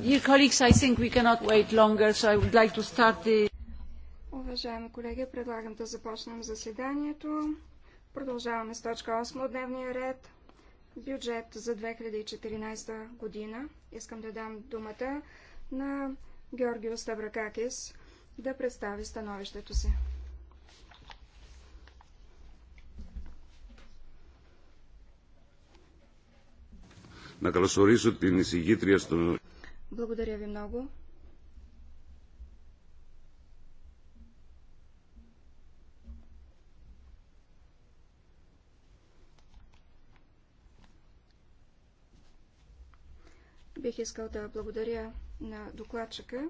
Dear colleagues, I think we cannot wait longer, so I would like to start the... Уважаеми колеги, предлагам да започнем заседанието. Продължаваме с точка 8 от дневния ред. Бюджет за 2014 година. Искам да дам думата на Георгио Ставракакис да представи становището си. Να καλωσορίσω την εισηγήτρια στον благодаря ви много. Бих искал да благодаря на докладчика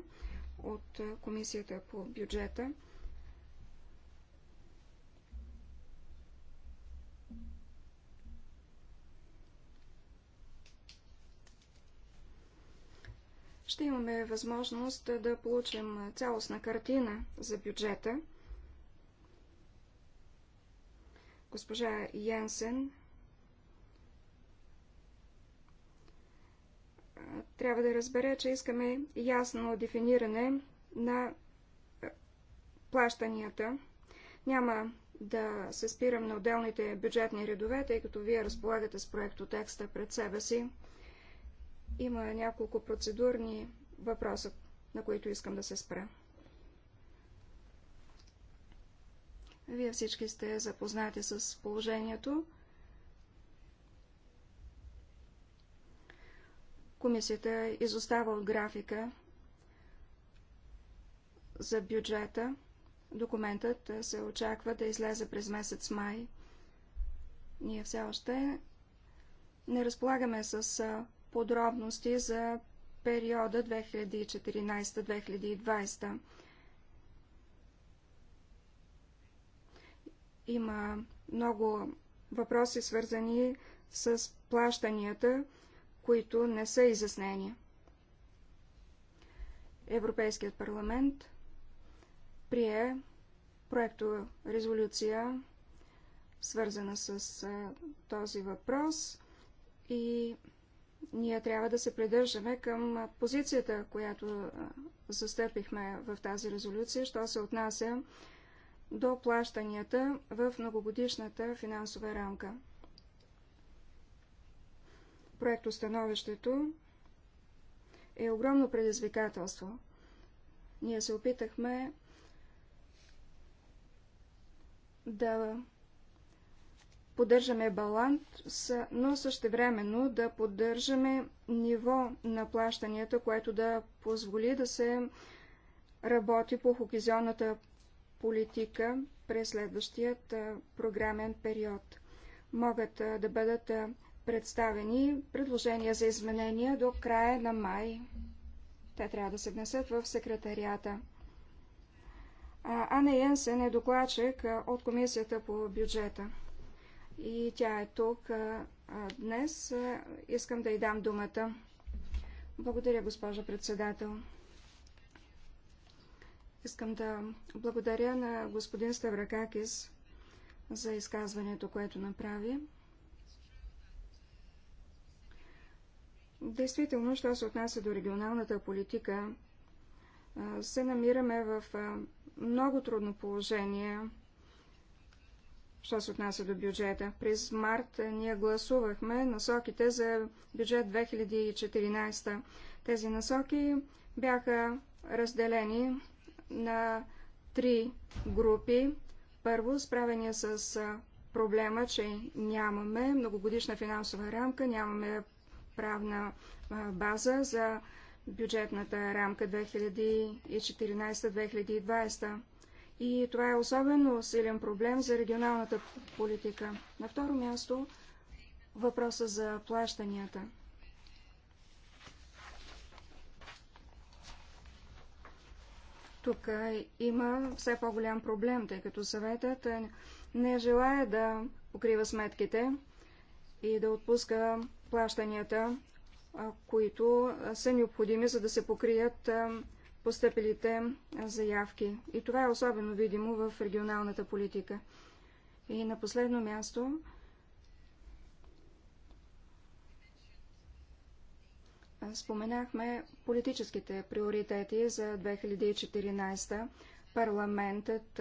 от Комисията по бюджета. ще имаме възможност да получим цялостна картина за бюджета. Госпожа Янсен трябва да разбере, че искаме ясно дефиниране на е, плащанията. Няма да се спирам на отделните бюджетни редове, тъй като вие разполагате с проекто текста пред себе си. Има няколко процедурни въпроса, на които искам да се спра. Вие всички сте запознати с положението. Комисията изостава от графика за бюджета. Документът се очаква да излезе през месец май. Ние все още не разполагаме с подробности за периода 2014-2020. Има много въпроси, свързани с плащанията, които не са изяснени. Европейският парламент прие проекто резолюция, свързана с този въпрос и ние трябва да се придържаме към позицията, която застъпихме в тази резолюция, що се отнася до плащанията в многогодишната финансова рамка. Проектостановището е огромно предизвикателство. Ние се опитахме да поддържаме баланс, но същевременно да поддържаме ниво на плащанията, което да позволи да се работи по хокизионната политика през следващият програмен период. Могат да бъдат представени предложения за изменения до края на май. Те трябва да се внесат в секретарията. Ана Йенсен е докладчик от Комисията по бюджета и тя е тук а, днес. Искам да й дам думата. Благодаря, госпожа председател. Искам да благодаря на господин Ставракакис за изказването, което направи. Действително, що се отнася до регионалната политика, се намираме в много трудно положение що се отнася до бюджета. През март е, ние гласувахме насоките за бюджет 2014. Тези насоки бяха разделени на три групи. Първо, справение с проблема, че нямаме многогодишна финансова рамка, нямаме правна база за бюджетната рамка 2014-2020. И това е особено силен проблем за регионалната политика. На второ място въпроса за плащанията. Тук има все по-голям проблем, тъй като съветът не желая да покрива сметките и да отпуска плащанията, които са необходими, за да се покрият постъпилите заявки. И това е особено видимо в регионалната политика. И на последно място споменахме политическите приоритети за 2014. Парламентът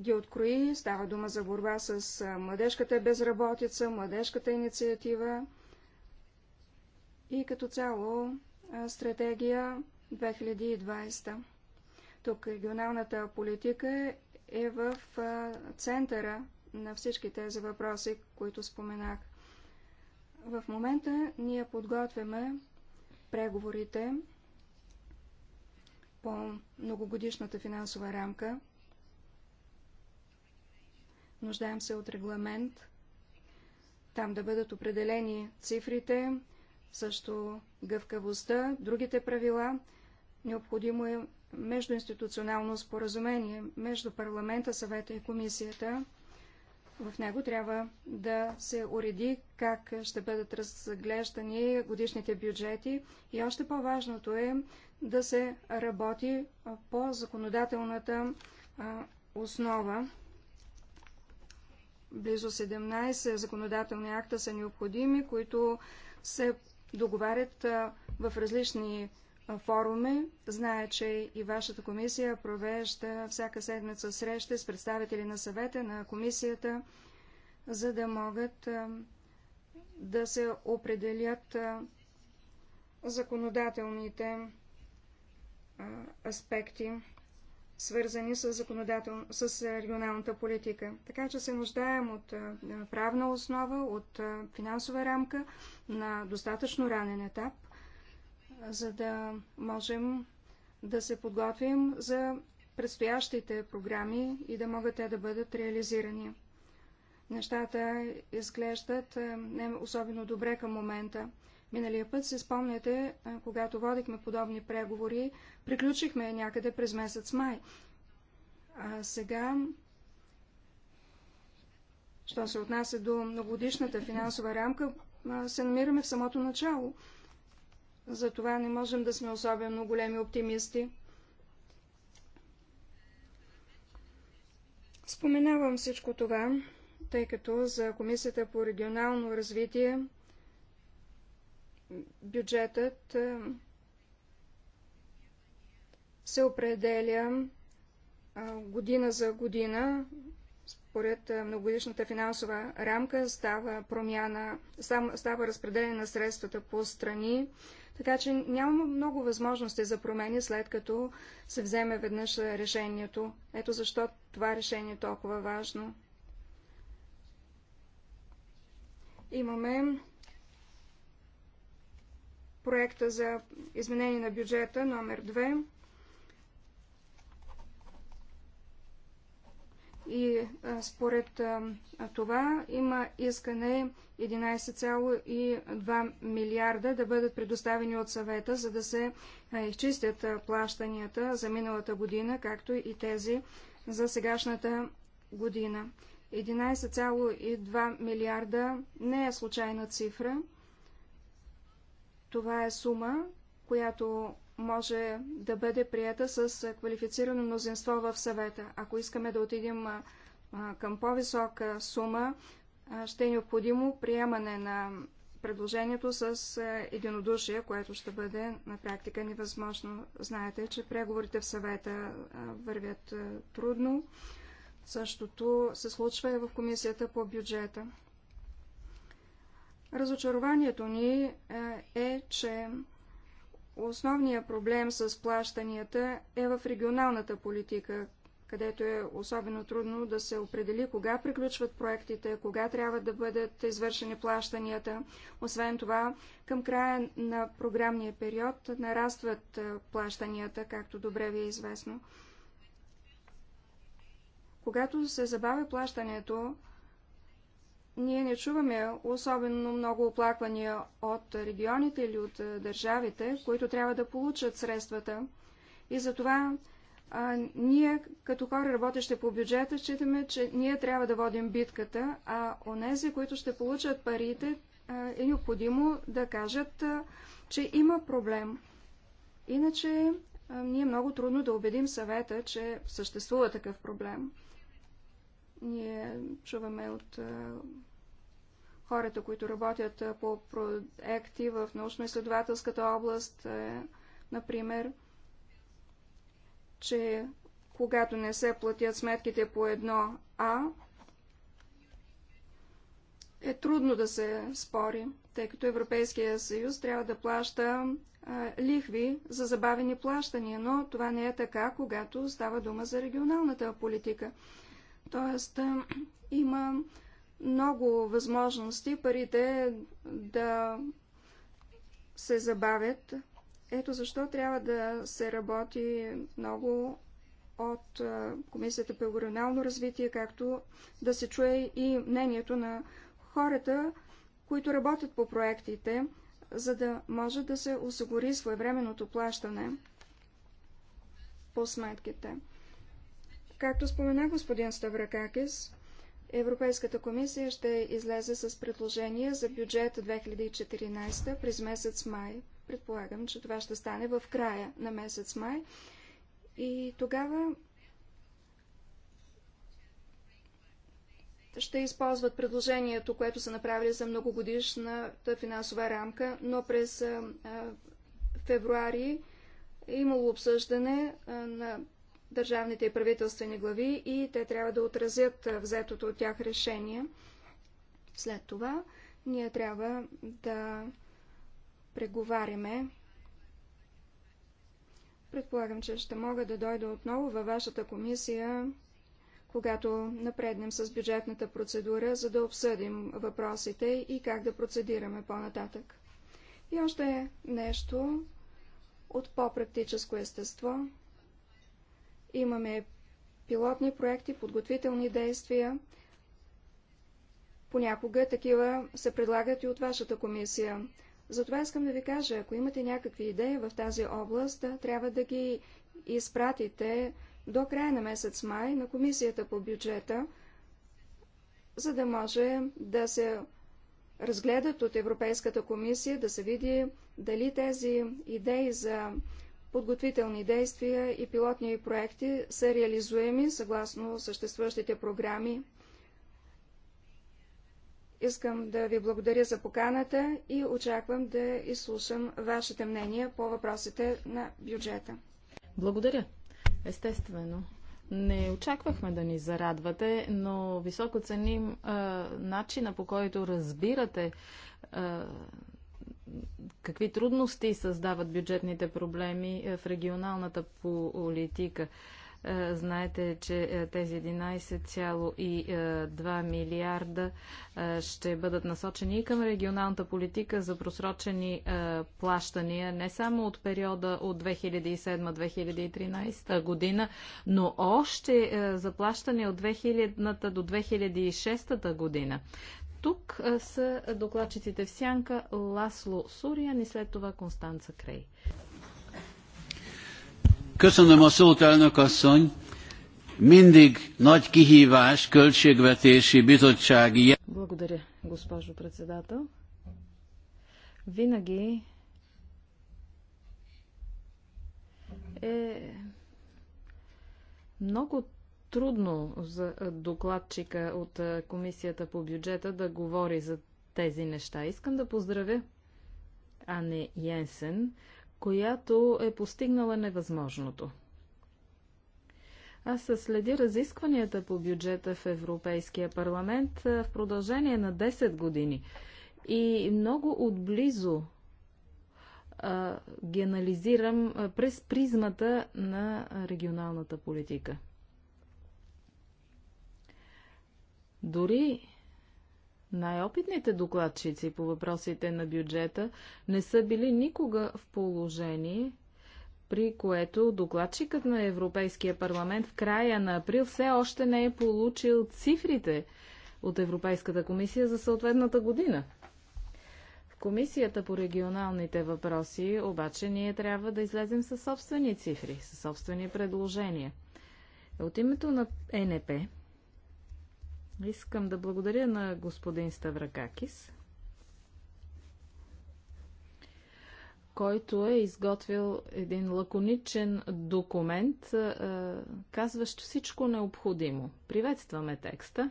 ги открои. Става дума за борба с младежката безработица, младежката инициатива. И като цяло стратегия 2020. Тук регионалната политика е в центъра на всички тези въпроси, които споменах. В момента ние подготвяме преговорите по многогодишната финансова рамка. Нуждаем се от регламент. Там да бъдат определени цифрите, също гъвкавостта, другите правила. Необходимо е междуинституционално споразумение между парламента, съвета и комисията. В него трябва да се уреди как ще бъдат разглеждани годишните бюджети и още по-важното е да се работи по законодателната основа. Близо 17 законодателни акта са необходими, които се договарят в различни форуми. Зная, че и вашата комисия провежда всяка седмица срещи с представители на съвета, на комисията, за да могат да се определят законодателните аспекти свързани с, законодател... с регионалната политика. Така че се нуждаем от правна основа, от финансова рамка на достатъчно ранен етап, за да можем да се подготвим за предстоящите програми и да могат те да бъдат реализирани. Нещата изглеждат не особено добре към момента. Миналия път, се спомняте, когато водихме подобни преговори, приключихме някъде през месец май. А сега, що се отнася до многодишната финансова рамка, се намираме в самото начало. Затова не можем да сме особено големи оптимисти. Споменавам всичко това, тъй като за Комисията по регионално развитие бюджетът е, се определя е, година за година. Според е, многодишната финансова рамка става промяна, става разпределение на средствата по страни, така че няма много възможности за промени, след като се вземе веднъж решението. Ето защо това решение е толкова важно. Имаме проекта за изменение на бюджета номер 2 и според това има искане 11,2 милиарда да бъдат предоставени от съвета, за да се изчистят плащанията за миналата година, както и тези за сегашната година. 11,2 милиарда не е случайна цифра. Това е сума, която може да бъде прията с квалифицирано мнозинство в съвета. Ако искаме да отидем към по-висока сума, ще е необходимо приемане на предложението с единодушие, което ще бъде на практика невъзможно. Знаете, че преговорите в съвета вървят трудно. Същото се случва и в комисията по бюджета. Разочарованието ни е, е, че основният проблем с плащанията е в регионалната политика, където е особено трудно да се определи кога приключват проектите, кога трябва да бъдат извършени плащанията. Освен това, към края на програмния период нарастват е, плащанията, както добре ви е известно. Когато се забавя плащането, ние не чуваме особено много оплаквания от регионите или от е, държавите, които трябва да получат средствата. И затова а, ние, като хора, работещи по бюджета, считаме, че ние трябва да водим битката, а онези, които ще получат парите, а, е необходимо да кажат, а, че има проблем. Иначе а, ние много трудно да убедим съвета, че съществува такъв проблем. Ние чуваме от хората, които работят по проекти в научно-изследователската област, например, че когато не се платят сметките по едно А, е трудно да се спори, тъй като Европейския съюз трябва да плаща лихви за забавени плащания, но това не е така, когато става дума за регионалната политика. Тоест, има много възможности парите да се забавят. Ето защо трябва да се работи много от Комисията по регионално развитие, както да се чуе и мнението на хората, които работят по проектите, за да може да се осигури своевременното плащане по сметките. Както спомена господин Ставракакис, Европейската комисия ще излезе с предложение за бюджет 2014 през месец май. Предполагам, че това ще стане в края на месец май. И тогава ще използват предложението, което са направили за многогодишната финансова рамка, но през февруари е имало обсъждане на държавните и правителствени глави и те трябва да отразят взетото от тях решение. След това ние трябва да преговаряме. Предполагам, че ще мога да дойда отново във вашата комисия, когато напреднем с бюджетната процедура, за да обсъдим въпросите и как да процедираме по-нататък. И още нещо от по-практическо естество – Имаме пилотни проекти, подготвителни действия. Понякога такива се предлагат и от вашата комисия. Затова искам да ви кажа, ако имате някакви идеи в тази област, трябва да ги изпратите до края на месец май на комисията по бюджета, за да може да се разгледат от Европейската комисия, да се види дали тези идеи за подготвителни действия и пилотни проекти са реализуеми съгласно съществуващите програми. Искам да ви благодаря за поканата и очаквам да изслушам вашите мнения по въпросите на бюджета. Благодаря. Естествено. Не очаквахме да ни зарадвате, но високо ценим а, начина по който разбирате какви трудности създават бюджетните проблеми е, в регионалната политика. Е, знаете, че е, тези 11,2 милиарда ще бъдат насочени и към регионалната политика за просрочени плащания не само от периода от 2007-2013 година, но още за плащания от 2000 та до 2006 година. Тук са докладчиците в сянка Ласло Суриан и след това Констанца Крей. Köszönöm a szót, elnök asszony! Mindig nagy kihívás költségvetési bizottsági... Благодаря, госпожо председател. Винаги е много трудно за докладчика от Комисията по бюджета да говори за тези неща. Искам да поздравя Ане Йенсен, която е постигнала невъзможното. Аз следи разискванията по бюджета в Европейския парламент в продължение на 10 години и много отблизо а, ги анализирам през призмата на регионалната политика. Дори най-опитните докладчици по въпросите на бюджета не са били никога в положение, при което докладчикът на Европейския парламент в края на април все още не е получил цифрите от Европейската комисия за съответната година. В Комисията по регионалните въпроси обаче ние трябва да излезем със собствени цифри, със собствени предложения. От името на ЕНП Искам да благодаря на господин Ставракакис, който е изготвил един лаконичен документ, казващ всичко необходимо. Приветстваме текста.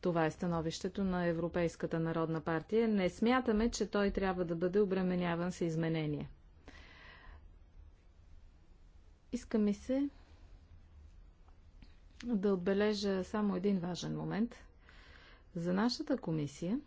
Това е становището на Европейската народна партия. Не смятаме, че той трябва да бъде обременяван с изменения. Иска ми се да отбележа само един важен момент. За нашата комисия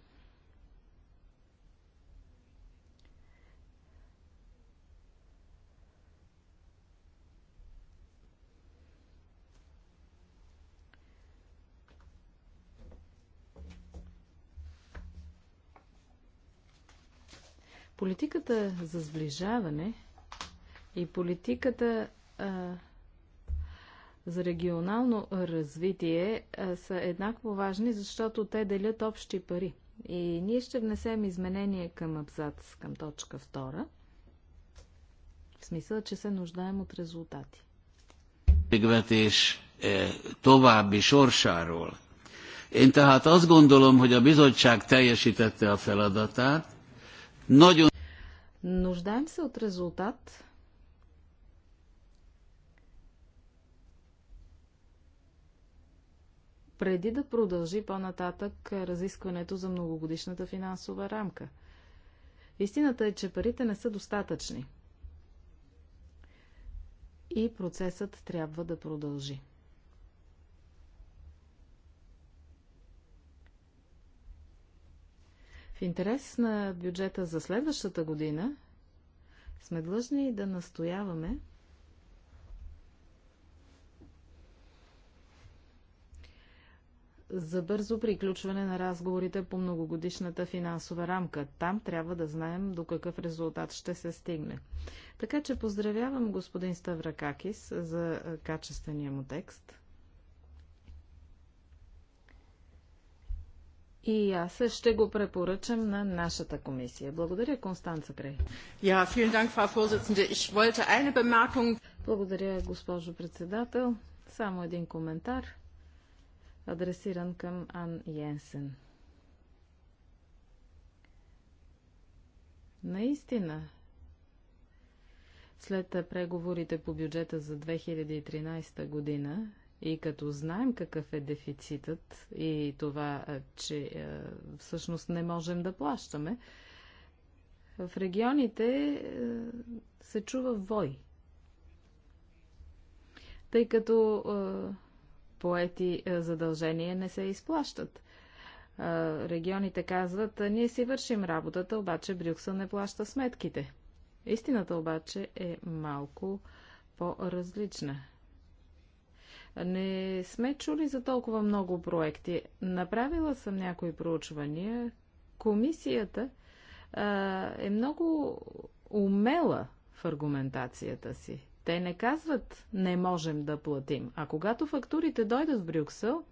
Политиката за сближаване и политиката а, за регионално развитие са еднакво важни, защото те делят общи пари. И ние ще внесем изменение към абзац, към точка 2, в смисъл, че се нуждаем от резултати. Megvetés е, további sorsáról. Én tehát azt gondolom, hogy a bizottság teljesítette a feladatát. Nagyon... Нуждаем се от резултат преди да продължи по-нататък разискването за многогодишната финансова рамка. Истината е, че парите не са достатъчни. И процесът трябва да продължи. В интерес на бюджета за следващата година сме длъжни да настояваме за бързо приключване на разговорите по многогодишната финансова рамка. Там трябва да знаем до какъв резултат ще се стигне. Така че поздравявам господин Ставракакис за качествения му текст. И аз ще го препоръчам на нашата комисия. Благодаря, Констанца Крей. Ja, Dank, Frau Vorsitzende. Ich wollte eine Bemerkung... Благодаря, госпожо председател. Само един коментар адресиран към Ан Йенсен. Наистина, след преговорите по бюджета за 2013 година и като знаем какъв е дефицитът и това, е, че е, всъщност не можем да плащаме, в регионите е, се чува вой. Тъй като поети е, задължения не се изплащат. Е, регионите казват, е, ние си вършим работата, обаче Брюксел не плаща сметките. Истината обаче е малко по-различна. Не сме чули за толкова много проекти. Направила съм някои проучвания. Комисията а, е много умела в аргументацията си. Те не казват не можем да платим, а когато фактурите дойдат в Брюксел,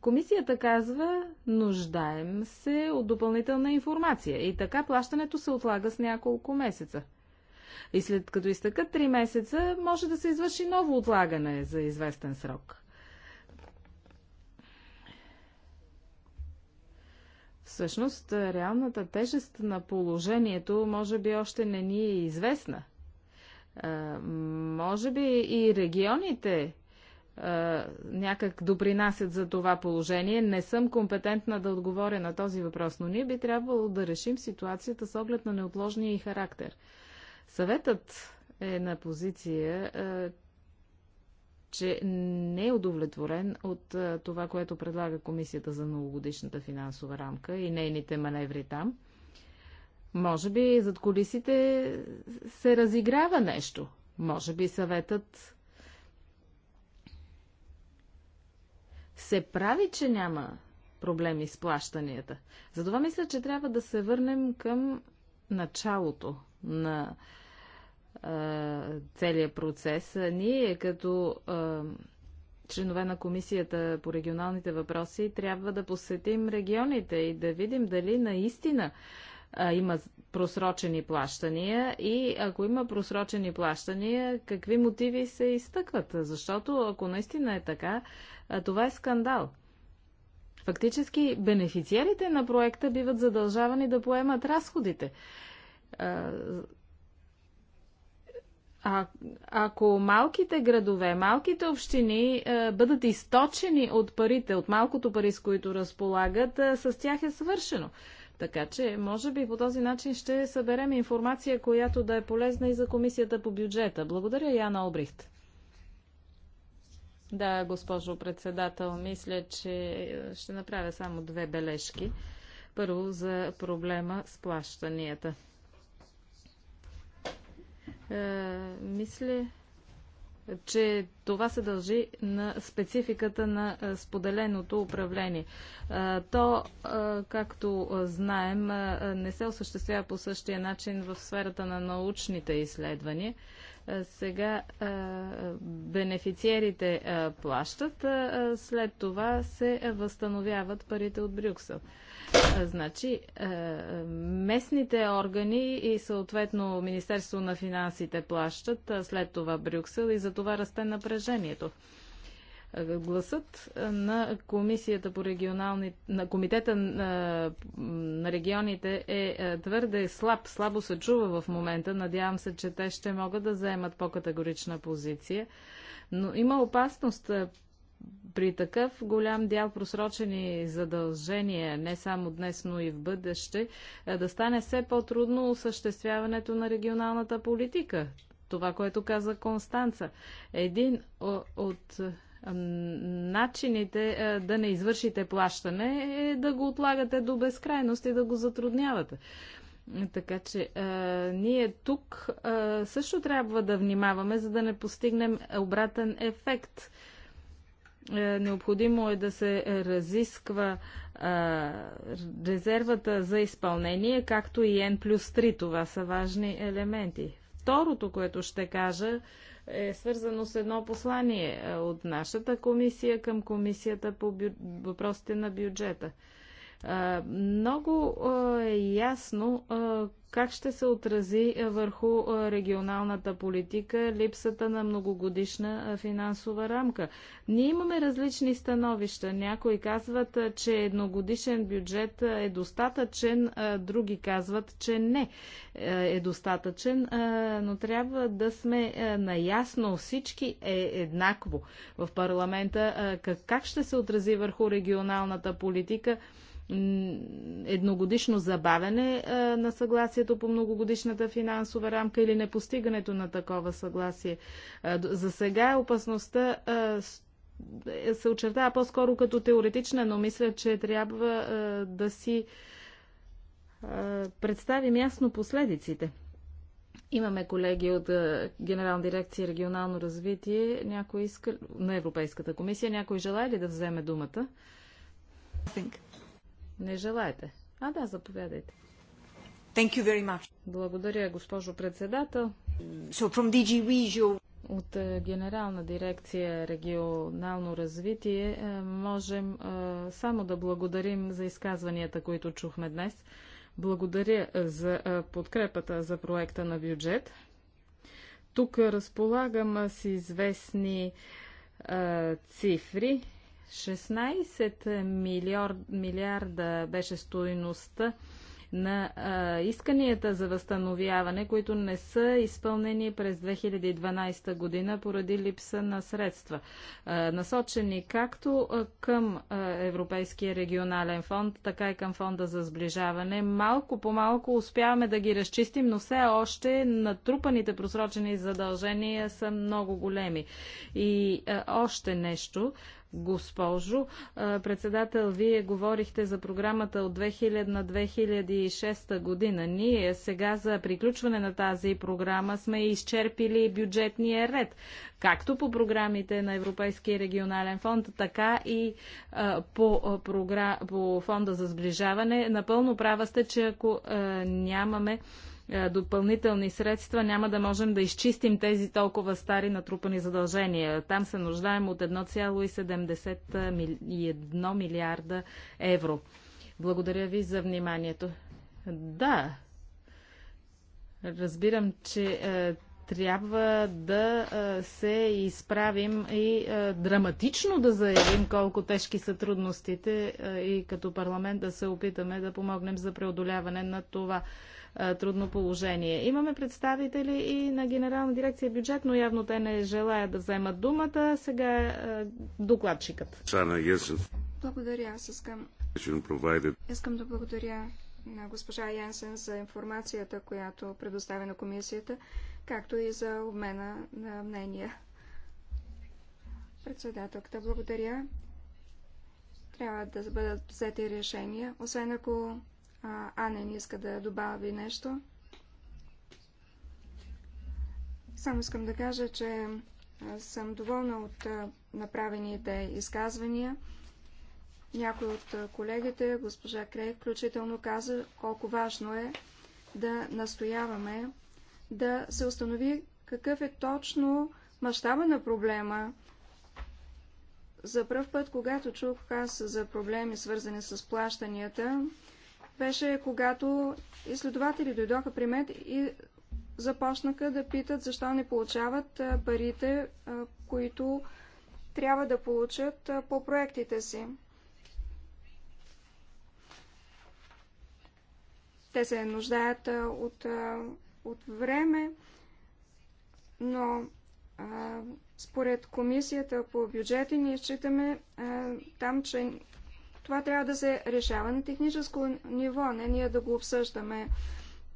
Комисията казва, нуждаем се от допълнителна информация и така плащането се отлага с няколко месеца. И след като изтъкат 3 месеца, може да се извърши ново отлагане за известен срок. Всъщност, реалната тежест на положението може би още не ни е известна. Може би и регионите някак допринасят за това положение. Не съм компетентна да отговоря на този въпрос, но ние би трябвало да решим ситуацията с оглед на неотложния и характер. Съветът е на позиция, че не е удовлетворен от това, което предлага Комисията за многогодишната финансова рамка и нейните маневри там. Може би зад колисите се разиграва нещо. Може би съветът се прави, че няма проблеми с плащанията. Затова мисля, че трябва да се върнем към началото на целият процес. Ние като членове на Комисията по регионалните въпроси трябва да посетим регионите и да видим дали наистина а, има просрочени плащания и ако има просрочени плащания, какви мотиви се изтъкват? Защото ако наистина е така, а, това е скандал. Фактически бенефициерите на проекта биват задължавани да поемат разходите. А, а, ако малките градове, малките общини а, е, бъдат източени от парите, от малкото пари, с които разполагат, а, е, с тях е свършено. Така че, може би по този начин ще съберем информация, която да е полезна и за комисията по бюджета. Благодаря, Яна Обрихт. Да, госпожо председател, мисля, че е, ще направя само две бележки. Първо за проблема с плащанията. Е, мисля, че това се дължи на спецификата на е, споделеното управление. Е, то, както знаем, не се осъществява по същия начин в сферата на научните изследвания. Сега бенефициерите плащат, след това се възстановяват парите от Брюксел. Значи, местните органи и съответно Министерство на финансите плащат, след това Брюксел и за това расте напрежението. Гласът на Комисията по регионални... на Комитета на, на регионите е, е твърде слаб, слабо се чува в момента. Надявам се, че те ще могат да заемат по-категорична позиция. Но има опасност е, при такъв голям дял просрочени задължения, не само днес, но и в бъдеще, е, да стане все по-трудно осъществяването на регионалната политика. Това, което каза Констанца. Един от начините е, да не извършите плащане е да го отлагате до безкрайност и да го затруднявате. Така че е, ние тук е, също трябва да внимаваме, за да не постигнем обратен ефект. необходимо е да се разисква резервата за изпълнение, както и N плюс 3. Това са важни елементи. Второто, което ще кажа, е свързано с едно послание е, от нашата комисия към комисията по въпросите на бюджета. Много е ясно как ще се отрази върху регионалната политика липсата на многогодишна финансова рамка. Ние имаме различни становища. Някои казват, че едногодишен бюджет е достатъчен, други казват, че не е достатъчен, но трябва да сме наясно всички е еднакво в парламента как ще се отрази върху регионалната политика едногодишно забавяне на съгласието по многогодишната финансова рамка или непостигането на такова съгласие. За сега опасността е, се очертава по-скоро като теоретична, но мисля, че трябва да си представим ясно последиците. Имаме колеги от Генерална дирекция регионално развитие някой иска, на Европейската комисия. Някой желая ли да вземе думата? I think. Не желаете? А, да, заповядайте. Thank you very much. Благодаря, госпожо председател. So from DG Regio... От е, Генерална дирекция регионално развитие е, можем е, само да благодарим за изказванията, които чухме днес. Благодаря за подкрепата за проекта на бюджет. Тук разполагам с известни цифри. 16 милиард, милиарда беше стоеността на а, исканията за възстановяване, които не са изпълнени през 2012 година поради липса на средства, а, насочени както към а, Европейския регионален фонд, така и към фонда за сближаване. Малко по малко успяваме да ги разчистим, но все още натрупаните просрочени задължения са много големи. И а, още нещо. А, госпожо. Председател, вие говорихте за програмата от 2000 на 2006 година. Ние сега за приключване на тази програма сме изчерпили бюджетния ред, както по програмите на Европейския регионален фонд, така и по, програ... по фонда за сближаване. Напълно права сте, че ако нямаме е, допълнителни средства, няма да можем да изчистим тези толкова стари натрупани задължения. Там се нуждаем от 1,71 милиарда евро. Благодаря ви за вниманието. Да, разбирам, че е, трябва да е, се изправим и е, драматично да заявим колко тежки са трудностите е, и като парламент да се опитаме да помогнем за преодоляване на това. Е, трудно положение. Имаме представители и на Генерална дирекция бюджет, но явно те не желаят да вземат думата. Сега е, докладчикът. Благодаря. Аз искам... Искам да благодаря на госпожа Янсен за информацията, която предоставя на комисията, както и за обмена на мнения. Председателката, благодаря. Трябва да бъдат взети решения, освен ако а, не иска да добави нещо. Само искам да кажа, че съм доволна от направените изказвания. Някой от колегите, госпожа Крей, включително каза колко важно е да настояваме да се установи какъв е точно мащаба на проблема. За първ път, когато чух аз за проблеми, свързани с плащанията, беше когато изследователи дойдоха при мен и започнаха да питат защо не получават парите, които трябва да получат по проектите си. Те се нуждаят от, от време, но според комисията по бюджети ние считаме там, че това трябва да се решава на техническо ниво, не ние да го обсъждаме.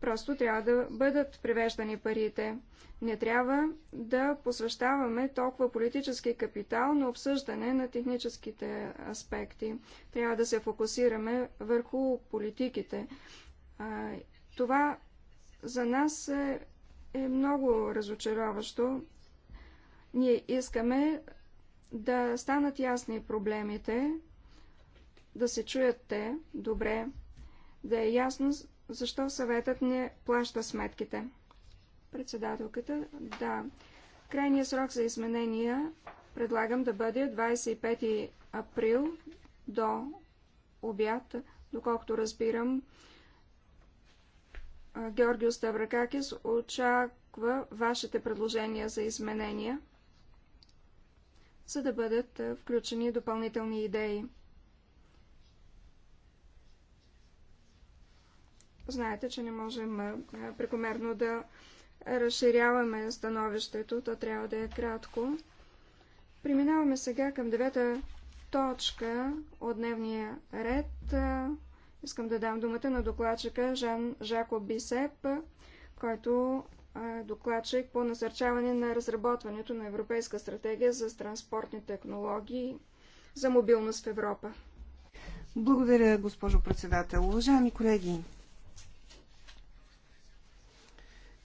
Просто трябва да бъдат привеждани парите. Не трябва да посвещаваме толкова политически капитал на обсъждане на техническите аспекти. Трябва да се фокусираме върху политиките. Това за нас е, е много разочароващо. Ние искаме да станат ясни проблемите, да се чуят те добре, да е ясно защо съветът не плаща сметките. Председателката, да. Крайният срок за изменения предлагам да бъде 25 април до обяд, доколкото разбирам. Георгио Ставракакис очаква вашите предложения за изменения, за да бъдат включени допълнителни идеи. Знаете, че не можем прекомерно да разширяваме становището, то трябва да е кратко. Преминаваме сега към девета точка от дневния ред. Искам да дам думата на докладчика Жан Жако Бисеп, който е докладчик по насърчаване на разработването на Европейска стратегия за транспортни технологии за мобилност в Европа. Благодаря, госпожо председател. Уважаеми колеги,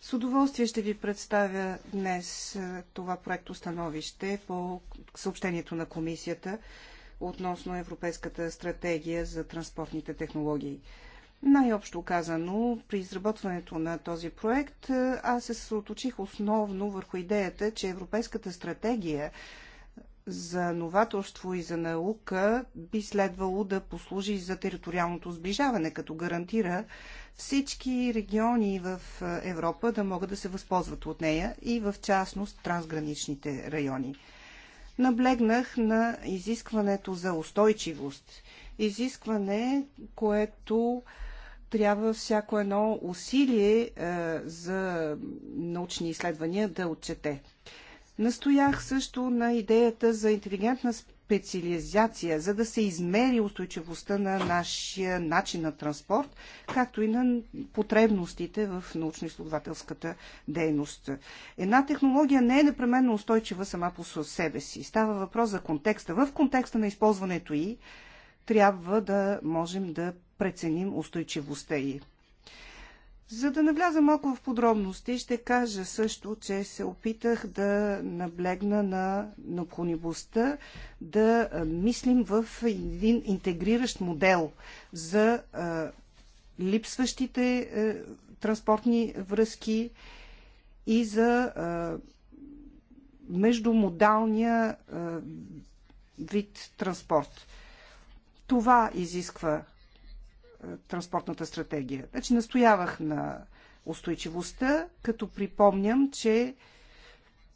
С удоволствие ще ви представя днес е, това проекто становище по съобщението на комисията относно Европейската стратегия за транспортните технологии. Най-общо казано, при изработването на този проект е, аз се съоточих основно върху идеята, че Европейската стратегия за новаторство и за наука би следвало да послужи за териториалното сближаване, като гарантира всички региони в е, Европа да могат да се възползват от нея и в частност трансграничните райони. Наблегнах на изискването за устойчивост. Изискване, което трябва всяко едно усилие е, за научни изследвания да отчете. Настоях също на идеята за интелигентна специализация, за да се измери устойчивостта на нашия начин на транспорт, както и на потребностите в научно-изследователската дейност. Една технология не е непременно устойчива сама по себе си. Става въпрос за контекста. В контекста на използването и трябва да можем да преценим устойчивостта й. За да навляза малко в подробности, ще кажа също, че се опитах да наблегна на необходимостта да мислим в един интегриращ модел за а, липсващите а, е, транспортни връзки и за а, междумодалния а, вид транспорт. Това изисква транспортната стратегия. Значи настоявах на устойчивостта, като припомням, че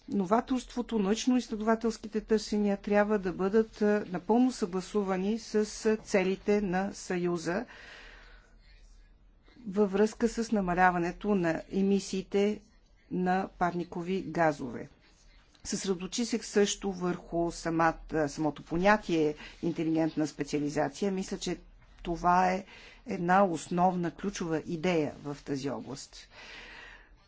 новаторството, научно-изследователските търсения трябва да бъдат напълно съгласувани с целите на Съюза във връзка с намаляването на емисиите на парникови газове. Съсредочи се също върху самата, самото понятие интелигентна специализация. Мисля, че това е една основна, ключова идея в тази област.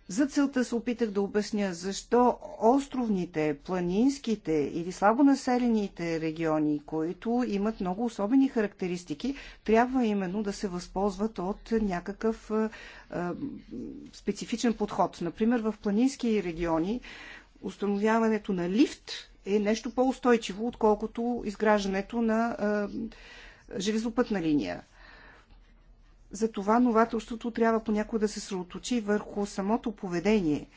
За целта се опитах да обясня защо островните, планинските или слабо населените региони, които имат много особени характеристики, трябва именно да се възползват от някакъв е, специфичен подход. Например, в планински региони установяването на лифт е нещо по-устойчиво, отколкото изграждането на е, железопътна линия. Затова новаторството трябва понякога да се съоточи върху самото поведение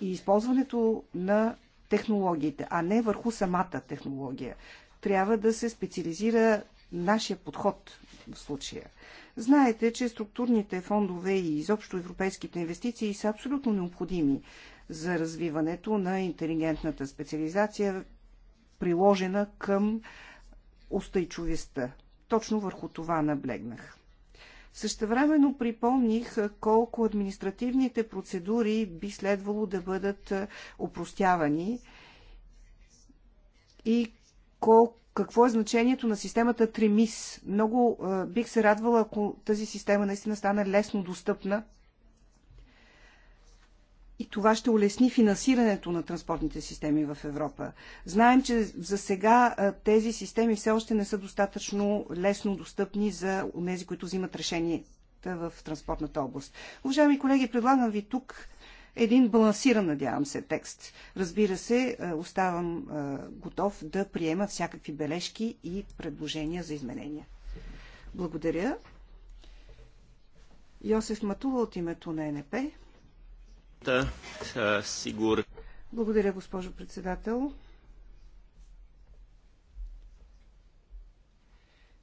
и използването на технологиите, а не върху самата технология. Трябва да се специализира нашия подход в случая. Знаете, че структурните фондове и изобщо европейските инвестиции са абсолютно необходими за развиването на интелигентната специализация, приложена към устойчивостта. Точно върху това наблегнах. Същевременно припомних колко административните процедури би следвало да бъдат опростявани и колко какво е значението на системата Тремис. Много е, бих се радвала, ако тази система наистина стане лесно достъпна и това ще улесни финансирането на транспортните системи в Европа. Знаем, че за сега тези системи все още не са достатъчно лесно достъпни за тези, които взимат решение в транспортната област. Уважаеми колеги, предлагам ви тук един балансиран, надявам се, текст. Разбира се, оставам готов да приема всякакви бележки и предложения за изменения. Благодаря. Йосиф Матула от името на НП. Е, сигур. Благодаря, госпожо председател.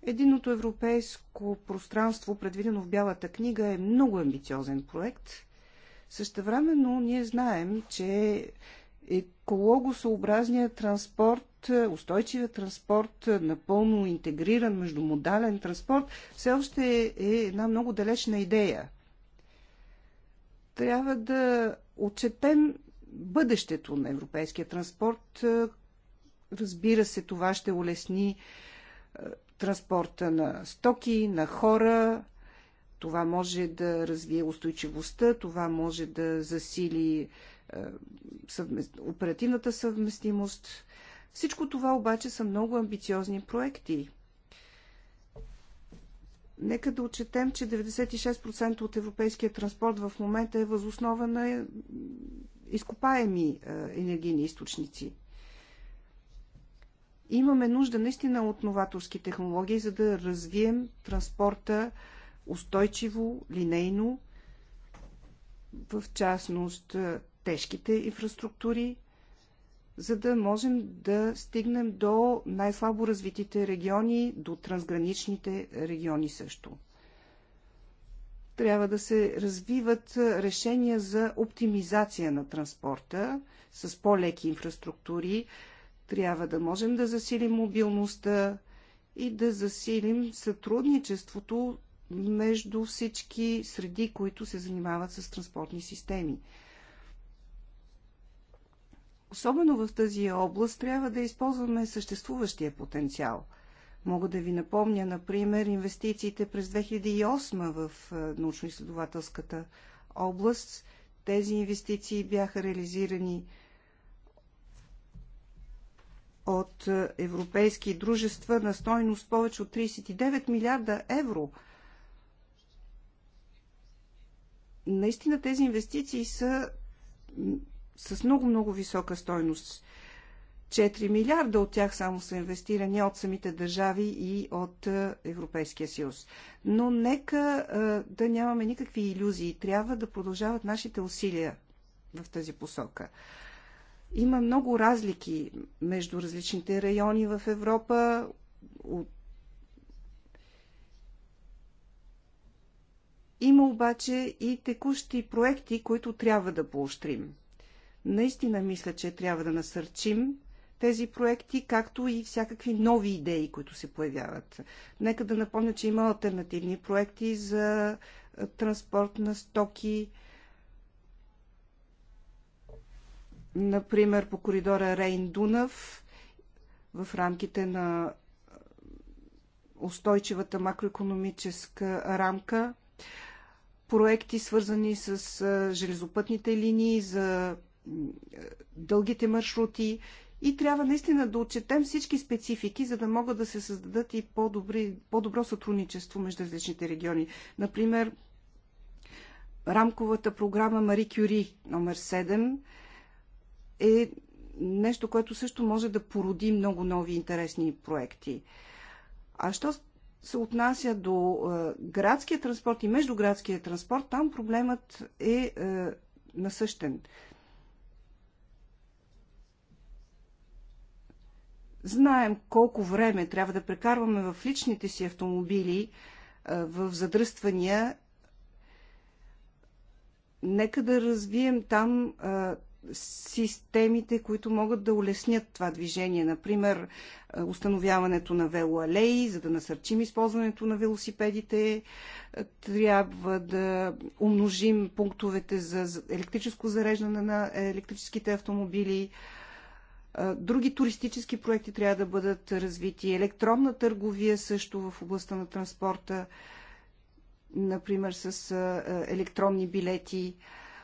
Единото европейско пространство, предвидено в Бялата книга, е много амбициозен проект. Същевременно ние знаем, че екологосъобразният транспорт, устойчивият транспорт, напълно интегриран междумодален транспорт, все още е една много далечна идея трябва да отчетем бъдещето на европейския транспорт. Е, разбира се, това ще улесни е, транспорта на стоки, на хора. Това може да развие устойчивостта, това може да засили е, оперативната съвместимост. Всичко това обаче са много амбициозни проекти. Нека да отчетем, че 96% от европейския транспорт в момента е възоснова на е, изкопаеми е, енергийни източници. Имаме нужда наистина от новаторски технологии, за да развием транспорта устойчиво, линейно, в частност е, тежките инфраструктури, за да можем да стигнем до най-слабо развитите региони, до трансграничните региони също. Трябва да се развиват решения за оптимизация на транспорта с по-леки инфраструктури. Трябва да можем да засилим мобилността и да засилим сътрудничеството между всички среди, които се занимават с транспортни системи. Особено в тази област трябва да използваме съществуващия потенциал. Мога да ви напомня, например, инвестициите през 2008 в е, научно-изследователската област. Тези инвестиции бяха реализирани от е, европейски дружества на стойност повече от 39 милиарда евро. Наистина тези инвестиции са с много-много висока стойност. 4 милиарда от тях само са инвестирани от самите държави и от е, Европейския съюз. Но нека е, да нямаме никакви иллюзии. Трябва да продължават нашите усилия в тази посока. Има много разлики между различните райони в Европа. Има обаче и текущи проекти, които трябва да поощрим. Наистина мисля, че трябва да насърчим тези проекти, както и всякакви нови идеи, които се появяват. Нека да напомня, че има альтернативни проекти за транспорт на стоки, например по коридора Рейн-Дунав, в рамките на устойчивата макроекономическа рамка, проекти свързани с железопътните линии за дългите маршрути и трябва наистина да отчетем всички специфики, за да могат да се създадат и по-добри, по-добро сътрудничество между различните региони. Например, рамковата програма Мари Кюри номер 7 е нещо, което също може да породи много нови интересни проекти. А що се отнася до е, градския транспорт и междуградския транспорт, там проблемът е, е насъщен. Знаем колко време трябва да прекарваме в личните си автомобили, в задръствания. Нека да развием там системите, които могат да улеснят това движение. Например, установяването на велоалеи, за да насърчим използването на велосипедите. Трябва да умножим пунктовете за електрическо зареждане на електрическите автомобили. Други туристически проекти трябва да бъдат развити. Електронна търговия също в областта на транспорта, например с електронни билети.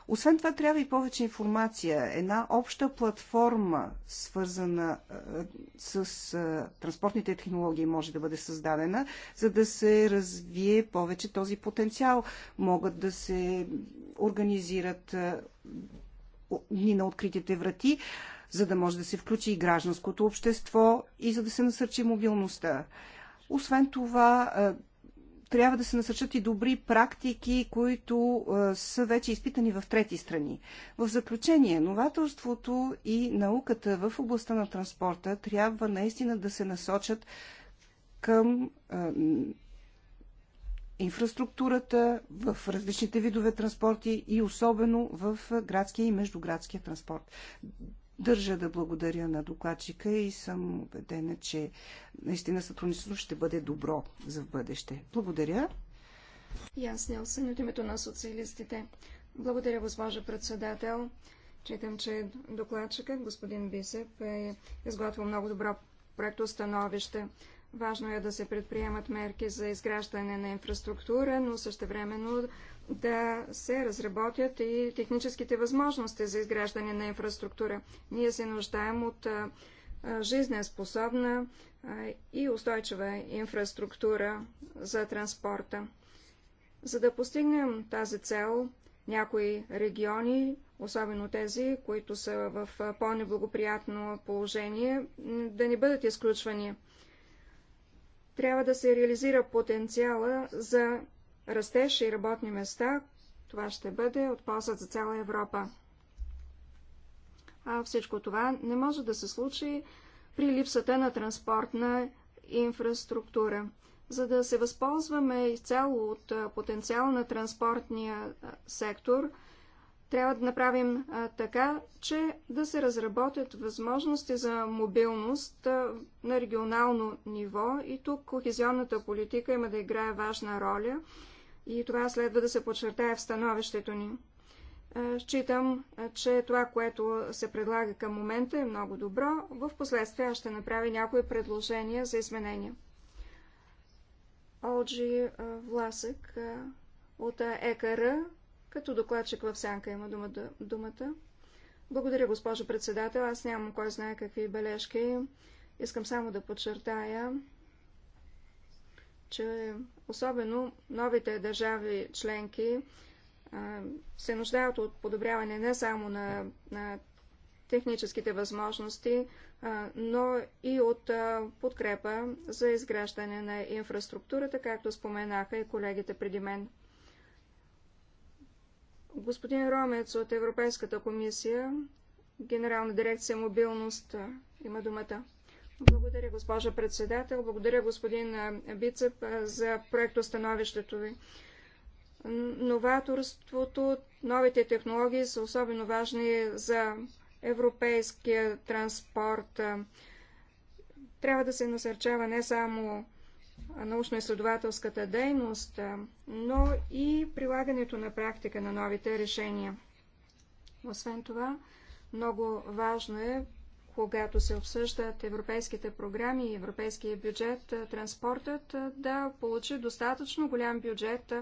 Освен това, трябва и повече информация. Една обща платформа, свързана с транспортните технологии, може да бъде създадена, за да се развие повече този потенциал. Могат да се организират дни на откритите врати за да може да се включи и гражданското общество и за да се насърчи мобилността. Освен това, трябва да се насърчат и добри практики, които са вече изпитани в трети страни. В заключение, новаторството и науката в областта на транспорта трябва наистина да се насочат към инфраструктурата в различните видове транспорти и особено в градския и междуградския транспорт. Държа да благодаря на докладчика и съм убедена, че наистина сътрудничеството ще бъде добро за в бъдеще. Благодаря. И аз, съм от името на социалистите. Благодаря, госпожа председател. Читам, че докладчикът, господин Бисев, е изготвил много добро проектостановище. Важно е да се предприемат мерки за изграждане на инфраструктура, но същевременно да се разработят и техническите възможности за изграждане на инфраструктура. Ние се нуждаем от жизнеспособна и устойчива инфраструктура за транспорта. За да постигнем тази цел, някои региони, особено тези, които са в по-неблагоприятно положение, да не бъдат изключвани. Трябва да се реализира потенциала за растеж и работни места. Това ще бъде от полза за цяла Европа. А всичко това не може да се случи при липсата на транспортна инфраструктура. За да се възползваме изцяло от потенциал на транспортния сектор, трябва да направим така, че да се разработят възможности за мобилност на регионално ниво и тук кохезионната политика има да играе важна роля и това следва да се подчертае в становището ни. Считам, че това, което се предлага към момента е много добро. В последствие аз ще направя някои предложения за изменения. Олджи Власък от ЕКР, като докладчик в сянка има думата. Благодаря, госпожо председател. Аз нямам кой знае какви бележки. Искам само да подчертая, че особено новите държави членки се нуждаят от подобряване не само на, на техническите възможности, но и от подкрепа за изграждане на инфраструктурата, както споменаха и колегите преди мен. Господин Ромец от Европейската комисия, Генерална дирекция мобилност, има думата. Благодаря, госпожа председател. Благодаря, господин Бицеп, за проектостановището ви. Новаторството, новите технологии са особено важни за европейския транспорт. Трябва да се насърчава не само научно-изследователската дейност, но и прилагането на практика на новите решения. Освен това, много важно е когато се обсъждат европейските програми и европейския бюджет, транспортът да получи достатъчно голям бюджет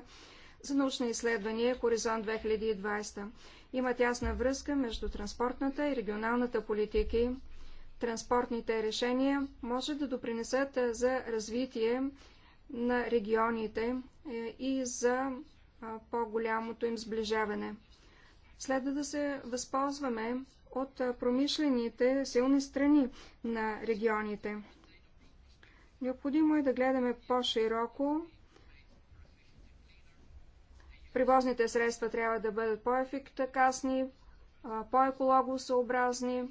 за научни изследвания Хоризонт 2020. Има тясна връзка между транспортната и регионалната политики. Транспортните решения може да допринесат за развитие на регионите е, и за по-голямото им сближаване. Следва да се възползваме от промишлените силни страни на регионите. Необходимо е да гледаме по-широко. Привозните средства трябва да бъдат по-ефикасни, по-екологосъобразни.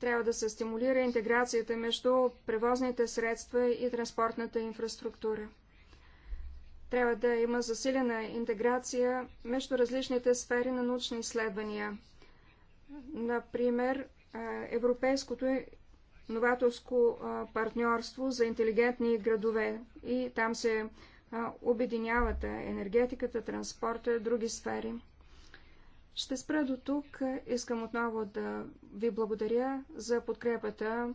Трябва да се стимулира интеграцията между превозните средства и транспортната инфраструктура. Трябва да има засилена интеграция между различните сфери на научни изследвания. Например, Европейското новаторско партньорство за интелигентни градове. И там се обединяват енергетиката, транспорта и други сфери. Ще спра до тук. Искам отново да ви благодаря за подкрепата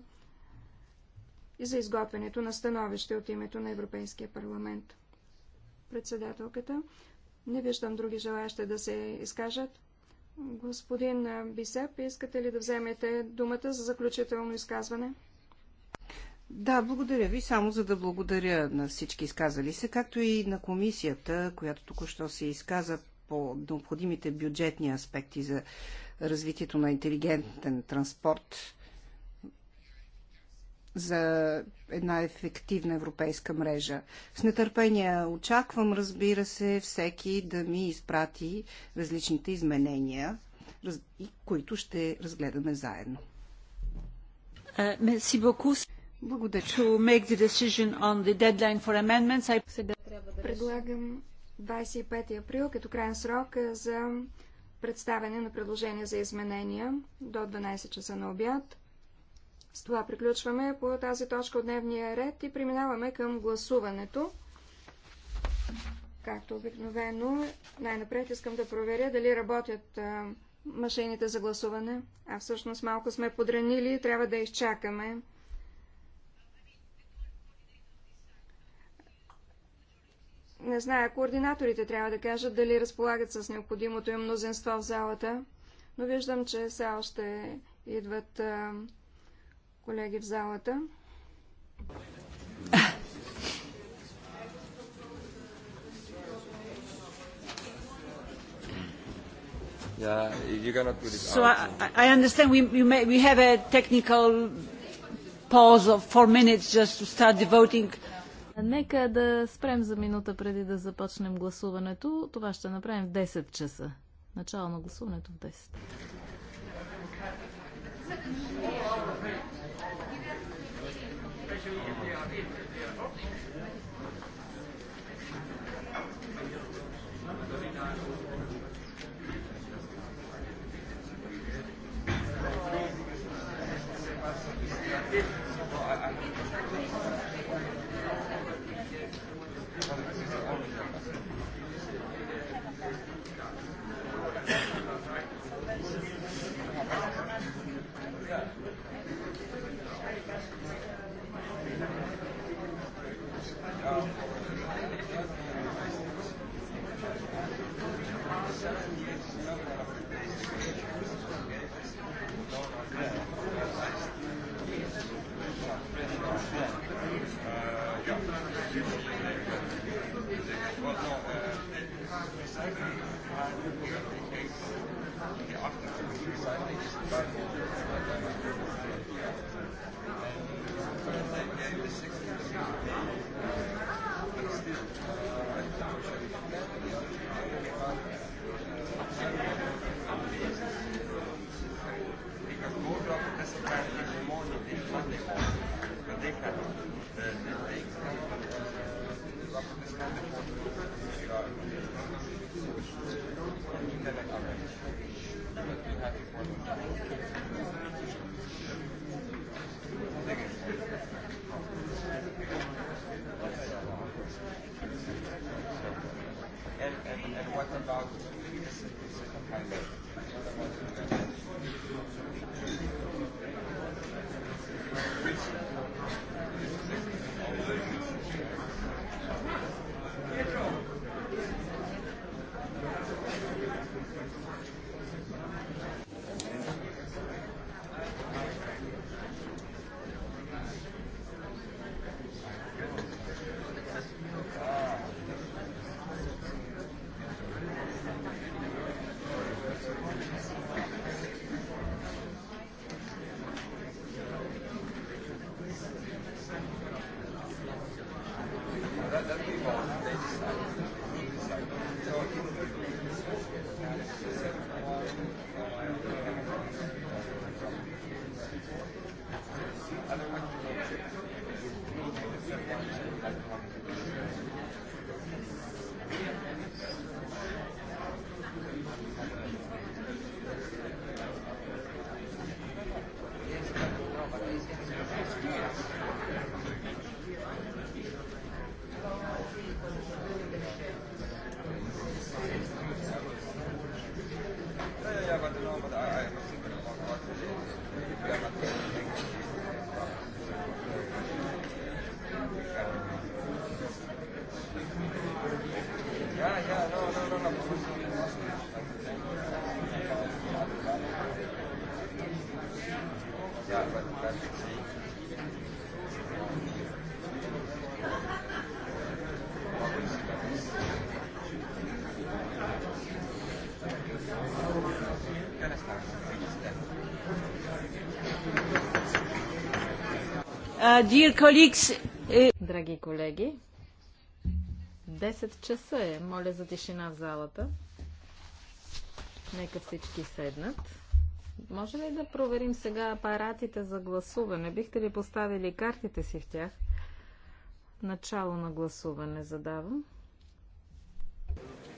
и за изготвянето на становище от името на Европейския парламент. Председателката. Не виждам други желаящи да се изкажат. Господин Бисеп, искате ли да вземете думата за заключително изказване? Да, благодаря ви. Само за да благодаря на всички изказали се, както и на комисията, която току-що се изказа по необходимите бюджетни аспекти за развитието на интелигентен транспорт за една ефективна европейска мрежа. С нетърпение очаквам, разбира се, всеки да ми изпрати различните изменения, които ще разгледаме заедно. Е, мерси боку. Благодаря. Предлагам 25 април като крайен срок е за представяне на предложения за изменения до 12 часа на обяд. С това приключваме по тази точка от дневния ред и преминаваме към гласуването. Както обикновено, най-напред искам да проверя дали работят а, машините за гласуване. А всъщност малко сме подранили и трябва да изчакаме. Не зная, координаторите трябва да кажат дали разполагат с необходимото им мнозинство в залата, но виждам, че все още идват а, колеги в залата. so I, I understand we, we, may, we have a technical pause of four minutes just to start the voting. Нека да спрем за минута преди да започнем гласуването. Това ще направим в 10 часа. Начало на гласуването в 10. And, and, and what about the this kind of Eh, Драги колеги, 10 часа е. Моля за тишина в залата. Нека всички седнат. Може ли да проверим сега апаратите за гласуване? Бихте ли поставили картите си в тях? Начало на гласуване задавам.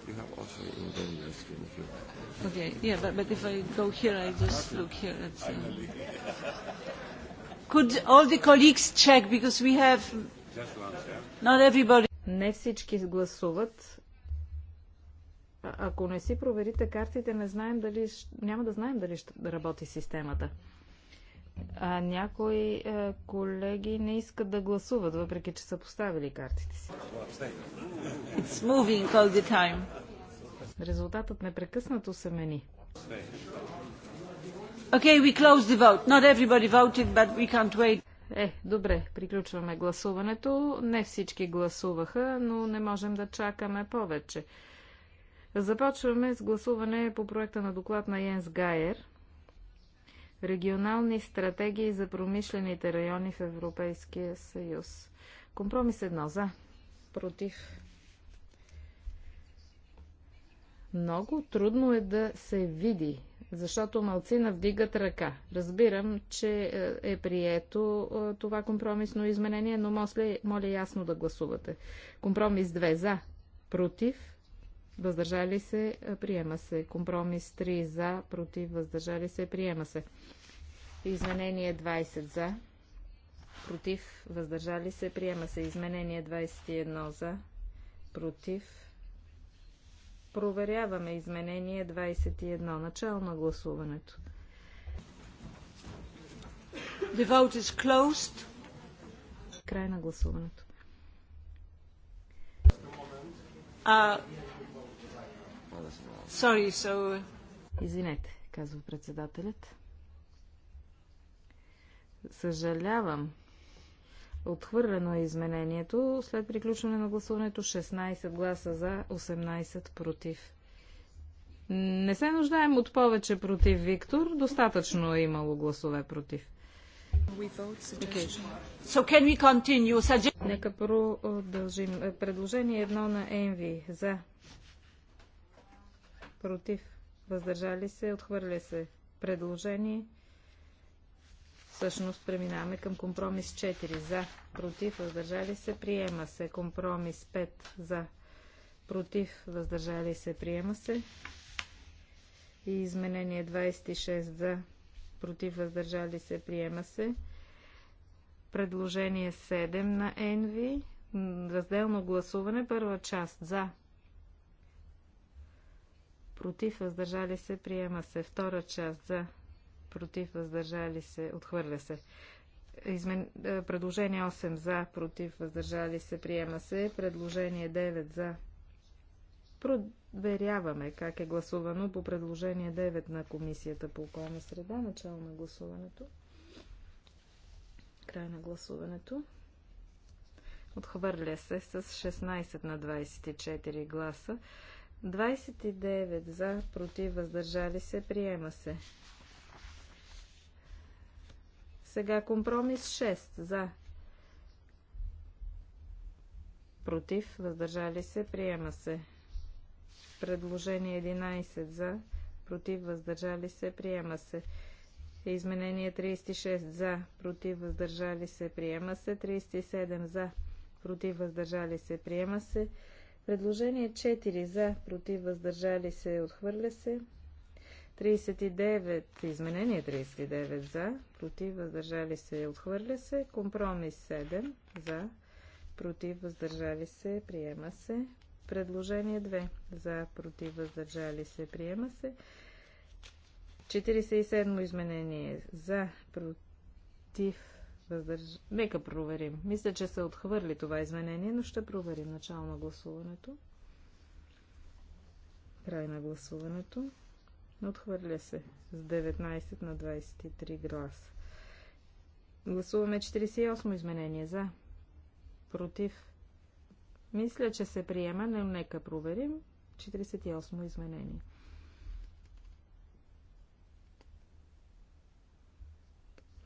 You have also in the screen Okay, yeah, but, but if I go here, I just look here at the... Uh, Could all the colleagues check because we have not everybody. Не всички гласуват. А ако не си проверите картите, не знаем дали, няма да знаем дали ще работи системата. А някои е, колеги не искат да гласуват, въпреки че са поставили картите си. It's moving all the time. Резултатът непрекъснато се мени. Okay, we close the vote. Not everybody voted, but we can't wait. Е, добре, приключваме гласуването. Не всички гласуваха, но не можем да чакаме повече. Започваме с гласуване по проекта на доклад на Йенс Гайер. Регионални стратегии за промишлените райони в Европейския съюз. Компромис едно за. Против. Много трудно е да се види защото малцина вдигат ръка. Разбирам, че е, е прието е, това компромисно изменение, но мосле, моля ясно да гласувате. Компромис 2 за, против, въздържали се, е, приема се. Компромис 3 за, против, въздържали се, приема се. Изменение 20 за, против, въздържали се, приема се. Изменение 21 за, против, Проверяваме изменение 21. Начало на гласуването. The vote is closed. Край на гласуването. Uh, sorry, so... Извинете, казва председателят. Съжалявам, Отхвърлено е изменението. След приключване на гласуването 16 гласа за, 18 против. Не се нуждаем от повече против, Виктор. Достатъчно е имало гласове против. Okay. So Нека продължим. Предложение едно на Енви. За. Против. Въздържали се. Отхвърля се. Предложение Всъщност преминаваме към компромис 4. За, против, въздържали се, приема се. Компромис 5. За, против, въздържали се, приема се. И изменение 26. За, против, въздържали се, приема се. Предложение 7 на ЕНВИ. Разделно гласуване. Първа част. За, против, въздържали се, приема се. Втора част. За, против, въздържали се, отхвърля се. Измен... Е, предложение 8 за, против, въздържали се, приема се. Предложение 9 за. Проверяваме как е гласувано по предложение 9 на Комисията по околна среда. Начало на гласуването. Край на гласуването. Отхвърля се с 16 на 24 гласа. 29 за, против, въздържали се, приема се. Сега компромис 6 за. Против, въздържали се, приема се. Предложение 11 за. Против, въздържали се, приема се. Изменение 36 за. Против, въздържали се, приема се. 37 за. Против, въздържали се, приема се. Предложение 4 за. Против, въздържали се, отхвърля се. 39, изменение 39 за, против, въздържали се, и отхвърля се. Компромис 7 за, против, въздържали се, приема се. Предложение 2 за, против, въздържали се, приема се. 47 изменение за, против, Въздържа. Нека проверим. Мисля, че се отхвърли това изменение, но ще проверим начало на гласуването. Край на гласуването. Отхвърля се с 19 на 23 гласа. Гласуваме 48 изменение за. Против. Мисля, че се приема, но нека проверим. 48 изменение.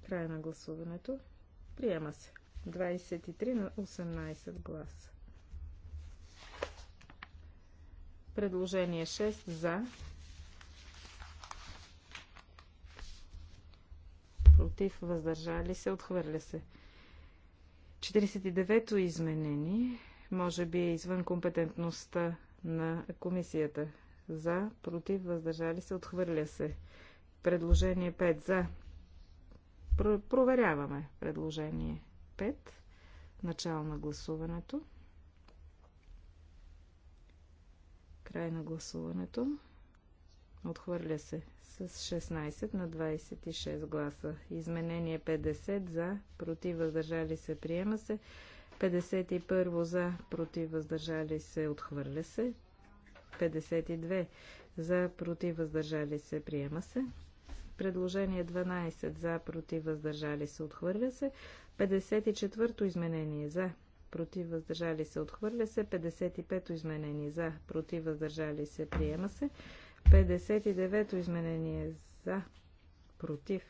Край на гласуването. Приема се. 23 на 18 гласа. Предложение 6 за против, въздържали се, отхвърля се. 49-то изменение, може би е извън компетентността на комисията. За, против, въздържали се, отхвърля се. Предложение 5 за. Про проверяваме предложение 5. Начало на гласуването. Край на гласуването. Отхвърля се с 16 на 26 гласа. Изменение 50 за, против въздържали се, приема се. 51 за, против въздържали се, отхвърля се. 52 за, против въздържали се, приема се. Предложение 12 за, против въздържали се, отхвърля се. 54-то изменение за, против въздържали се, отхвърля се. 55-то изменение за, против въздържали се, приема се. 59-то изменение за, против.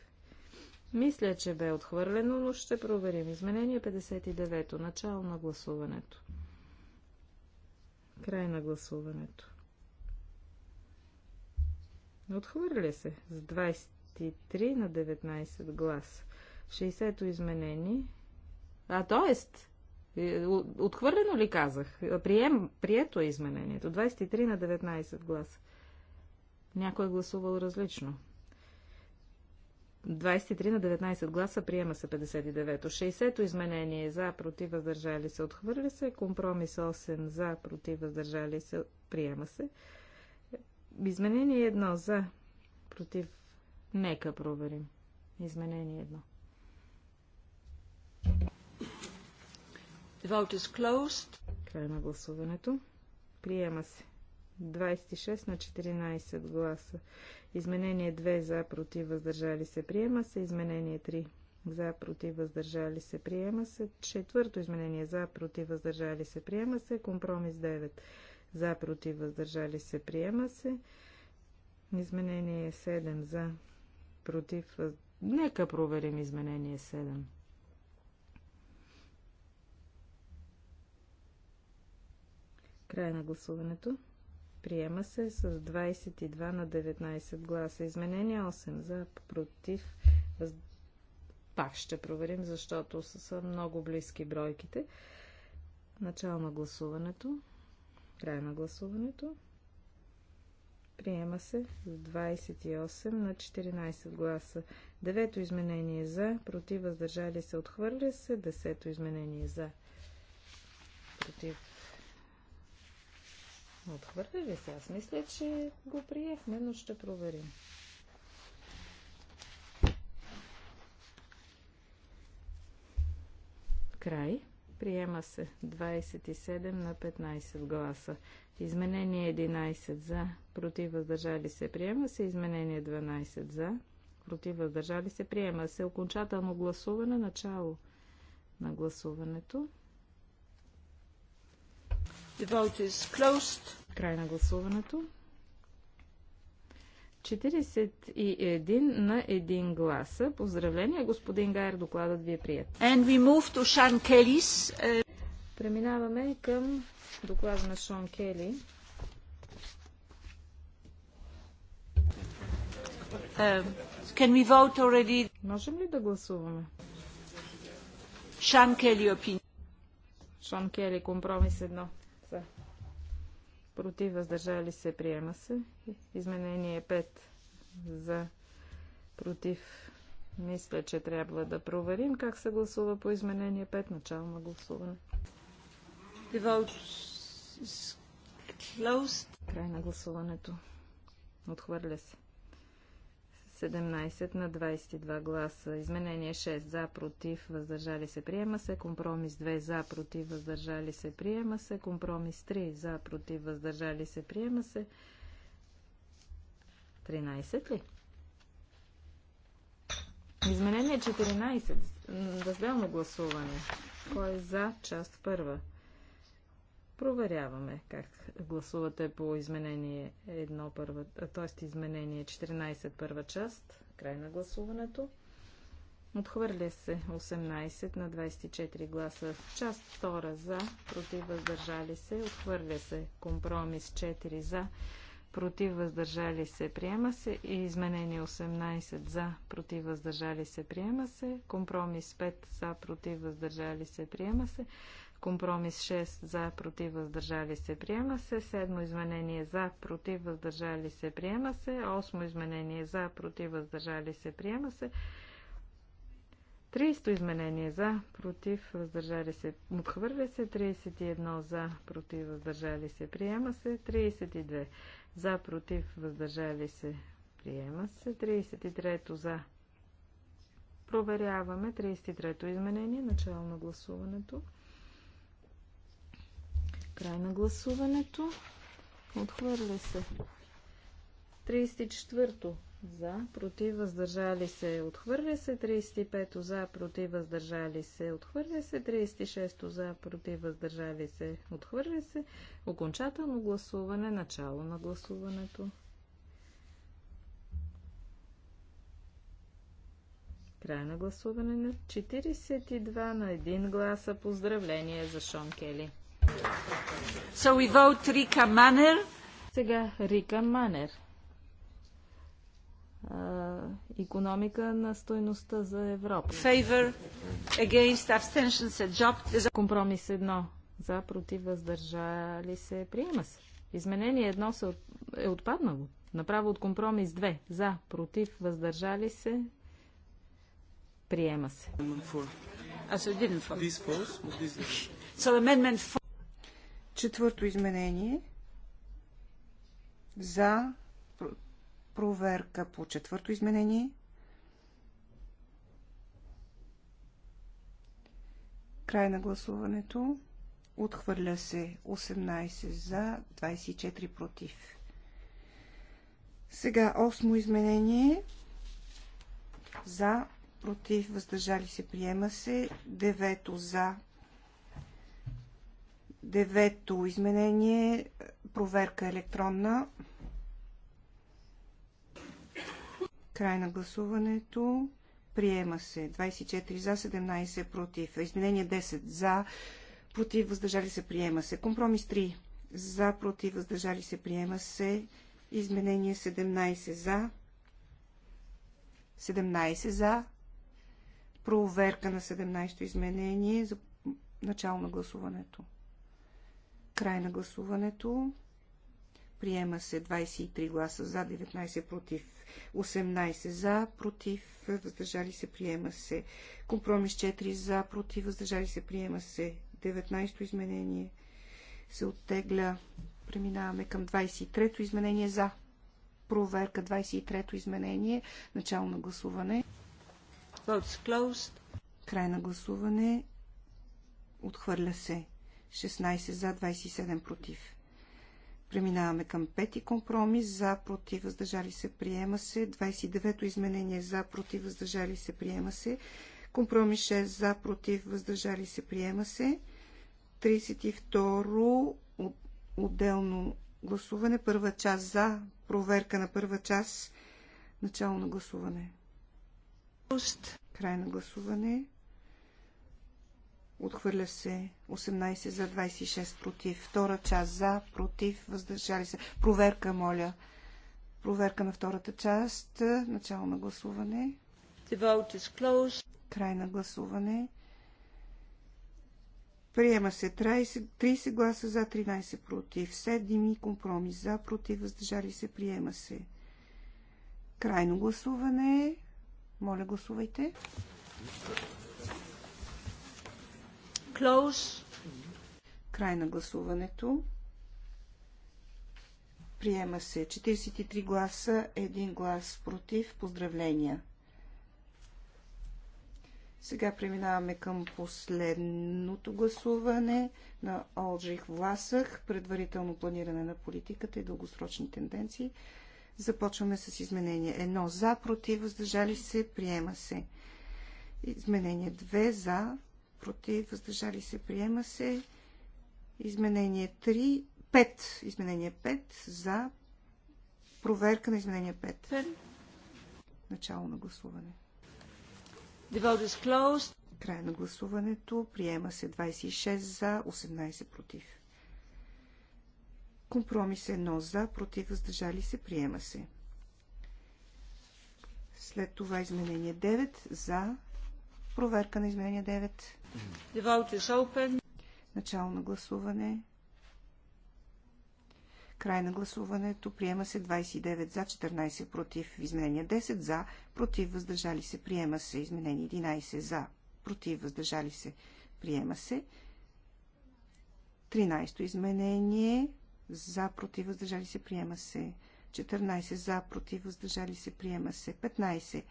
Мисля, че бе отхвърлено, но ще проверим. Изменение 59-то, начало на гласуването. Край на гласуването. Отхвърля се с 23 на 19 глас. 60-то изменение. А, т.е. отхвърлено ли казах? Прием, прието е изменението. 23 на 19 глас. Някой е гласувал различно. 23 на 19 гласа приема се 59-то. 60-то изменение е за, против, въздържали се, отхвърля се. Компромис 8 за, против, въздържали се, приема се. Изменение 1 за, против, нека проверим. Изменение 1. The vote is closed. Край на гласуването. Приема се. 26 на 14 гласа. Изменение 2 за против въздържали се приема се. Изменение 3 за против въздържали се приема се. Четвърто изменение за против въздържали се приема се. Компромис 9 за против въздържали се приема се. Изменение 7 за против. Нека проверим изменение 7. Край на гласуването. Приема се с 22 на 19 гласа. Изменение 8 за против. Пак ще проверим, защото са много близки бройките. Начало на гласуването. Край на гласуването. Приема се с 28 на 14 гласа. Девето изменение за, против въздържали се, отхвърля се. Десето изменение за, против Отхвърля ли се? Аз мисля, че го приехме, но ще проверим. Край. Приема се 27 на 15 гласа. Изменение 11 за, против въздържали се, приема се. Изменение 12 за, против въздържали се, приема се. Окончателно гласуване, начало на гласуването. The vote is closed. Край на гласуването. 41 на 1 гласа. Поздравления, господин Гайер, докладът ви е прият. And we move to Sean Kelly's, uh, Преминаваме към доклада на Шон Кели. Uh, can we vote already? Можем ли да гласуваме? Шан Кели, Шон Кели, компромис едно против, въздържали се, приема се. Изменение 5 за против. Мисля, че трябва да проверим как се гласува по изменение 5. Начало на гласуване. Край на гласуването. Отхвърля се. 17 на 22 гласа. Изменение 6 за, против, въздържали се, приема се. Компромис 2 за, против, въздържали се, приема се. Компромис 3 за, против, въздържали се, приема се. 13 ли? Изменение 14. Разделно гласуване. Кой е за част първа? Проверяваме как гласувате по изменение 1 първа, т.е. изменение 14 първа част, край на гласуването. Отхвърля се 18 на 24 гласа. Част 2 за, против въздържали се. Отхвърля се компромис 4 за, против въздържали се. Приема се и изменение 18 за, против въздържали се. Приема се. Компромис 5 за, против въздържали се. Приема се. Компромис 6 за, против, въздържали се, приема се. Седмо изменение за, против, въздържали се, приема се. Осмо изменение за, против, въздържали се, приема се. 30 изменение за, против, въздържали се, отхвърля се, 31 за, против, въздържали се, приема се, 32 за, против, въздържали се, приема се, 33 за. Проверяваме 33 изменение, начало на гласуването. Край на гласуването. Отхвърля се. 34-то за, против, въздържали се, отхвърля се. 35-то за, против, въздържали се, отхвърля се. 36-то за, против, въздържали се, отхвърля се. Окончателно гласуване, начало на гласуването. Край на гласуване на 42 на 1 гласа. Поздравление за Шон Кели. So we vote Rika Manner. Сега Рика Манер. Икономика на стойността за Европа. Favor against abstentions adopted. Компромис едно. За, против, въздържали се. Приема се. Изменение едно се е отпаднало. Направо от компромис 2. За, против, въздържали се. Приема се. So amendment 4. Четвърто изменение за проверка по четвърто изменение. Край на гласуването. Отхвърля се 18 за, 24 против. Сега осмо изменение. За, против, въздържали се, приема се. Девето за, Девето изменение проверка електронна. Край на гласуването. Приема се. 24 за, 17 против. Изменение 10 за, против, въздържали се, приема се. Компромис 3 за, против, въздържали се, приема се. Изменение 17 за. 17 за. Проверка на 17-то изменение за начало на гласуването. Край на гласуването. Приема се 23 гласа за, 19 против, 18 за, против, въздържали се, приема се. Компромис 4 за, против, въздържали се, приема се. 19-то изменение се оттегля. Преминаваме към 23-то изменение за. Проверка 23-то изменение. Начало на гласуване. Votes closed. Край на гласуване. Отхвърля се. 16 за, 27 против. Преминаваме към пети компромис. За, против, въздържали се, приема се. 29-то изменение за, против, въздържали се, приема се. Компромис 6 за, против, въздържали се, приема се. 32 отделно гласуване. Първа част за, проверка на първа част. Начало на гласуване. Край на гласуване. Отхвърля се 18 за 26 против. Втора част за, против, въздържали се. Проверка, моля. Проверка на втората част. Начало на гласуване. The vote is closed. Край на гласуване. Приема се 30, 30 гласа за, 13 против. 7 компромис за, против, въздържали се. Приема се. Крайно гласуване. Моля, гласувайте. Thank you. Край на гласуването. Приема се 43 гласа, 1 глас против. Поздравления! Сега преминаваме към последното гласуване на Олджих Власах, предварително планиране на политиката и дългосрочни тенденции. Започваме с изменение 1 за, против, въздържали се, приема се. Изменение 2 за, против, въздържали се, приема се. Изменение 3, 5, изменение 5 за проверка на изменение 5. 5. Начало на гласуване. The vote is closed. Край на гласуването. Приема се 26 за, 18 против. Компромис 1 за, против, въздържали се, приема се. След това изменение 9 за проверка на изменение 9. The vote is open. Начало на гласуване. Край на гласуването. Приема се 29 за, 14 против. Изменение 10 за, против, въздържали се. Приема се. Изменение 11 за, против, въздържали се. Приема се. 13 изменение за, против, въздържали се. Приема се. 14 за, против, въздържали се. Приема се. 15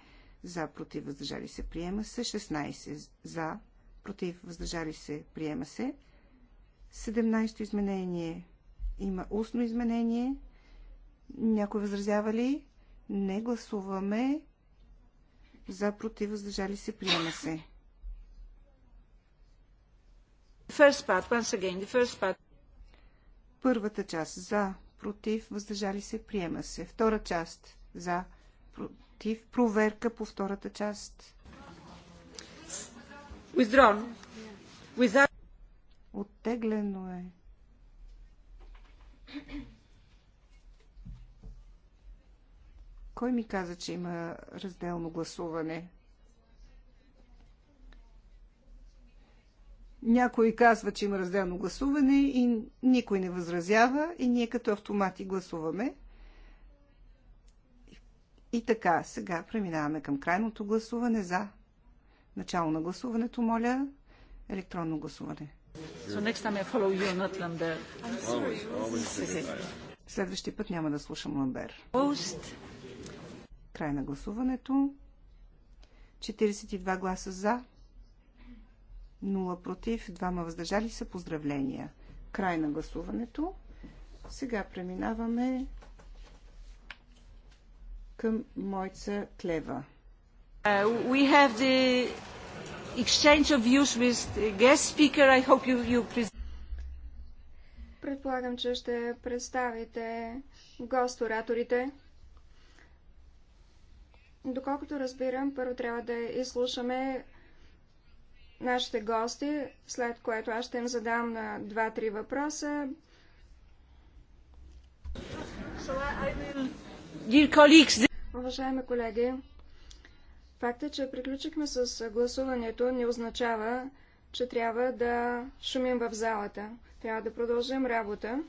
за, против, въздържали се. Приема се. 16 за, против, въздържали се, приема се. 17-то изменение има устно изменение. Някой възразява ли? Не гласуваме. За, против, въздържали се, приема се. First part, once again, the first part. Първата част за, против, въздържали се, приема се. Втора част за, против, проверка по втората част. Withdrawn. Without... Оттеглено е. Кой ми каза, че има разделно гласуване? Някой казва, че има разделно гласуване и никой не възразява и ние като автомати гласуваме. И така, сега преминаваме към крайното гласуване за Начало на гласуването, моля. Електронно гласуване. Следващия път няма да слушам Ламбер. Край на гласуването. 42 гласа за, 0 против, 2 въздържали са. Поздравления. Край на гласуването. Сега преминаваме към Мойца Клева. Uh, we have the exchange of views with the guest speaker. I hope you, you present. Предполагам, че ще представите гост-ораторите. Доколкото разбирам, първо трябва да изслушаме нашите гости, след което аз ще им задам на два-три въпроса. Уважаеми колеги, Факта, че приключихме с гласуването, не означава, че трябва да шумим в залата. Трябва да продължим работа.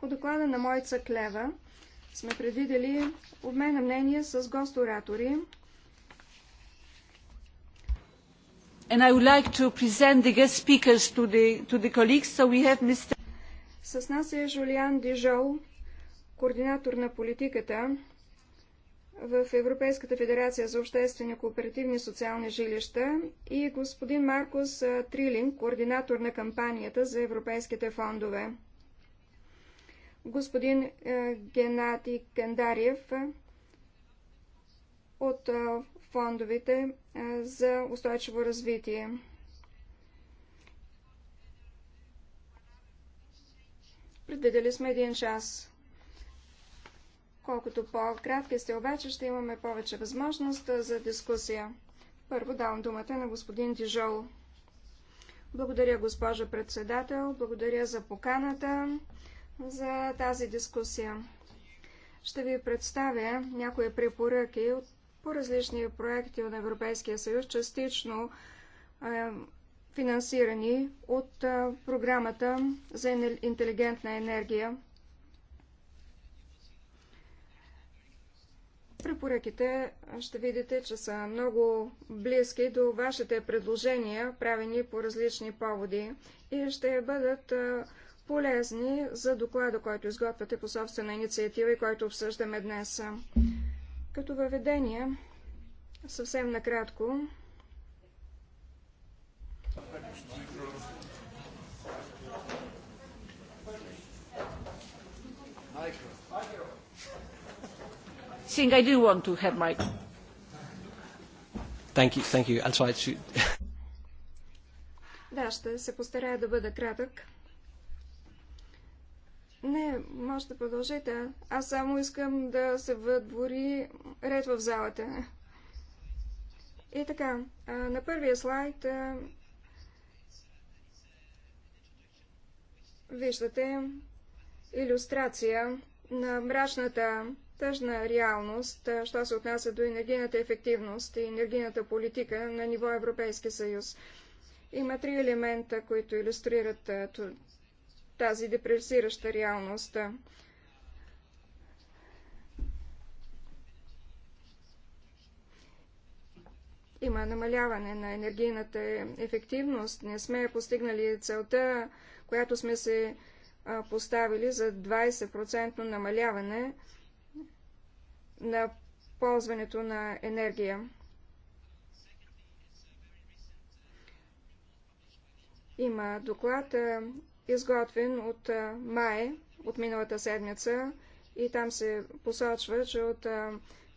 По доклада на Мойца Клева сме предвидели обмен на мнение с госторатори. And I would like to present the guest speakers to the, to the colleagues. So we have Mr. С нас е Жулиан Дижол, координатор на политиката в Европейската федерация за обществени кооперативни социални жилища и господин Маркос Трилин, координатор на кампанията за европейските фондове. Господин Геннади Кендариев от фондовете за устойчиво развитие. Предвидели сме един час Колкото по-кратки сте обаче, ще имаме повече възможност за дискусия. Първо давам думата на господин Дижол. Благодаря, госпожа председател, благодаря за поканата за тази дискусия. Ще ви представя някои препоръки по различни проекти от Европейския съюз, частично е, финансирани от е, програмата за интелигентна енергия Препоръките ще видите, че са много близки до вашите предложения, правени по различни поводи и ще бъдат полезни за доклада, който изготвяте по собствена инициатива и който обсъждаме днес. Като въведение, съвсем накратко, think I do want to have my... Thank you, thank you. I'll try to... Да, ще се постарая да бъда кратък. Не, може да продължите. Аз само искам да се въдвори ред в залата. И така, на първия слайд виждате иллюстрация на мрачната тъжна реалност, що се отнася до енергийната ефективност и енергийната политика на ниво Европейски съюз. Има три елемента, които иллюстрират тази депресираща реалност. Има намаляване на енергийната ефективност. Не сме постигнали целта, която сме се поставили за 20% намаляване на ползването на енергия. Има доклад, изготвен от май, от миналата седмица, и там се посочва, че от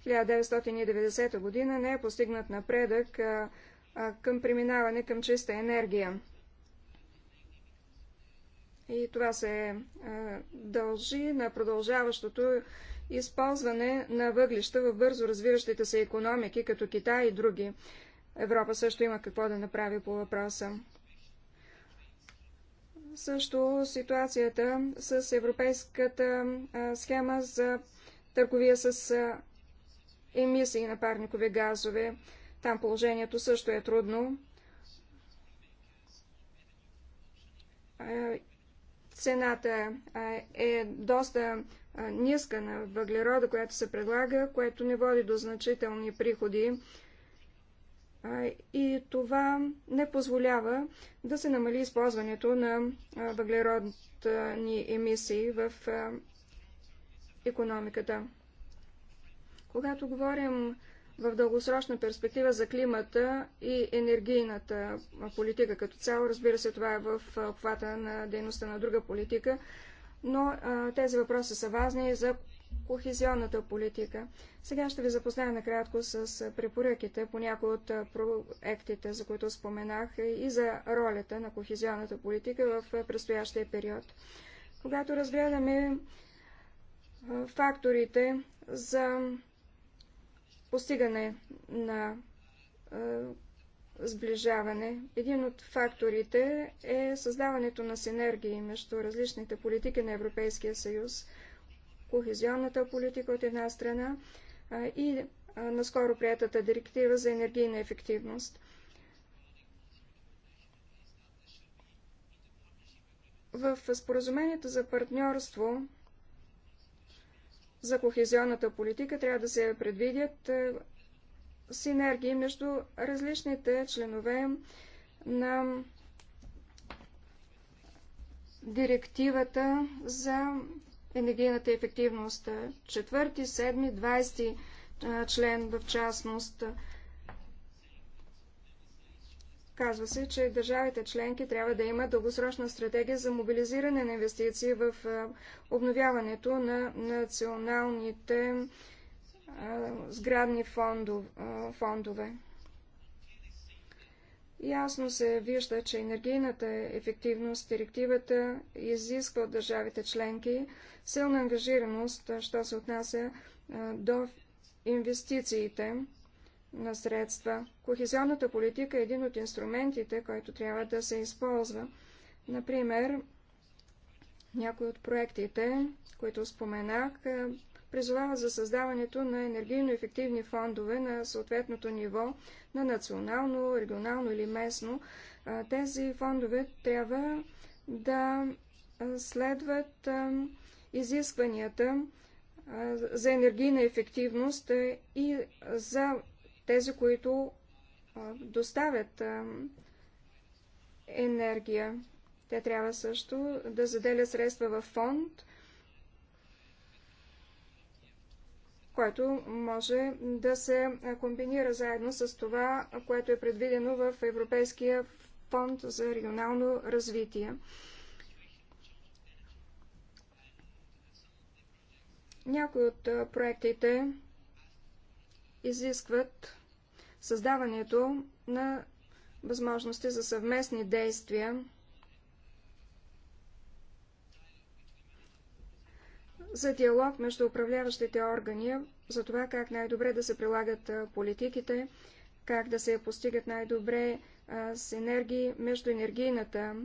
1990 година не е постигнат напредък към преминаване към чиста енергия. И това се дължи на продължаващото използване на въглища в бързо развиващите се економики, като Китай и други. Европа също има какво да направи по въпроса. Също ситуацията с европейската схема за търговия с емисии на парникови газове. Там положението също е трудно. Цената е доста ниска на въглерода, която се предлага, което не води до значителни приходи. И това не позволява да се намали използването на въглеродни емисии в економиката. Когато говорим в дългосрочна перспектива за климата и енергийната политика като цяло. Разбира се, това е в обхвата на дейността на друга политика, но а, тези въпроси са важни и за кохезионната политика. Сега ще ви запозная накратко с препоръките по някои от проектите, за които споменах, и за ролята на кохезионната политика в предстоящия период. Когато разгледаме факторите за постигане на е, сближаване. Един от факторите е създаването на синергии между различните политики на Европейския съюз, кохезионната политика от една страна е, и е, наскоро приятата директива за енергийна ефективност. В споразумението за партньорство за кохезионната политика трябва да се предвидят е, синергии между различните членове на директивата за енергийната ефективност. Четвърти, седми, двайсти е, член в частност. Казва се, че държавите членки трябва да имат дългосрочна стратегия за мобилизиране на инвестиции в обновяването на националните сградни фондове. Ясно се вижда, че енергийната ефективност, директивата изисква от държавите членки силна ангажираност, що се отнася до инвестициите на средства. Кохезионната политика е един от инструментите, който трябва да се използва. Например, някои от проектите, които споменах, е, призовава за създаването на енергийно ефективни фондове на съответното ниво, на национално, регионално или местно. Е, тези фондове трябва да е, следват изискванията за енергийна ефективност и за тези, които доставят енергия. Те трябва също да заделят средства в фонд, който може да се комбинира заедно с това, което е предвидено в Европейския фонд за регионално развитие. Някои от проектите изискват създаването на възможности за съвместни действия за диалог между управляващите органи, за това как най-добре да се прилагат политиките, как да се постигат най-добре синергии между енергийната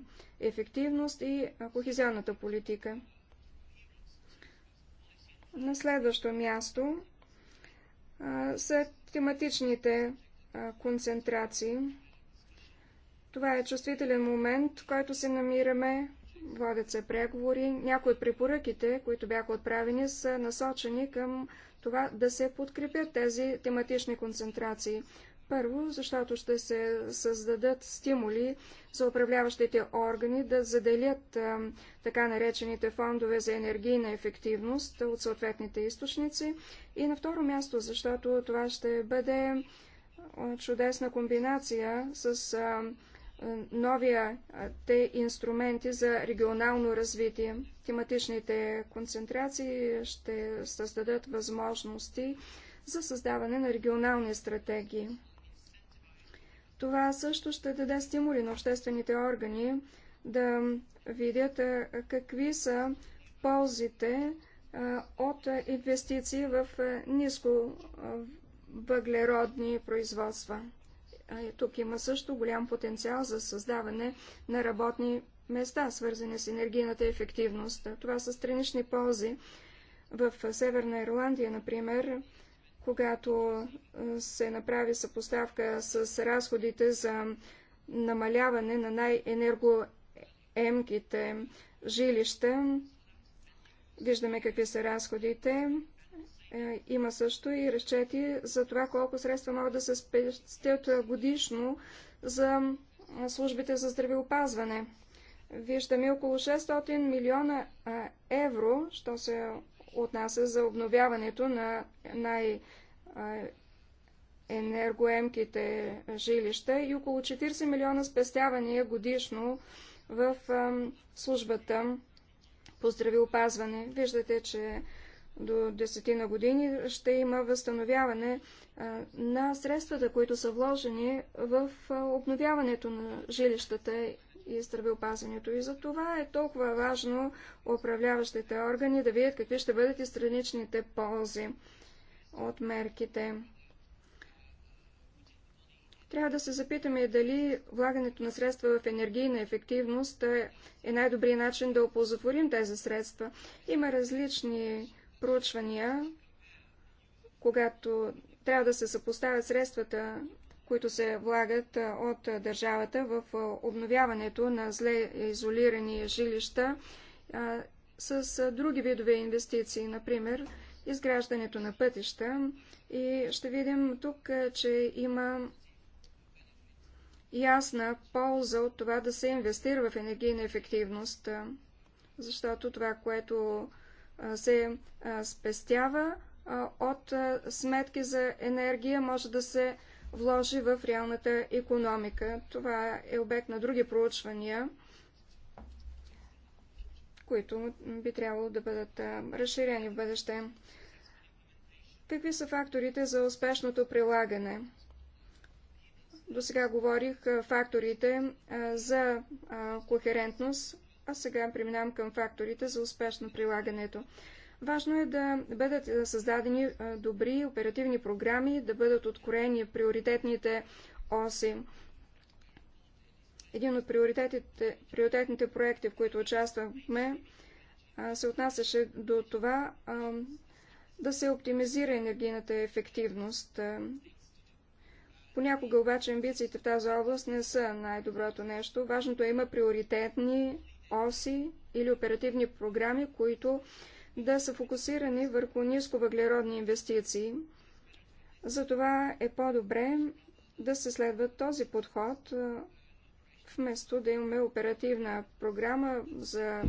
ефективност и кохезионната политика. На следващо място са тематичните концентрации. Това е чувствителен момент, в който се намираме. Водят се преговори. Някои от препоръките, които бяха отправени, са насочени към това да се подкрепят тези тематични концентрации. Първо, защото ще се създадат стимули за управляващите органи да заделят така наречените фондове за енергийна ефективност от съответните източници. И на второ място, защото това ще бъде чудесна комбинация с а, новия те инструменти за регионално развитие. Тематичните концентрации ще създадат възможности за създаване на регионални стратегии. Това също ще даде стимули на обществените органи да видят какви са ползите от инвестиции в ниско въглеродни производства. Тук има също голям потенциал за създаване на работни места, свързани с енергийната ефективност. Това са странични ползи. В Северна Ирландия, например, когато се направи съпоставка с разходите за намаляване на най-енергоемките жилища. Виждаме какви са разходите. Е, има също и разчети за това колко средства могат да се спестят годишно за службите за здравеопазване. Виждаме около 600 милиона евро, що се отнася за обновяването на най- енергоемките жилища и около 40 милиона спестявания годишно в службата по здравеопазване. Виждате, че до 10 на години ще има възстановяване на средствата, които са вложени в обновяването на жилищата и здравеопазването. И за това е толкова важно управляващите органи да видят какви ще бъдат и страничните ползи от мерките. Трябва да се запитаме дали влагането на средства в енергийна ефективност е, е най-добрият начин да оползотворим тези средства. Има различни проучвания, когато трябва да се съпоставят средствата които се влагат от държавата в обновяването на зле изолирани жилища с други видове инвестиции, например изграждането на пътища. И ще видим тук, че има ясна полза от това да се инвестира в енергийна ефективност, защото това, което се спестява от сметки за енергия, може да се вложи в реалната економика. Това е обект на други проучвания, които би трябвало да бъдат разширени в бъдеще. Какви са факторите за успешното прилагане? До сега говорих факторите за кохерентност, а сега преминавам към факторите за успешно прилагането. Важно е да бъдат е, създадени е, добри оперативни програми, да бъдат откроени приоритетните оси. Един от приоритетните проекти, в които участвахме, е, се отнасяше до това да се оптимизира енергийната ефективност. Понякога обаче амбициите в тази област не са най-доброто нещо. Важното е има приоритетни оси или оперативни програми, които да са фокусирани върху нисковъглеродни инвестиции. Затова е по-добре да се следва този подход, вместо да имаме оперативна програма за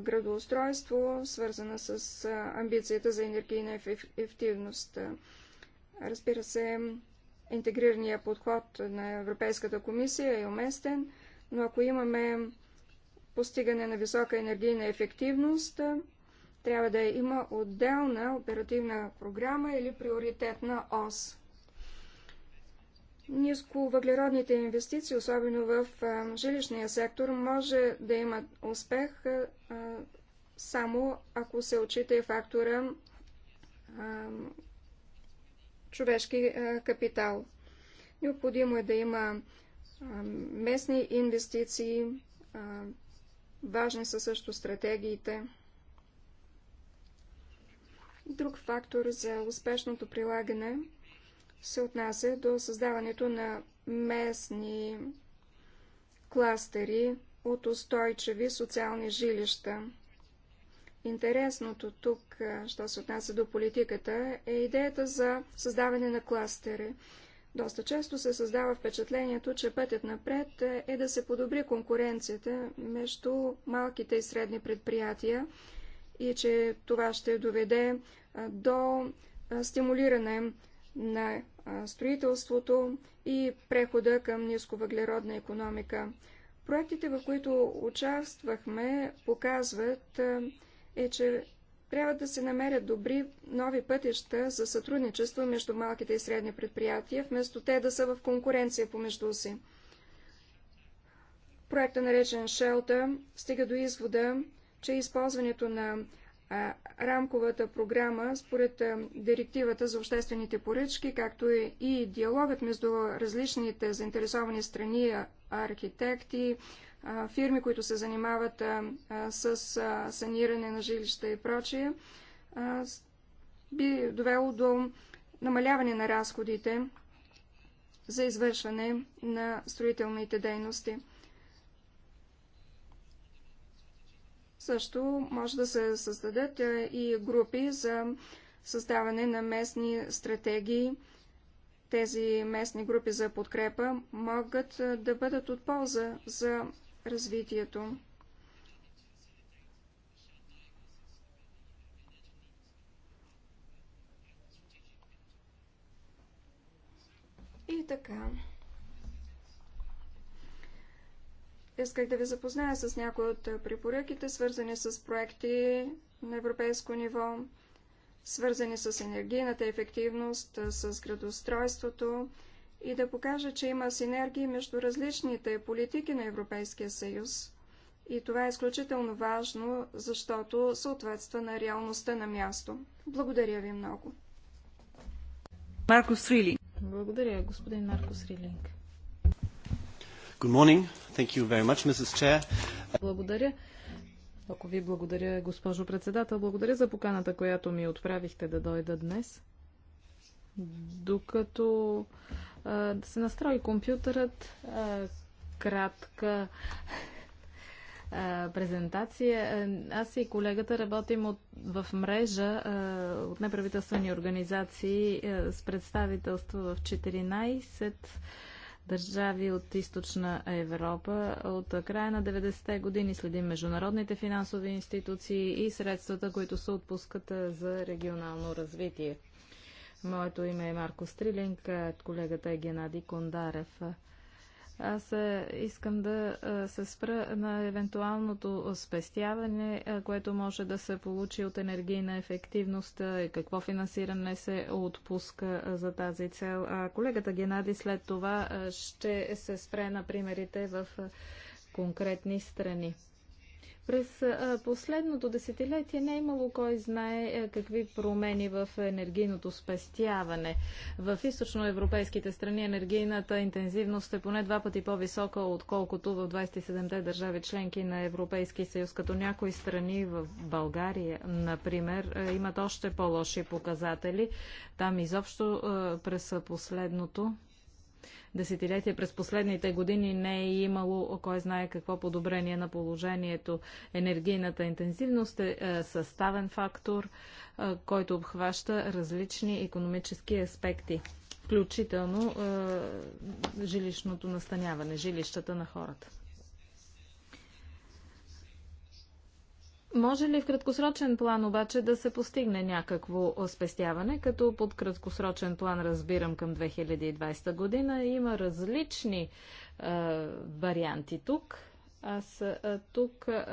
градоустройство, свързана с амбицията за енергийна ефективност. Разбира се, интегрирания подход на Европейската комисия е уместен, но ако имаме постигане на висока енергийна ефективност, трябва да има отделна оперативна програма или приоритетна ОС. Ниско въглеродните инвестиции, особено в жилищния сектор, може да имат успех само ако се отчита и фактора човешки капитал. Необходимо е да има местни инвестиции, важни са също стратегиите. Друг фактор за успешното прилагане се отнася до създаването на местни кластери от устойчиви социални жилища. Интересното тук, що се отнася до политиката, е идеята за създаване на кластери. Доста често се създава впечатлението, че пътят напред е да се подобри конкуренцията между малките и средни предприятия и че това ще доведе до стимулиране на строителството и прехода към нисковъглеродна економика. Проектите, в които участвахме, показват, е, че трябва да се намерят добри нови пътища за сътрудничество между малките и средни предприятия, вместо те да са в конкуренция помежду си. Проекта, наречен Шелта, стига до извода, че използването на а, рамковата програма според а, директивата за обществените поръчки, както и диалогът между различните заинтересовани страни, архитекти, а, фирми, които се занимават с саниране на жилища и прочие, би довело до намаляване на разходите за извършване на строителните дейности. Също може да се създадат е, и групи за създаване на местни стратегии. Тези местни групи за подкрепа могат е, да бъдат от полза за развитието. И така. Исках да ви запозная с някои от препоръките, свързани с проекти на европейско ниво, свързани с енергийната ефективност, с градостройството и да покажа, че има синергии между различните политики на Европейския съюз. И това е изключително важно, защото съответства на реалността на място. Благодаря ви много. Маркус Рилинг. Благодаря, господин Маркус Рилинг. Благодаря. ви благодаря, госпожо председател, благодаря за поканата, която ми отправихте да дойда днес. Докато а, се настрои компютърът, а, кратка презентация. Аз и колегата работим от, в мрежа от неправителствени организации с представителство в 14 държави от източна Европа. От края на 90-те години следим международните финансови институции и средствата, които се отпускат за регионално развитие. Моето име е Марко Стрилинг, колегата е Геннадий Кондарев. Аз е, искам да е, се спра на евентуалното спестяване, е, което може да се получи от енергийна ефективност и какво финансиране се отпуска за тази цел. А колегата Геннади след това ще се спре на примерите в конкретни страни. През последното десетилетие не е имало кой знае е, какви промени в енергийното спестяване. В източноевропейските страни енергийната интензивност е поне два пъти по-висока, отколкото в 27-те държави членки на Европейски съюз, като някои страни в България, например, е, имат още по-лоши показатели. Там изобщо е, през последното десетилетия, през последните години не е имало кой знае какво подобрение на положението. Енергийната интензивност е, е съставен фактор, е, който обхваща различни економически аспекти включително е, жилищното настаняване, жилищата на хората. Може ли в краткосрочен план обаче да се постигне някакво спестяване, като под краткосрочен план разбирам към 2020 година? Има различни е, варианти тук. Аз е, тук е,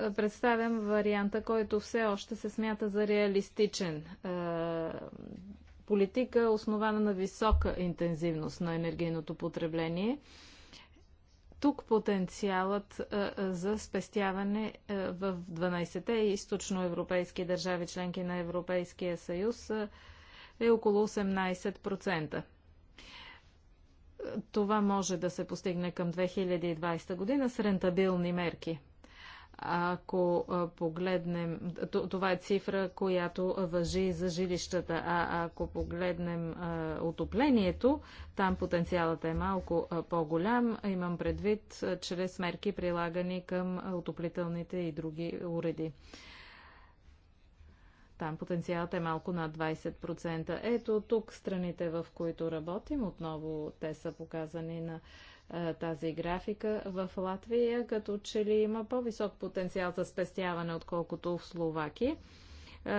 е, представям варианта, който все още се смята за реалистичен. Е, политика, основана на висока интензивност на енергийното потребление. Е, тук потенциалът за спестяване в 12-те източноевропейски държави, членки на Европейския съюз, е около 18%. Това може да се постигне към 2020 година с рентабилни мерки. Ако погледнем, това е цифра, която въжи за жилищата, а ако погледнем отоплението, там потенциалът е малко по-голям. Имам предвид чрез мерки прилагани към отоплителните и други уреди. Там потенциалът е малко над 20%. Ето тук страните, в които работим, отново те са показани на е, тази графика. В Латвия като че ли има по-висок потенциал за спестяване, отколкото в Словакия. Е, е,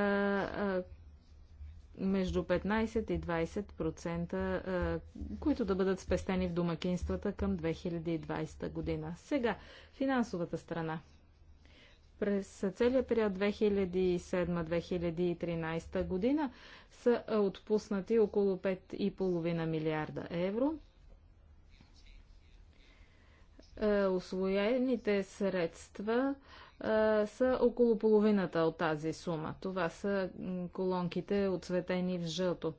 между 15 и 20%, които да бъдат спестени в домакинствата към 2020 година. Сега, финансовата страна. През целия период 2007-2013 година са отпуснати около 5,5 милиарда евро – е, освоените средства е, са около половината от тази сума. Това са колонките отцветени в жълто.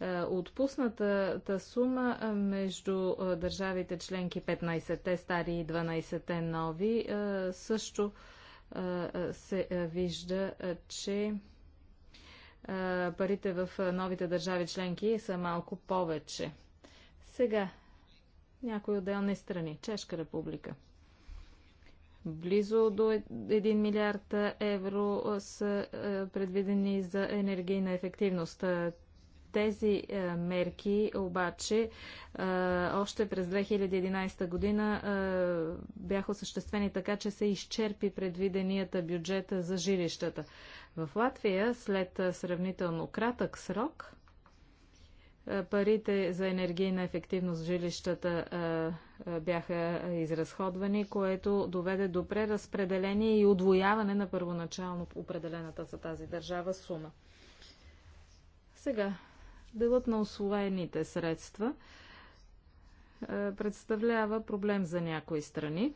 Е, отпуснатата сума между държавите членки 15-те стари и 12-те нови също се вижда, че парите в новите държави членки са малко повече. Сега някои отделни страни. Чешка република. Близо до 1 е- милиард евро са е, предвидени за енергийна ефективност. Е, тези мерки обаче още през 2011 година бяха осъществени така, че се изчерпи предвиденията бюджет за жилищата. В Латвия след сравнително кратък срок е, парите за енергийна ефективност в жилищата е, е, бяха изразходвани, което доведе до преразпределение и удвояване на първоначално определената за тази държава сума. Сега, делът на освоените средства представлява проблем за някои страни.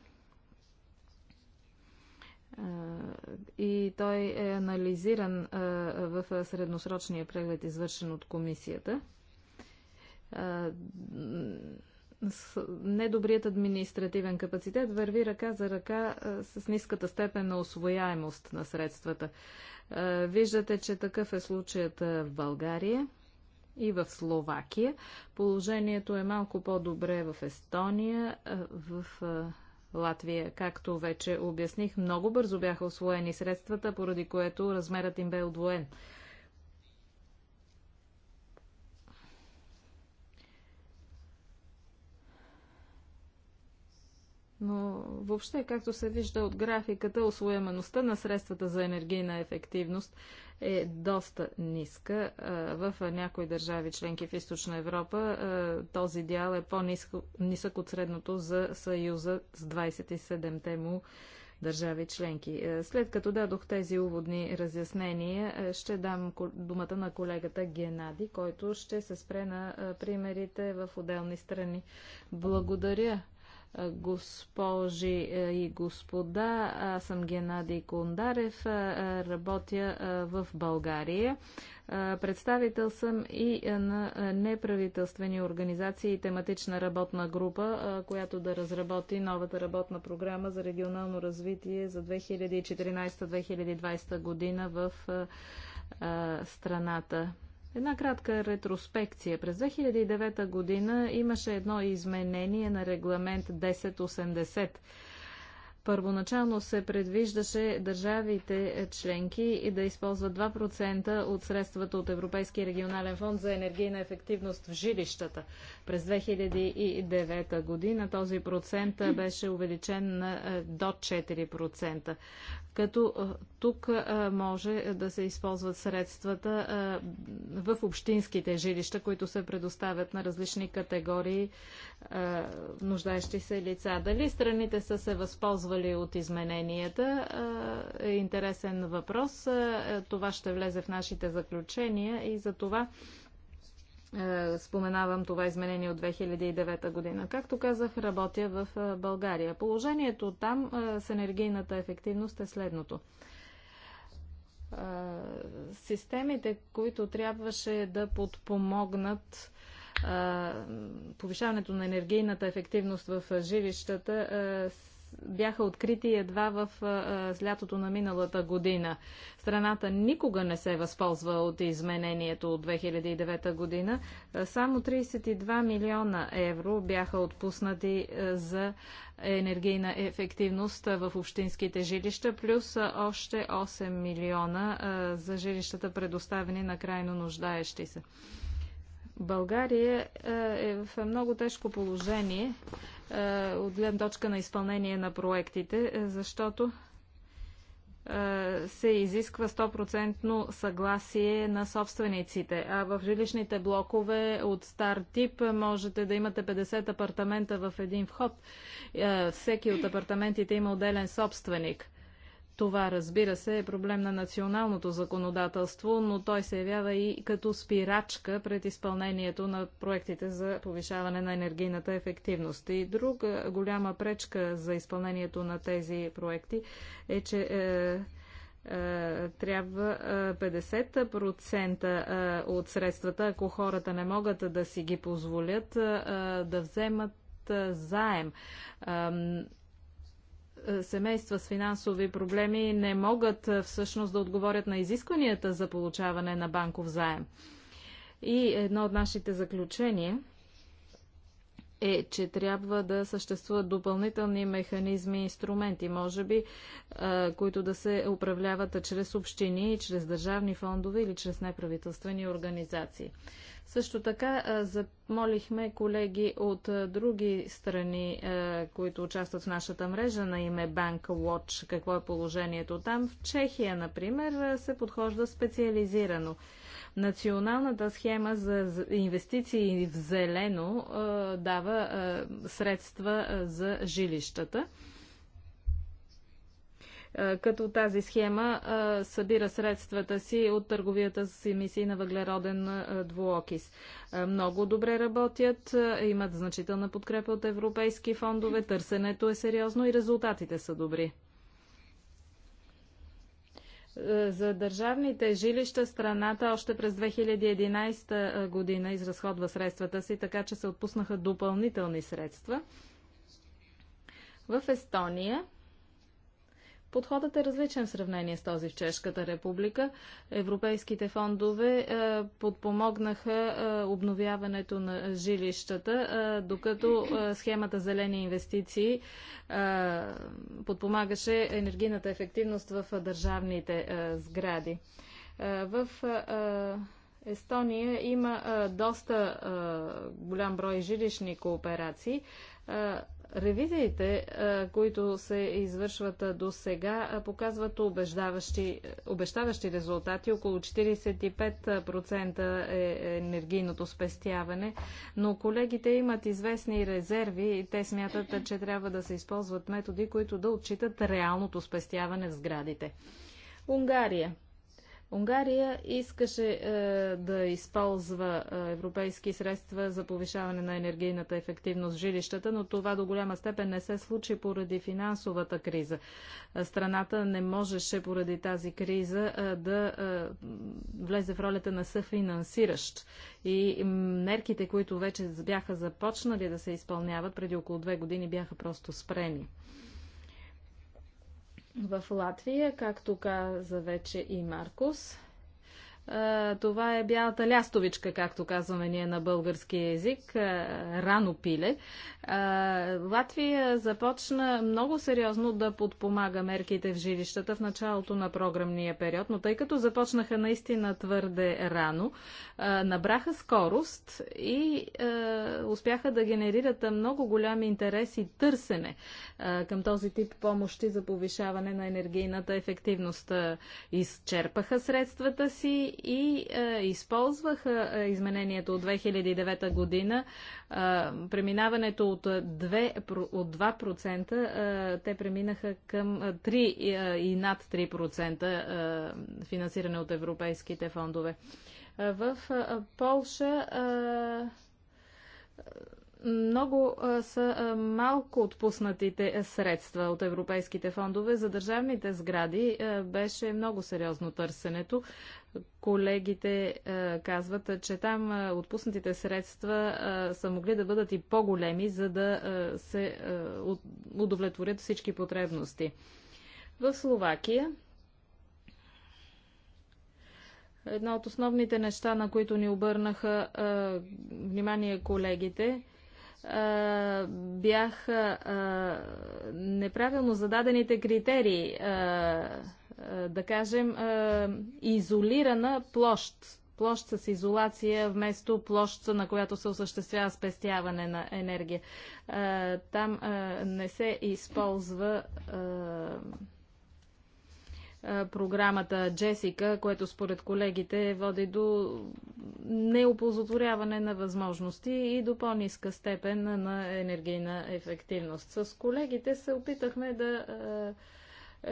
И той е анализиран в средносрочния преглед, извършен от комисията – недобрият административен капацитет върви ръка за ръка с ниската степен на освояемост на средствата. Виждате, че такъв е случаят в България и в Словакия. Положението е малко по-добре в Естония, в Латвия. Както вече обясних, много бързо бяха освоени средствата, поради което размерът им бе отвоен. Но въобще, както се вижда от графиката, освоемаността на средствата за енергийна ефективност е доста ниска. В някои държави членки в Източна Европа този дял е по-нисък от средното за Съюза с 27-те му държави членки. След като дадох тези уводни разяснения, ще дам думата на колегата Генади, който ще се спре на примерите в отделни страни. Благодаря, госпожи е, и господа. Аз съм Геннадий Кондарев, е, е, работя в България. Представител съм и на неправителствени организации и тематична работна група, която да разработи новата работна програма за регионално развитие за 2014-2020 година в страната. Една кратка ретроспекция. През 2009 година имаше едно изменение на регламент 1080 Първоначално се предвиждаше държавите е, членки да използват 2% от средствата от Европейския регионален фонд за енергийна ефективност в жилищата. През 2009 година този процент е, беше увеличен е, до 4%. Като тук може да се използват средствата в общинските жилища, които се предоставят на различни категории е, нуждаещи се лица. Дали страните са се възползвали от измененията е, е интересен въпрос. Е, това ще влезе в нашите заключения и за това споменавам това изменение от 2009 година. Както казах, работя в България. Положението там с енергийната ефективност е следното системите, които трябваше да подпомогнат повишаването на енергийната ефективност в жилищата бяха открити едва в лятото на миналата година. Страната никога не се възползва от изменението от 2009 година. Само 32 милиона евро бяха отпуснати за енергийна ефективност в общинските жилища, плюс още 8 милиона за жилищата предоставени на крайно нуждаещи се. България е, е в много тежко положение е, от гледна точка на изпълнение на проектите, е, защото се изисква 100% съгласие на собствениците. А в жилищните блокове от стар тип можете да имате 50 апартамента в един вход. Всеки от апартаментите има отделен собственик. Това, разбира се, е проблем на националното законодателство, но той се явява и като спирачка пред изпълнението на проектите за повишаване на енергийната ефективност. И друга голяма пречка за изпълнението на тези проекти е, че е, е трябва 50% е, е, от средствата, ако хората не могат да си ги позволят, да вземат заем. Е, семейства с финансови проблеми не могат е, всъщност да отговорят на изискванията за получаване на банков заем. И едно от нашите заключения е, че трябва да съществуват допълнителни механизми и инструменти, може би, е, които да се управляват чрез общини, чрез държавни фондове или чрез неправителствени организации. Също така замолихме колеги от други страни, които участват в нашата мрежа на име Bank Watch, какво е положението там. В Чехия, например, се подхожда специализирано. Националната схема за инвестиции в зелено дава средства за жилищата като тази схема събира средствата си от търговията с емисии на въглероден двуокис. Много добре работят, имат значителна подкрепа от европейски фондове, търсенето е сериозно и резултатите са добри. За държавните жилища страната още през 2011 година изразходва средствата си, така че се отпуснаха допълнителни средства. В Естония Подходът е различен в сравнение с този в Чешката република. Европейските фондове е, подпомогнаха е, обновяването на жилищата, е, докато схемата Зелени инвестиции подпомагаше енергийната ефективност в държавните сгради. В Естония има доста голям брой жилищни кооперации. Ревизиите, е, които се извършват е, до сега, е, показват обещаващи, обещаващи резултати. Около 45% е енергийното спестяване, но колегите имат известни резерви и те смятат, че трябва да се използват методи, които да отчитат реалното спестяване в сградите. Унгария. Унгария искаше е, да използва е, европейски средства за повишаване на енергийната ефективност в жилищата, но това до голяма степен не се случи поради финансовата криза. Е, страната не можеше поради тази криза е, да е, влезе в ролята на съфинансиращ. И мерките, които вече бяха започнали да се изпълняват преди около две години, бяха просто спрени в Латвия, както каза вече и Маркус. Това е бялата лястовичка, както казваме ние на български язик, рано пиле. Латвия започна много сериозно да подпомага мерките в жилищата в началото на програмния период, но тъй като започнаха наистина твърде рано, набраха скорост и успяха да генерират много голям интерес и търсене към този тип помощи за повишаване на енергийната ефективност. Изчерпаха средствата си и е, използваха е, изменението от 2009 година. Е, преминаването от, 2, от 2% е, те преминаха към 3 е, е, и над 3% е, финансиране от европейските фондове. Е, в е, Полша е, много са малко отпуснатите средства от европейските фондове. За държавните сгради беше много сериозно търсенето. Колегите казват, че там отпуснатите средства са могли да бъдат и по-големи, за да се удовлетворят всички потребности. В Словакия Една от основните неща, на които ни обърнаха е, внимание колегите, бяха неправилно зададените критерии, да кажем, изолирана площ, площ с изолация вместо площ, на която се осъществява спестяване на енергия. Там не се използва програмата Джесика, което според колегите води до неоползотворяване на възможности и до по-ниска степен на енергийна ефективност. С колегите се опитахме да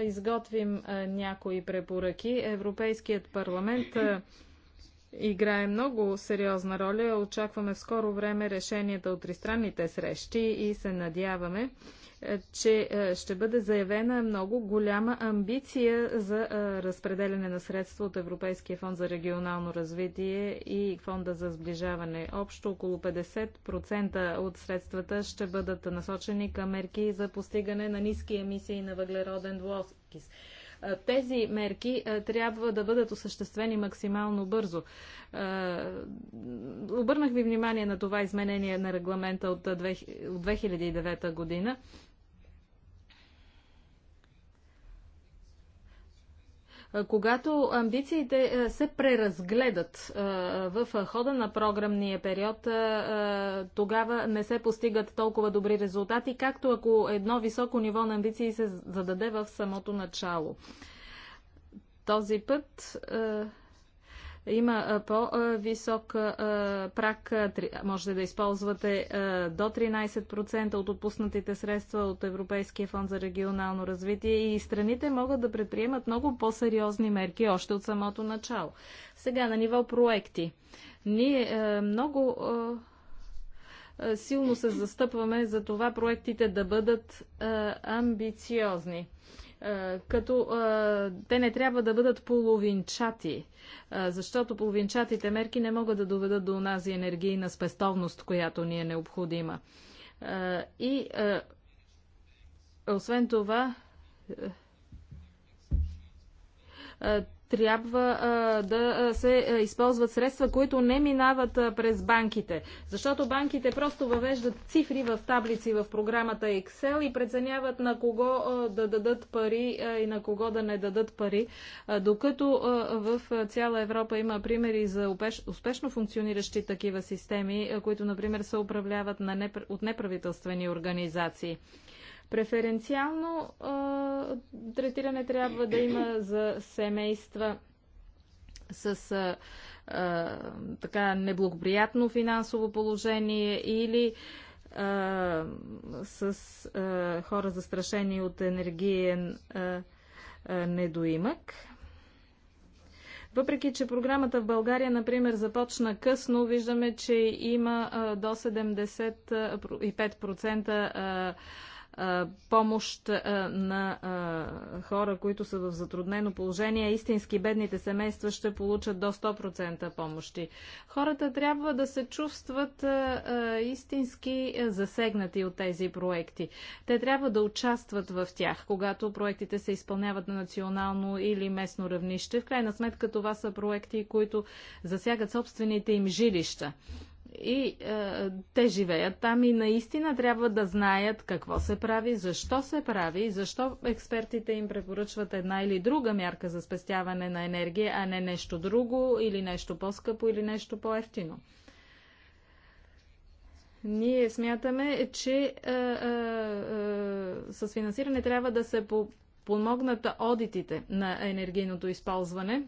изготвим някои препоръки. Европейският парламент играе много сериозна роля. Очакваме в скоро време решенията от тристранните срещи и се надяваме, е, че е, ще бъде заявена много голяма амбиция за е, разпределяне на средства от Европейския фонд за регионално развитие и фонда за сближаване. Общо около 50% от средствата ще бъдат насочени към мерки за постигане на ниски емисии на въглероден двуокис. Е, тези мерки е, трябва да бъдат осъществени максимално бързо. Е, обърнах ви внимание на това изменение на регламента от 2009 година. Когато амбициите се преразгледат в хода на програмния период, тогава не се постигат толкова добри резултати, както ако едно високо ниво на амбиции се зададе в самото начало. Този път има по-висок прак, можете да използвате до 13% от отпуснатите средства от Европейския фонд за регионално развитие и страните могат да предприемат много по-сериозни мерки още от самото начало. Сега на ниво проекти. Ние много силно се застъпваме за това проектите да бъдат амбициозни. Е, като е, те не трябва да бъдат половинчати, е, защото половинчатите мерки не могат да доведат до онази енергийна спестовност, която ни е необходима. И освен това, трябва а, да се използват средства, които не минават а, през банките. Защото банките просто въвеждат цифри в таблици в програмата Excel и преценяват на кого а, да дадат пари и на кого да не дадат пари. Докато в цяла Европа има примери за успешно функциониращи такива системи, които, например, се управляват на непр... от неправителствени организации. Преференциално третиране трябва да има за семейства с а, а, така неблагоприятно финансово положение или а, с а, хора застрашени от енергиен а, а, недоимък. Въпреки, че програмата в България, например, започна късно, виждаме, че има а, до 75% а, помощ на хора, които са в затруднено положение, истински бедните семейства ще получат до 100% помощи. Хората трябва да се чувстват истински засегнати от тези проекти. Те трябва да участват в тях, когато проектите се изпълняват на национално или местно равнище. В крайна сметка това са проекти, които засягат собствените им жилища. И е, те живеят там и наистина трябва да знаят какво се прави, защо се прави и защо експертите им препоръчват една или друга мярка за спестяване на енергия, а не нещо друго или нещо по-скъпо или нещо по-ефтино. Ние смятаме, че е, е, е, с финансиране трябва да се по помогнат одитите на енергийното използване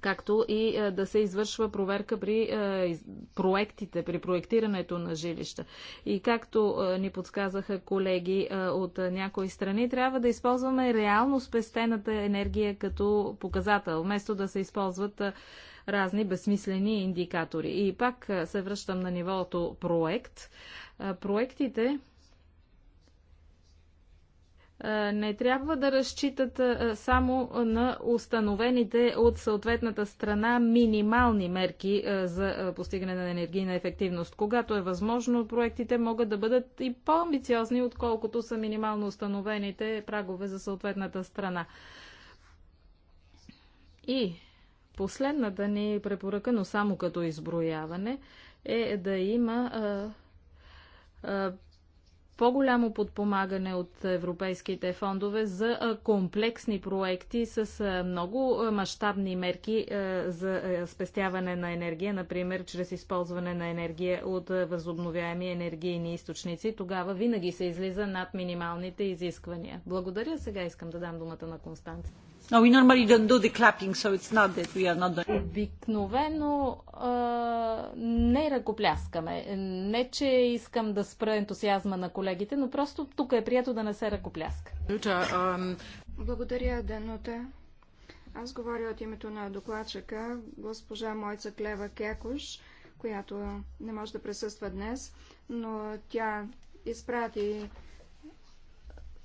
както и е, да се извършва проверка при е, проектите, при проектирането на жилища. И както е, ни подсказаха колеги от някои страни, трябва да използваме реално спестената енергия като показател, вместо да се използват разни безсмислени индикатори. И пак се връщам на нивото проект. Проектите е, не трябва да разчитат е, само на установените от съответната страна минимални мерки е, за постигане на енергийна ефективност. Когато е възможно, проектите могат да бъдат и по-амбициозни, отколкото са минимално установените прагове за съответната страна. И последната ни препоръка, но само като изброяване, е да има по-голямо подпомагане от европейските фондове за комплексни проекти с много мащабни мерки за спестяване на енергия, например чрез използване на енергия от възобновяеми енергийни източници. Тогава винаги се излиза над минималните изисквания. Благодаря. Сега искам да дам думата на Констанция. No, we normally don't do the clapping, so it's not that we are not doing. Обикновено а, не ръкопляскаме. Не, че искам да спра ентусиазма на колегите, но просто тук е прието да не се ръкопляска. Благодаря, Денота. Аз говоря от името на докладчика, госпожа Мойца Клева Кекуш, която не може да присъства днес, но тя изпрати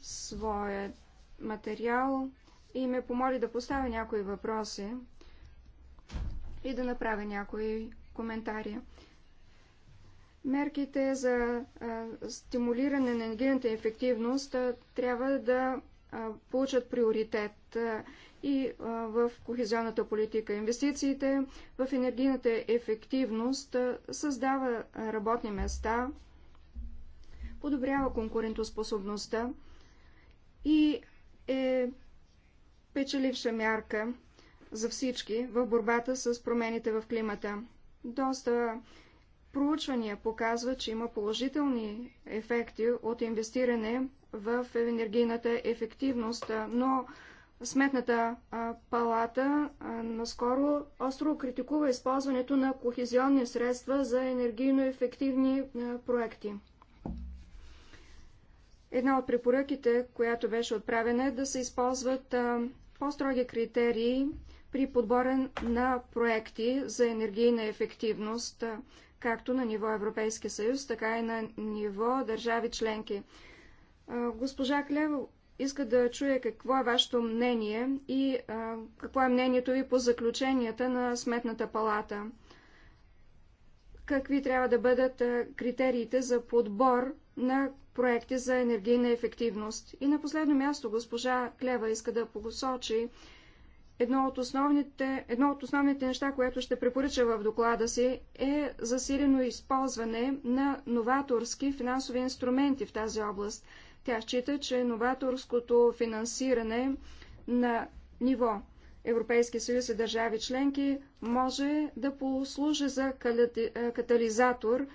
своят материал и ме помоли да поставя някои въпроси и да направя някои коментари. Мерките за а, стимулиране на енергийната ефективност а, трябва да а, получат приоритет и в кохезионната политика. Инвестициите в енергийната ефективност създава работни места, подобрява конкурентоспособността и е печеливша мярка за всички в борбата с промените в климата. Доста проучвания показват, че има положителни ефекти от инвестиране в енергийната ефективност, но Сметната палата наскоро остро критикува използването на кохезионни средства за енергийно ефективни проекти. Една от препоръките, която беше отправена е да се използват по-строги критерии при подбора на проекти за енергийна ефективност, както на ниво Европейски съюз, така и на ниво държави членки. Госпожа Клев иска да чуя какво е вашето мнение и какво е мнението ви по заключенията на Сметната палата. Какви трябва да бъдат критериите за подбор на проекти за енергийна ефективност. И на последно място госпожа Клева иска да посочи едно от основните, едно от основните неща, което ще препоръча в доклада си, е засилено използване на новаторски финансови инструменти в тази област. Тя счита, че новаторското финансиране на ниво Европейски съюз и държави членки може да послужи за катализатор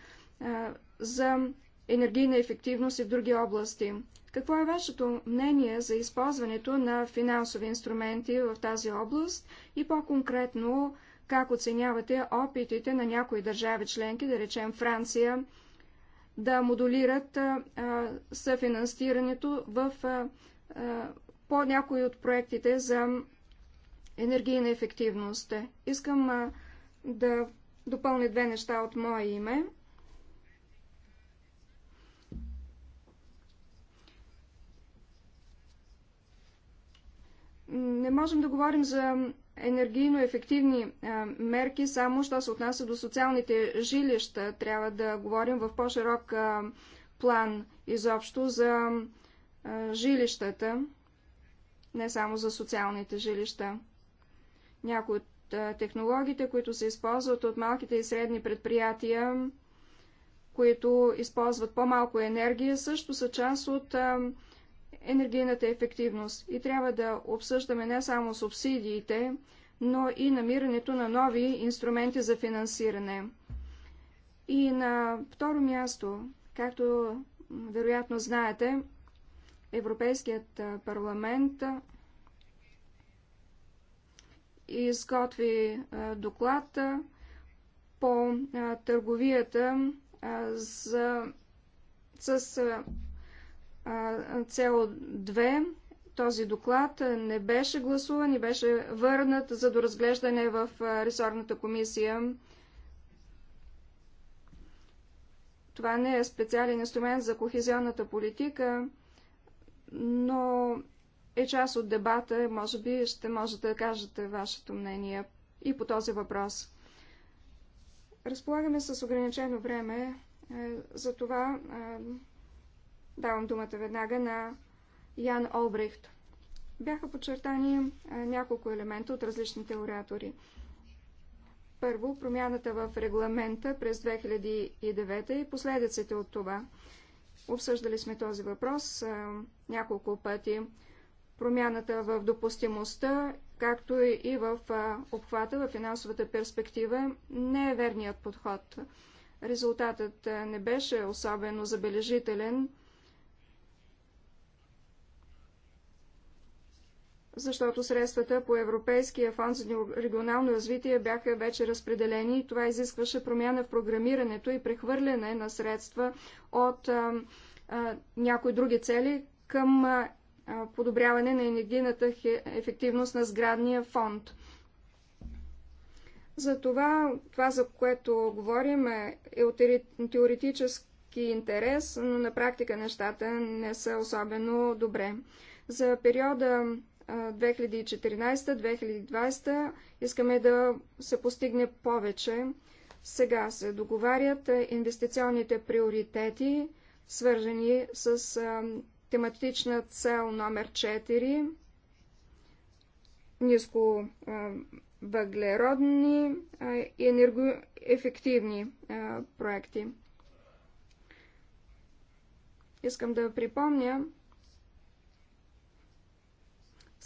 за енергийна ефективност и в други области. Какво е вашето мнение за използването на финансови инструменти в тази област и по-конкретно как оценявате опитите на някои държави членки, да речем Франция, да модулират съфинансирането в, а, а, по някои от проектите за енергийна ефективност. Искам а, да допълня две неща от мое име. не можем да говорим за енергийно ефективни мерки, само що се отнася до социалните жилища. Трябва да говорим в по-широк план изобщо за жилищата, не само за социалните жилища. Някои от технологиите, които се използват от малките и средни предприятия, които използват по-малко енергия, също са част от енергийната ефективност. И трябва да обсъждаме не само субсидиите, но и намирането на нови инструменти за финансиране. И на второ място, както вероятно знаете, Европейският парламент изготви доклад по търговията за, с цел 2 този доклад не беше гласуван и беше върнат за доразглеждане в ресорната комисия. Това не е специален инструмент за кохезионната политика, но е част от дебата. Може би ще можете да кажете вашето мнение и по този въпрос. Разполагаме с ограничено време, е, затова е, Давам думата веднага на Ян Олбрехт. Бяха подчертани е, няколко елемента от различните оратори. Първо, промяната в регламента през 2009 и последиците от това. Обсъждали сме този въпрос а, е, няколко пъти. Промяната в допустимостта, както и в а, е, обхвата, в финансовата перспектива, не е верният подход. Резултатът не беше особено забележителен защото средствата по Европейския фонд за регионално развитие бяха вече разпределени и това изискваше промяна в програмирането и прехвърляне на средства от а, а, някои други цели към а, подобряване на енергийната ефективност на сградния фонд. За това, това, за което говорим, е, е теоретически интерес, но на практика нещата не са особено добре. За периода 2014-2020 искаме да се постигне повече. Сега се договарят инвестиционните приоритети, свържени с тематична цел номер 4 ниско въглеродни и енергоефективни проекти. Искам да припомня,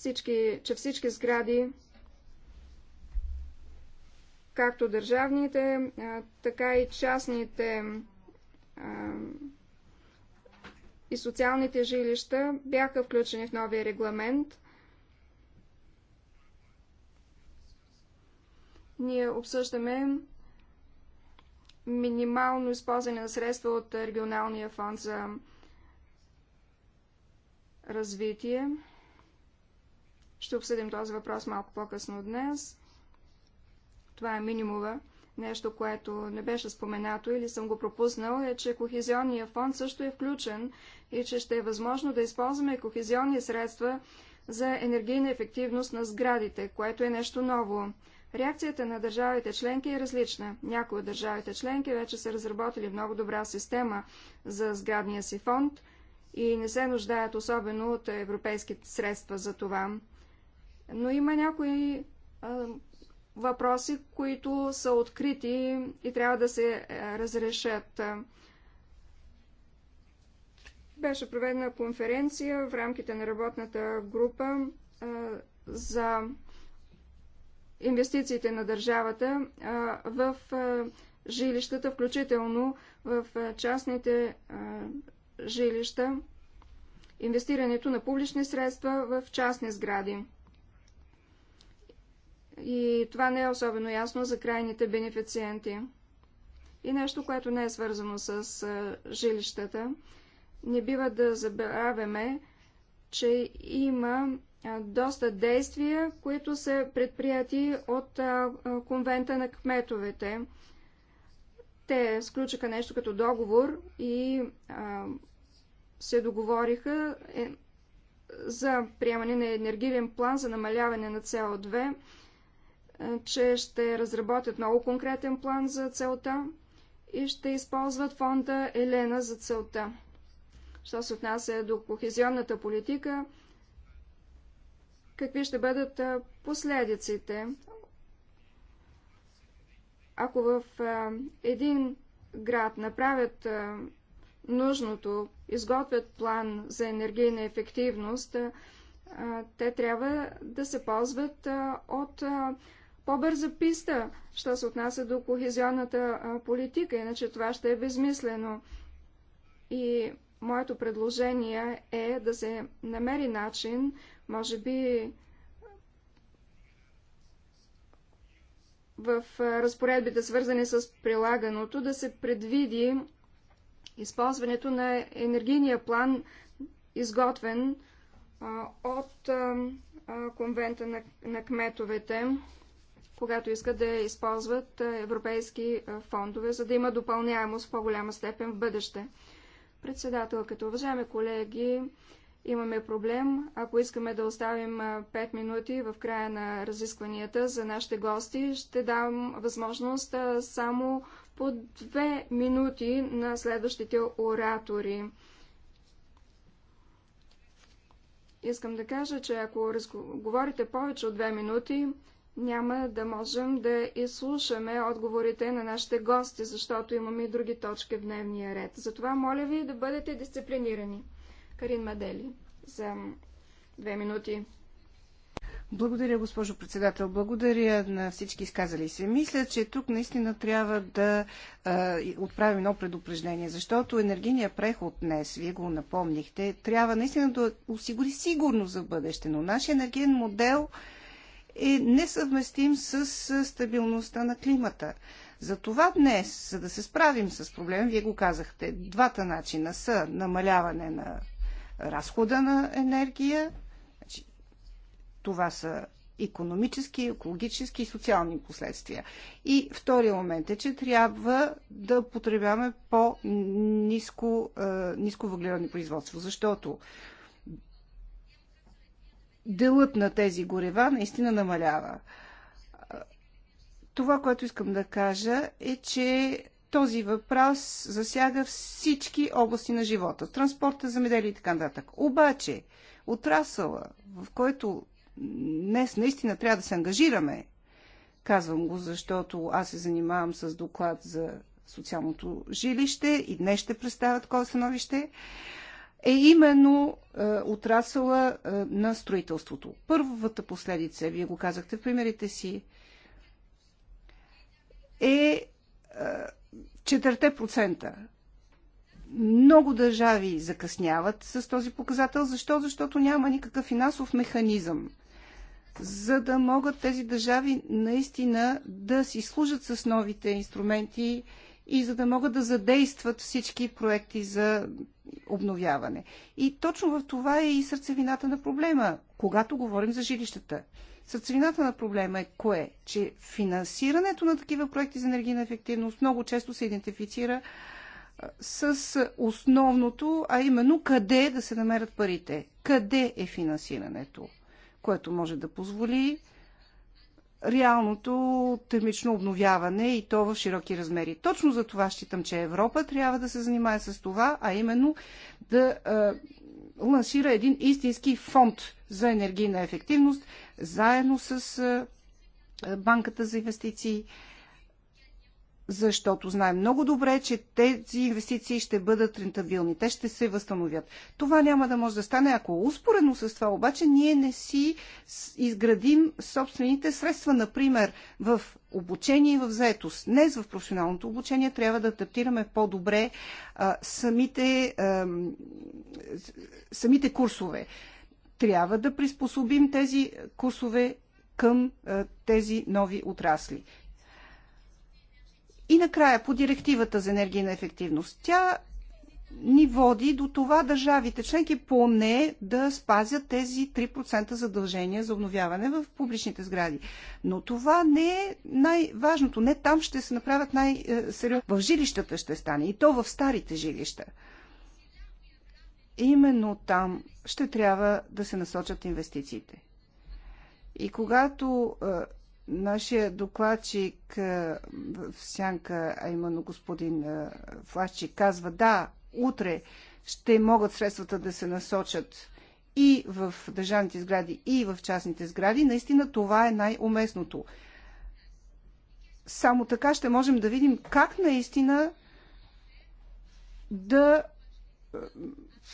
всички, че всички сгради, както държавните, така и частните и социалните жилища бяха включени в новия регламент. Ние обсъждаме минимално използване на средства от регионалния фонд за развитие. Ще обсъдим този въпрос малко по-късно днес. Това е минимума. Нещо, което не беше споменато или съм го пропуснал, е, че кохезионния фонд също е включен и че ще е възможно да използваме кохезионни средства за енергийна ефективност на сградите, което е нещо ново. Реакцията на държавите членки е различна. Някои от държавите членки вече са разработили много добра система за сградния си фонд и не се нуждаят особено от европейските средства за това. Но има някои а, въпроси, които са открити и трябва да се е, разрешат. Беше проведена конференция в рамките на работната група а, за инвестициите на държавата а, в а, жилищата, включително в а, частните а, жилища, инвестирането на публични средства в частни сгради. И това не е особено ясно за крайните бенефициенти. И нещо, което не е свързано с жилищата. Не бива да забравяме, че има доста действия, които са предприяти от конвента на кметовете. Те сключиха нещо като договор и се договориха е, за приемане на енергиен план за намаляване на СО2 че ще разработят много конкретен план за целта и ще използват фонда Елена за целта. Що се отнася до кохезионната политика, какви ще бъдат последиците, ако в един град направят нужното, изготвят план за енергийна ефективност, те трябва да се ползват от по-бърза писта, що се отнася до кохезионната политика, иначе това ще е безмислено. И моето предложение е да се намери начин, може би в разпоредбите, свързани с прилаганото, да се предвиди използването на енергийния план, изготвен от конвента на, на кметовете когато искат да използват европейски фондове, за да има допълняемост в по-голяма степен в бъдеще. Председателката, уважаеми колеги, имаме проблем. Ако искаме да оставим 5 минути в края на разискванията за нашите гости, ще дам възможност само по 2 минути на следващите оратори. Искам да кажа, че ако говорите повече от 2 минути, няма да можем да изслушаме отговорите на нашите гости, защото имаме и други точки в дневния ред. Затова моля ви да бъдете дисциплинирани. Карин Мадели за две минути. Благодаря, госпожо председател. Благодаря на всички изказали се. Мисля, че тук наистина трябва да а, отправим едно предупреждение, защото енергийният преход днес, вие го напомнихте, трябва наистина да осигури сигурност за бъдеще, но нашия енергиен модел е несъвместим с стабилността на климата. Затова днес, за да се справим с проблем, вие го казахте, двата начина са намаляване на разхода на енергия, значи, това са економически, екологически и социални последствия. И втория момент е, че трябва да потребяваме по-низко, е, ниско въглеродни производство, защото делът на тези горева наистина намалява. Това, което искам да кажа е, че този въпрос засяга всички области на живота. Транспорта, замедели и така нататък. Обаче, отрасъла, в който днес наистина трябва да се ангажираме, казвам го, защото аз се занимавам с доклад за социалното жилище и днес ще представят такова становище, е именно е, отрасъла е, на строителството. Първата последица, вие го казахте в примерите си, е, е 4%. Много държави закъсняват с този показател. Защо? Защото няма никакъв финансов механизъм за да могат тези държави наистина да си служат с новите инструменти и за да могат да задействат всички проекти за обновяване. И точно в това е и сърцевината на проблема, когато говорим за жилищата. Сърцевината на проблема е кое? Че финансирането на такива проекти за енергийна ефективност много често се идентифицира с основното, а именно къде да се намерят парите. Къде е финансирането, което може да позволи реалното термично обновяване и то в широки размери. Точно за това считам, че Европа трябва да се занимае с това, а именно да е, лансира един истински фонд за енергийна ефективност, заедно с е, Банката за инвестиции, защото знаем много добре, че тези инвестиции ще бъдат рентабилни, те ще се възстановят. Това няма да може да стане, ако успоредно с това обаче ние не си изградим собствените средства, например в обучение и в заетост. Днес в професионалното обучение трябва да адаптираме по-добре самите, а, самите курсове. Трябва да приспособим тези курсове към а, тези нови отрасли. И накрая по директивата за енергийна ефективност. Тя ни води до това държавите членки поне да спазят тези 3% задължения за обновяване в публичните сгради. Но това не е най-важното. Не там ще се направят най сериозно В жилищата ще стане. И то в старите жилища. Именно там ще трябва да се насочат инвестициите. И когато е, Нашия докладчик е, в сянка, а именно господин е, Флащи, казва да, утре ще могат средствата да се насочат и в държавните сгради, и в частните сгради. Наистина това е най-уместното. Само така ще можем да видим как наистина да е,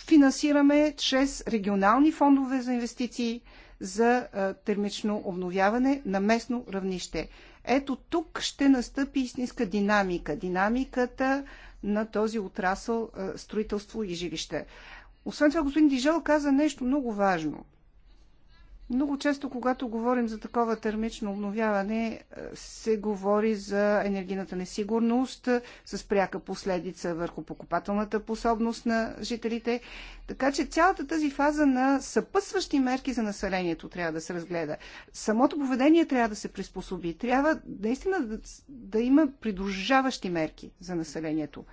финансираме чрез регионални фондове за инвестиции – за термично обновяване на местно равнище. Ето тук ще настъпи истинска динамика. Динамиката на този отрасъл строителство и жилище. Освен това, господин Дижел каза нещо много важно – много често, когато говорим за такова термично обновяване, е, се говори за енергийната несигурност е, с пряка последица върху покупателната способност на жителите. Така че цялата тази фаза на съпъсващи мерки за населението трябва да се разгледа. Самото поведение трябва да се приспособи. Трябва наистина да, да има придружаващи мерки за населението.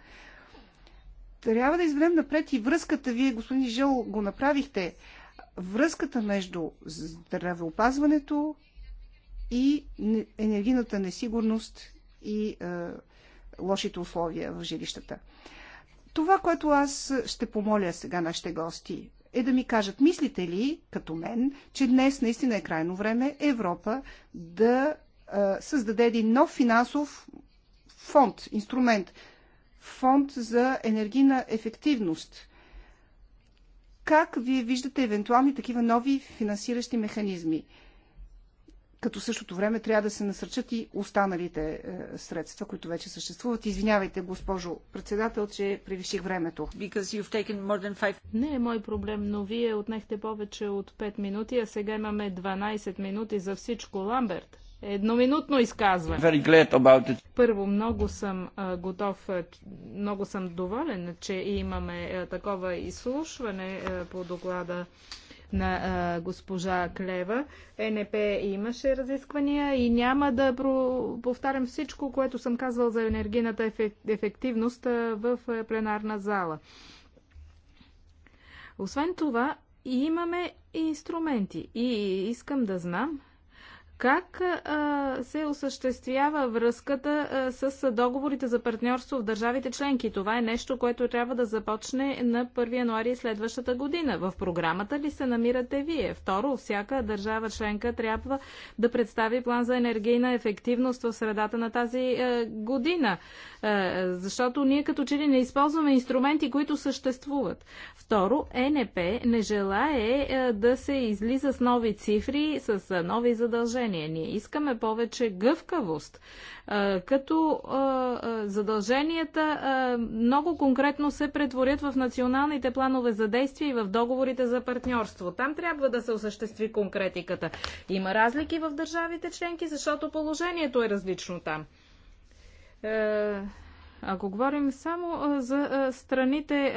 Трябва да изберем напред и връзката. Вие, господин Жил, го направихте връзката между здравеопазването и енергийната несигурност и е, лошите условия в жилищата. Това, което аз ще помоля сега нашите гости е да ми кажат, мислите ли, като мен, че днес наистина е крайно време Европа да е, създаде един нов финансов фонд, инструмент, фонд за енергийна ефективност, как вие виждате евентуални такива нови финансиращи механизми? Като същото време трябва да се насърчат и останалите е, средства, които вече съществуват. Извинявайте, госпожо председател, че превиших времето. Не е мой проблем, но вие отнехте повече от 5 минути, а сега имаме 12 минути за всичко. Ламберт. Едноминутно изказване. Първо, много съм готов, много съм доволен, че имаме такова изслушване по доклада на госпожа Клева. Е, НП имаше разисквания и няма да повтарям всичко, което съм казвал за енергийната ефективност в пленарна зала. Освен това, имаме инструменти и искам да знам как а, се осъществява връзката а, с договорите за партньорство в държавите членки? Това е нещо, което трябва да започне на 1 януари следващата година. В програмата ли се намирате вие? Второ, всяка държава членка трябва да представи план за енергийна ефективност в средата на тази а, година. Е, защото ние като че ли не използваме инструменти, които съществуват. Второ, НП не желае е, да се излиза с нови цифри, с е, нови задължения. Ние искаме повече гъвкавост, като задълженията много конкретно се претворят в националните планове за действие и в договорите за партньорство. Там трябва да се осъществи конкретиката. Има разлики в държавите членки, защото положението е различно там. Е, ако говорим само е, за е, страните,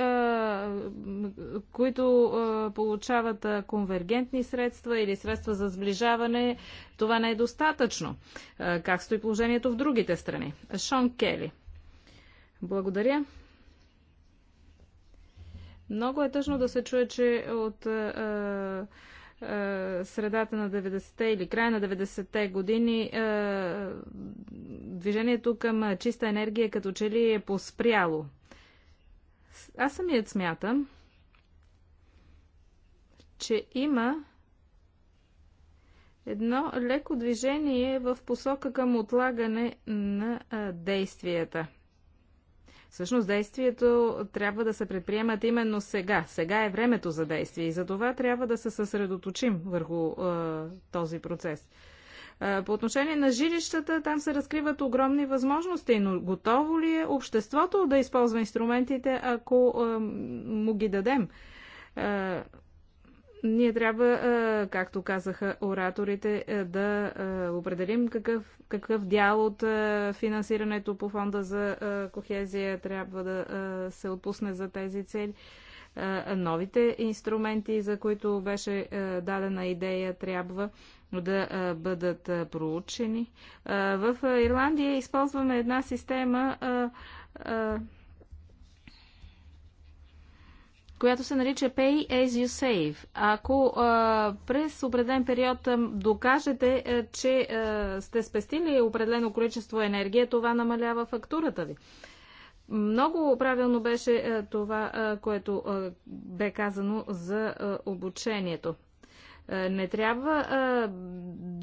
които получават конвергентни средства или средства за сближаване, това не е достатъчно. Как стои положението в другите страни? Шон Кели. Благодаря. Много е тъжно да се чуе, че от е, средата на 90-те или края на 90-те години е, движението към чиста енергия като че ли е поспряло. Аз самият смятам, че има едно леко движение в посока към отлагане на е, действията – Всъщност действието трябва да се предприемат именно сега. Сега е времето за действие и за това трябва да се съсредоточим върху е, този процес. Е, по отношение на жилищата, там се разкриват огромни възможности, но готово ли е обществото да използва инструментите, ако е, му ги дадем? Е, ние трябва, както казаха ораторите, да определим какъв, какъв дял от финансирането по фонда за кохезия трябва да се отпусне за тези цели. Новите инструменти, за които беше дадена идея, трябва да бъдат проучени. В Ирландия използваме една система която се нарича Pay as you save. Ако а, през определен период а, докажете, а, че а, сте спестили определено количество енергия, това намалява фактурата ви. Много правилно беше а, това, а, което а, бе казано за а, обучението. А, не трябва а,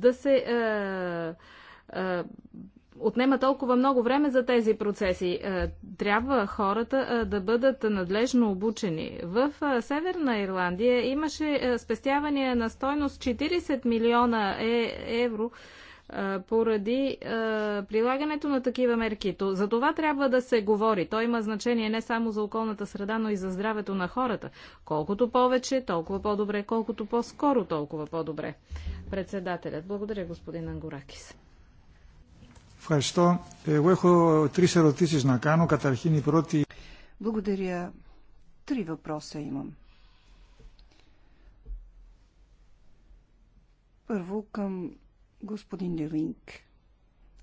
да се. А, отнема толкова много време за тези процеси. Е, трябва хората е, да бъдат надлежно обучени. В е, Северна Ирландия имаше спестявания на стойност 40 милиона е евро поради е, прилагането на такива мерки. То, за това трябва да се говори. То има значение не само за околната среда, но и за здравето на хората. Колкото повече, толкова по-добре. Колкото по-скоро, толкова по-добре. Председателят. Благодаря, господин Ангоракис. Ευχαριστώ. Εγώ έχω τρεις ερωτήσεις να κάνω. Καταρχήν η πρώτη... Благодаря. Три въпроса имам. Първо към господин Левинг.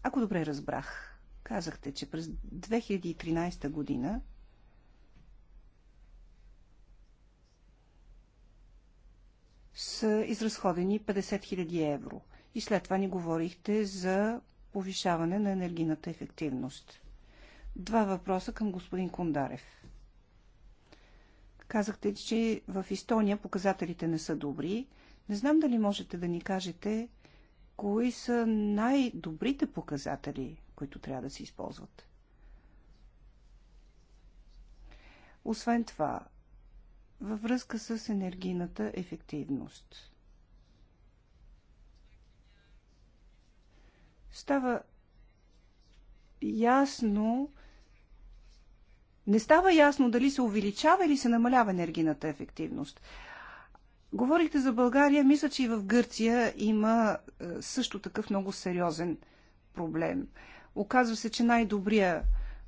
Ако добре разбрах, казахте, че през 2013 година са изразходени 50 000 евро. И след това ни говорихте за повишаване на енергийната ефективност. Два въпроса към господин Кундарев. Казахте, че в Естония показателите не са добри. Не знам дали можете да ни кажете кои са най-добрите показатели, които трябва да се използват. Освен това, във връзка с енергийната ефективност – става ясно, не става ясно дали се увеличава или се намалява енергийната ефективност. Говорихте за България, мисля, че и в Гърция има е, също такъв много сериозен проблем. Оказва се, че най-добрия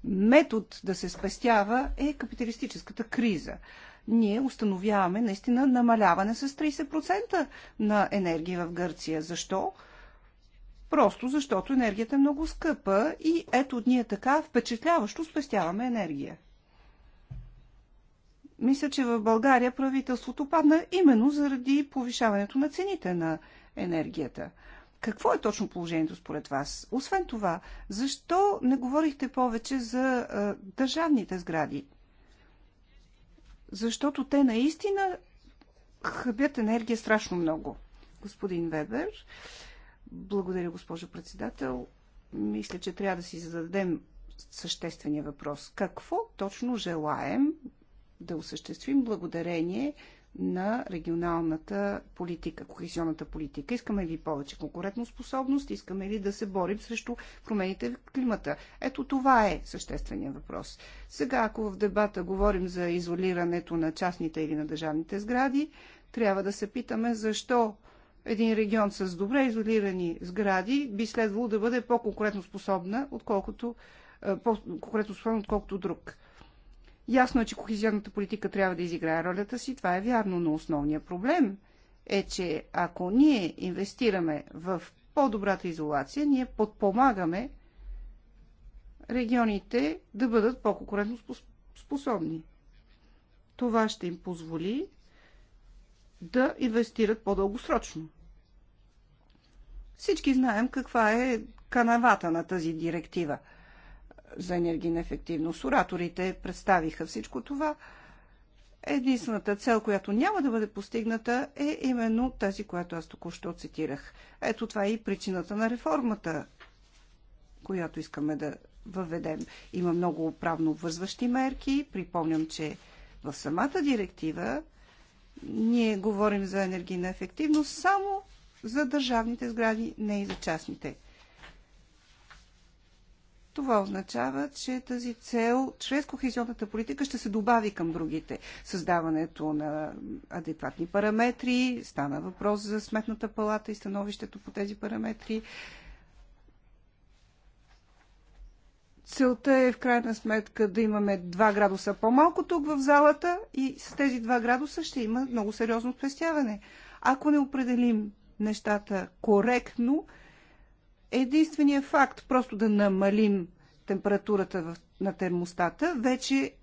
метод да се спестява е капиталистическата криза. Ние установяваме наистина намаляване с 30% на енергия в Гърция. Защо? Просто защото енергията е много скъпа и ето ние така впечатляващо спестяваме енергия. Мисля, че в България правителството падна именно заради повишаването на цените на енергията. Какво е точно положението според вас? Освен това, защо не говорихте повече за а, държавните сгради? Защото те наистина хъбят енергия страшно много. Господин Вебер, благодаря, госпожо председател. Мисля, че трябва да си зададем съществения въпрос. Какво точно желаем да осъществим благодарение на регионалната политика, кохезионната политика. Искаме ли повече конкурентоспособност? Искаме ли да се борим срещу промените в климата? Ето това е същественият въпрос. Сега, ако в дебата говорим за изолирането на частните или на държавните сгради, трябва да се питаме защо един регион с добре изолирани сгради би следвало да бъде по конкурентно способна, отколкото, е, по способна, отколкото друг. Ясно е, че кохезионната политика трябва да изиграе ролята си, това е вярно, но основният проблем е, че ако ние инвестираме в по-добрата изолация, ние подпомагаме регионите да бъдат по-конкурентно способни. Това ще им позволи да инвестират по-дългосрочно. Всички знаем каква е канавата на тази директива за енергийна ефективност. Ораторите представиха всичко това. Единствената цел, която няма да бъде постигната, е именно тази, която аз току-що цитирах. Ето това е и причината на реформата, която искаме да въведем. Има много правно вързващи мерки. Припомням, че в самата директива ние говорим за енергийна ефективност само за държавните сгради, не и за частните. Това означава, че тази цел чрез кохезионната политика ще се добави към другите. Създаването на адекватни параметри, стана въпрос за сметната палата и становището по тези параметри, Целта е в крайна сметка да имаме 2 градуса по-малко тук в залата и с тези 2 градуса ще има много сериозно спестяване. Ако не определим нещата коректно, единственият факт просто да намалим температурата в, на термостата, вече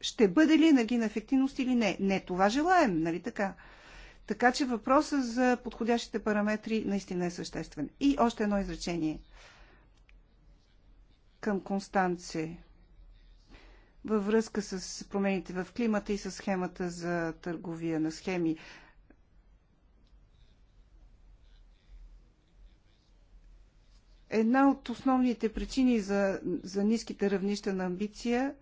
ще бъде ли енергийна ефективност или не. Не това желаем, нали така? Така че въпросът за подходящите параметри наистина е съществен. И още едно изречение – към Констанци във връзка с промените в климата и с схемата за търговия на схеми. Една от основните причини за, за ниските равнища на амбиция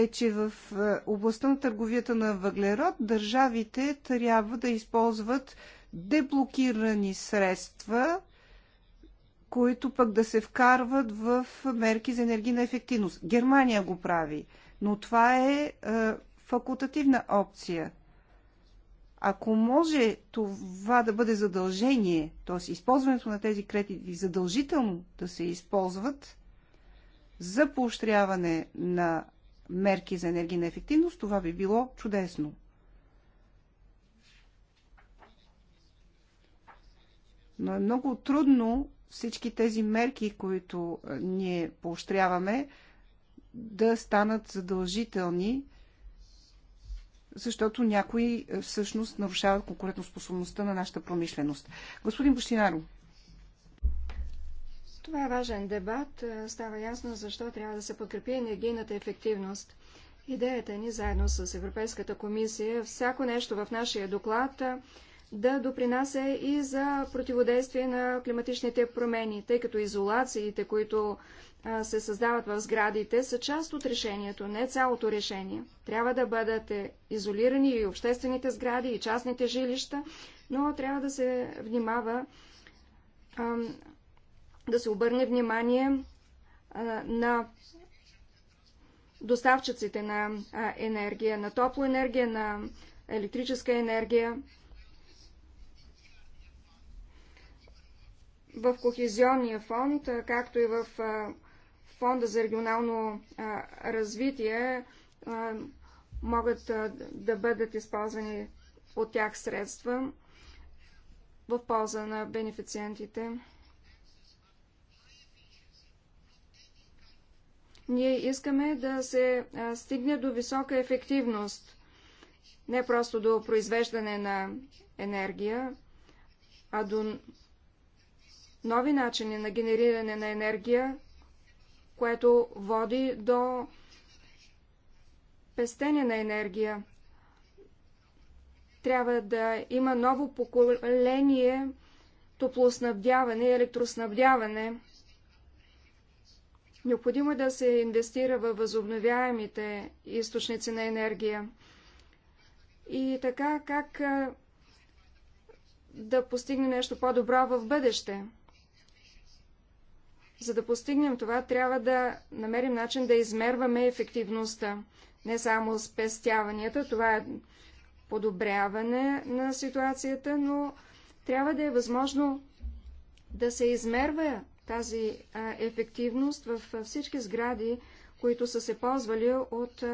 е, че в е, областта на търговията на въглерод държавите трябва да използват деблокирани средства, които пък да се вкарват в мерки за енергийна ефективност. Германия го прави, но това е, е факултативна опция. Ако може това да бъде задължение, т.е. използването на тези кредити задължително да се използват за поощряване на мерки за енергийна ефективност, това би било чудесно. Но е много трудно всички тези мерки, които ние поощряваме, да станат задължителни, защото някои всъщност нарушават конкурентоспособността на нашата промишленост. Господин Бощинаро, това е важен дебат. Е, става ясно защо трябва да се подкрепи енергийната ефективност. Идеята ни заедно с Европейската комисия, всяко нещо в нашия доклад е, да допринася и за противодействие на климатичните промени, тъй като изолациите, които е, се създават в сградите, са част от решението, не цялото решение. Трябва да бъдат изолирани и обществените сгради, и частните жилища, но трябва да се внимава да се обърне внимание на доставчиците на енергия, на топлоенергия, на електрическа енергия. В Кохезионния фонд, както и в Фонда за регионално развитие, могат да бъдат използвани от тях средства в полза на бенефициентите. Ние искаме да се стигне до висока ефективност, не просто до произвеждане на енергия, а до нови начини на генериране на енергия, което води до пестене на енергия. Трябва да има ново поколение топлоснабдяване и електроснабдяване. Необходимо е да се инвестира във възобновяемите източници на енергия. И така, как да постигне нещо по-добро в бъдеще. За да постигнем това, трябва да намерим начин да измерваме ефективността. Не само спестяванията, това е подобряване на ситуацията, но трябва да е възможно да се измерва тази ефективност в всички сгради, които са се ползвали от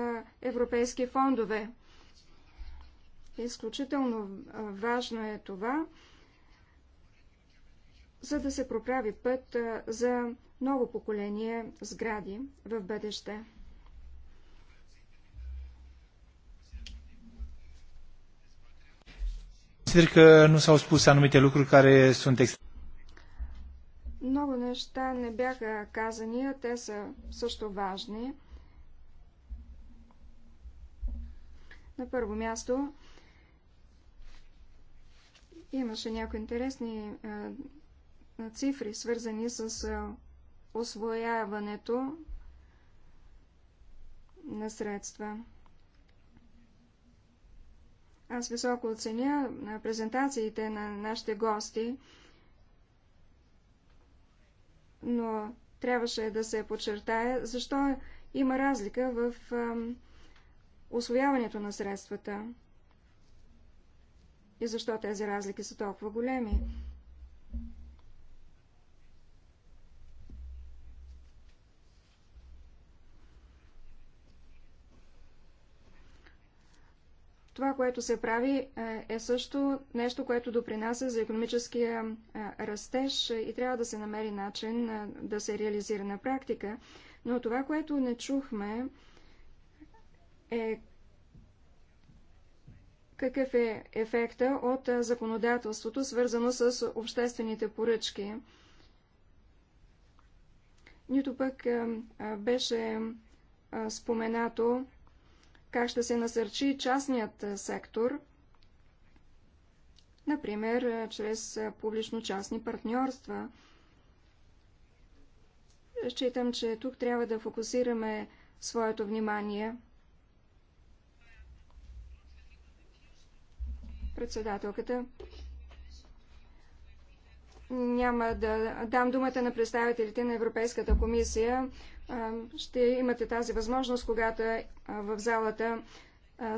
европейски фондове. Изключително важно е това, за да се проправи път за ново поколение сгради в бъдеще. Sper că nu s-au spus anumite lucruri care sunt много неща не бяха казани, а те са също важни. На първо място имаше някои интересни цифри, свързани с освояването на средства. Аз високо оценя презентациите на нашите гости но трябваше да се подчертае защо има разлика в освояването на средствата и защо тези разлики са толкова големи. Това, което се прави, е, е също нещо, което допринася за економическия растеж и трябва да се намери начин да се реализира на практика. Но това, което не чухме, е какъв е ефекта от законодателството, свързано с обществените поръчки. Нито пък беше споменато как ще се насърчи частният е, сектор, например, е, чрез е, публично-частни партньорства. Считам, че тук трябва да фокусираме своето внимание. Председателката. Няма да дам думата на представителите на Европейската комисия, ще имате тази възможност, когато в залата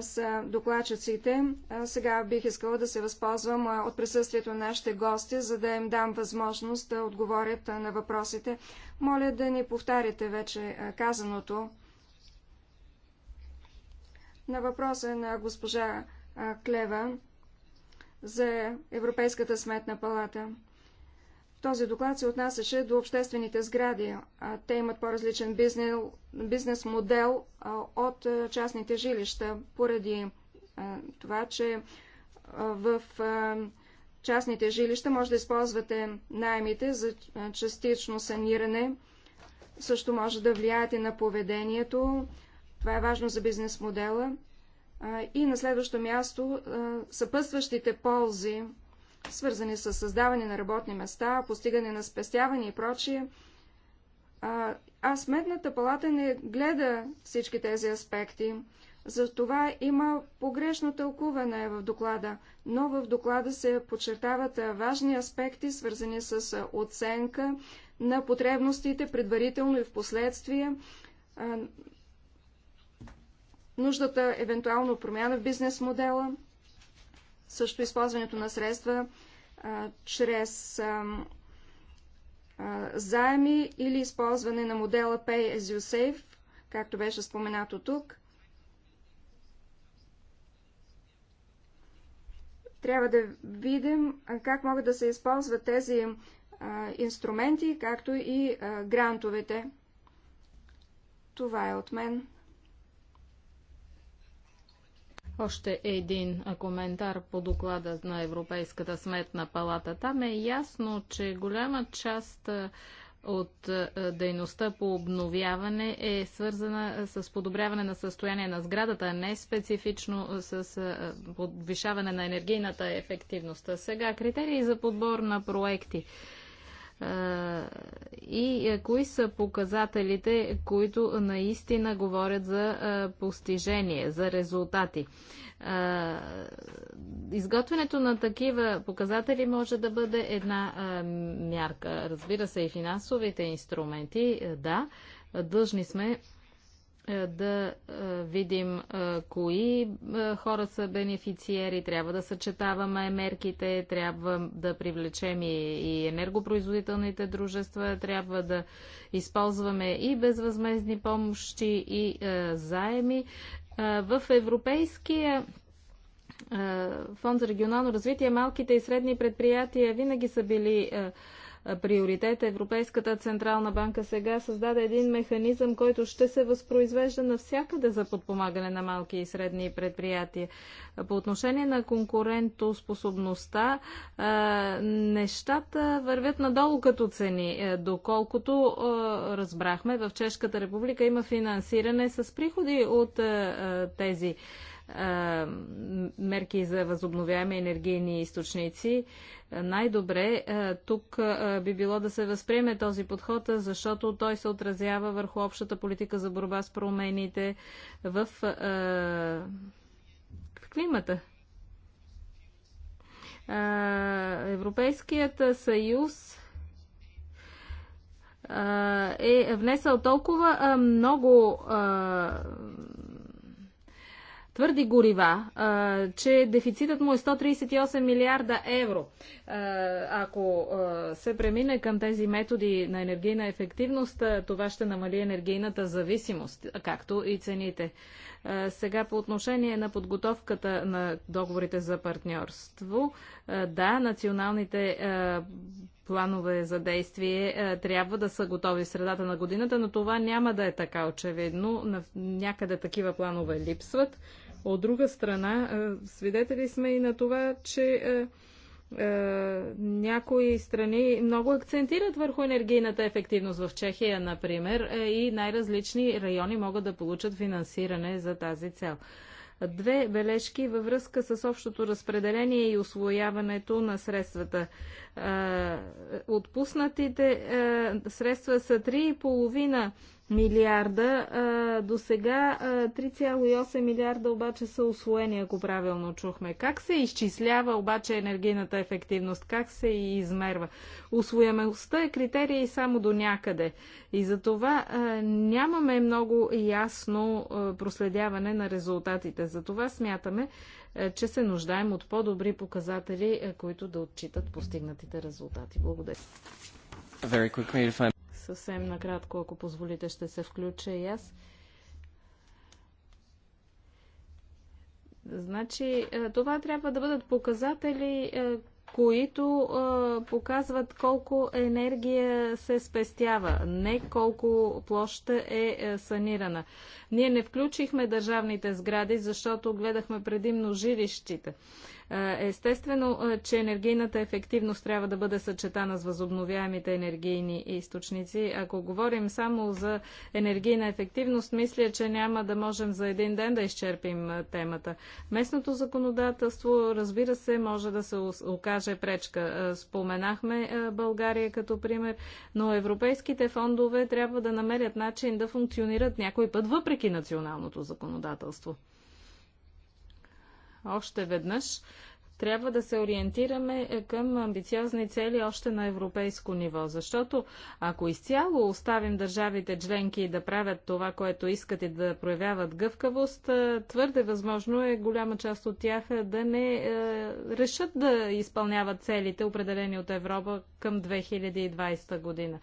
са докладчиците. Сега бих искала да се възползвам от присъствието на нашите гости, за да им дам възможност да отговорят на въпросите. Моля да ни повтаряте вече казаното. На въпроса на госпожа Клева за Европейската сметна палата. Този доклад се отнасяше до обществените сгради. Те имат по-различен бизнес, модел от частните жилища, поради това, че в частните жилища може да използвате найемите за частично саниране, също може да влияете на поведението. Това е важно за бизнес модела. И на следващо място съпътстващите ползи свързани с създаване на работни места, постигане на спестяване и прочие. А, а сметната палата не гледа всички тези аспекти. Затова има погрешно тълкуване в доклада, но в доклада се подчертават важни аспекти, свързани с оценка на потребностите предварително и в последствие, нуждата евентуално промяна в бизнес модела – също използването на средства а, чрез а, а, заеми или използване на модела Pay as you save, както беше споменато тук. Трябва да видим как могат да се използват тези а, инструменти, както и а, грантовете. Това е от мен. Още един коментар по доклада на Европейската сметна палата. Там е ясно, че голяма част от дейността по обновяване е свързана с подобряване на състояние на сградата, а не специфично с подвишаване на енергийната ефективност. Сега критерии за подбор на проекти и е, кои са показателите, които наистина говорят за постижение, за резултати. Изготвянето на такива показатели може да бъде една мярка. Разбира се, и финансовите инструменти, е, да, дължни сме е, да е, видим е, кои хора са бенефициери, трябва да съчетаваме мерките, трябва да привлечем и енергопроизводителните дружества, трябва да използваме и безвъзмезни помощи и заеми. В Европейския фонд за регионално развитие малките и средни предприятия винаги са били е, приоритет. Европейската Централна банка сега създаде един механизъм, който ще се възпроизвежда навсякъде за подпомагане на малки и средни предприятия. По отношение на конкурентоспособността, е, нещата вървят надолу като цени. Е, доколкото разбрахме, в Чешката република има финансиране с приходи от тези мерки за възобновяеми енергийни източници. Най-добре тук би било да се възприеме този подход, защото той се отразява върху общата политика за борба с промените в, в климата. Европейският съюз е внесъл толкова много твърди горива, а, че дефицитът му е 138 милиарда евро. А, ако а, се премине към тези методи на енергийна ефективност, това ще намали енергийната зависимост, както и цените. Сега по отношение на подготовката на договорите за партньорство, да, националните планове за действие трябва да са готови в средата на годината, но това няма да е така очевидно. Някъде такива планове липсват. От друга страна, е, свидетели сме и на това, че е, е, някои страни много акцентират върху енергийната ефективност в Чехия, например, и най-различни райони могат да получат финансиране за тази цел. Две бележки във връзка с общото разпределение и освояването на средствата. Отпуснатите средства са 3,5 милиарда. До сега 3,8 милиарда обаче са освоени, ако правилно чухме. Как се изчислява обаче енергийната ефективност? Как се измерва? Освоемостта е критерия и само до някъде. И за това нямаме много ясно проследяване на резултатите. За това смятаме, че се нуждаем от по-добри показатели, които да отчитат постигнатите резултати. Благодаря. Съвсем накратко, ако позволите, ще се включа и аз. Значи, е, това трябва да бъдат показатели, е, които е, показват колко енергия се спестява, не колко площа е санирана. Ние не включихме държавните сгради, защото гледахме предимно жилищите. Естествено, че енергийната ефективност трябва да бъде съчетана с възобновяемите енергийни източници. Ако говорим само за енергийна ефективност, мисля, че няма да можем за един ден да изчерпим темата. Местното законодателство, разбира се, може да се окаже пречка. Споменахме България като пример, но европейските фондове трябва да намерят начин да функционират някой път въпреки националното законодателство още веднъж трябва да се ориентираме е, към амбициозни цели още на европейско ниво, защото ако изцяло оставим държавите членки да правят това, което искат и да проявяват гъвкавост, е, твърде възможно е голяма част от тях е, да не е, решат да изпълняват целите, определени от Европа към 2020 година.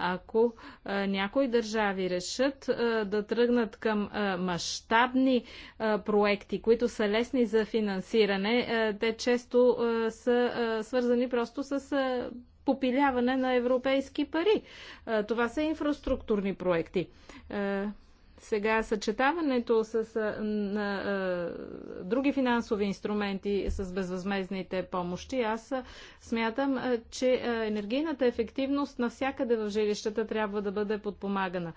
Ако някои държави решат да тръгнат към мащабни проекти, които са лесни за финансиране, те често са свързани просто с попиляване на европейски пари. Това са инфраструктурни проекти. Сега съчетаването с а, на, а, други финансови инструменти с безвъзмезните помощи, аз а, смятам, а, че а, енергийната ефективност навсякъде в жилищата трябва да бъде подпомагана.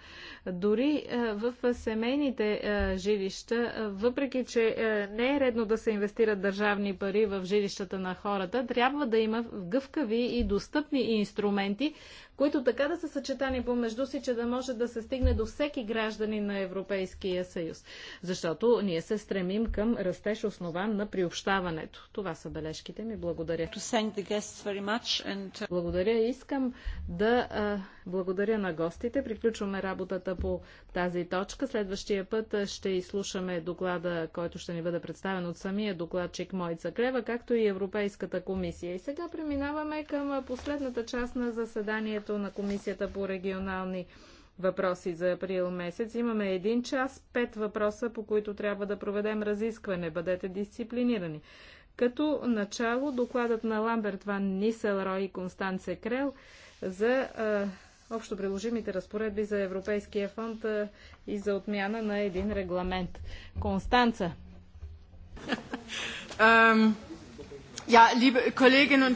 Дори а, в семейните а, жилища, а, въпреки че а, не е редно да се инвестират държавни пари в жилищата на хората, трябва да има гъвкави и достъпни инструменти, които така да са съчетани помежду си, че да може да се стигне до всеки граждани на Европейския съюз. Защото ние се стремим към растеж основан на приобщаването. Това са бележките ми. Благодаря. Uh, благодаря. Искам да а, благодаря на гостите. Приключваме работата по тази точка. Следващия път ще изслушаме доклада, който ще ни бъде представен от самия докладчик Мойца Крева, както и Европейската комисия. И сега преминаваме към последната част на заседанието заседанието на Комисията по регионални въпроси за април месец. Имаме един час, пет въпроса, по които трябва да проведем разискване. Бъдете дисциплинирани. Като начало докладът на Ламберт Ван Ниселрой и Констанце Крел за а, общо приложимите разпоредби за Европейския фонд а, и за отмяна на един регламент. Констанца.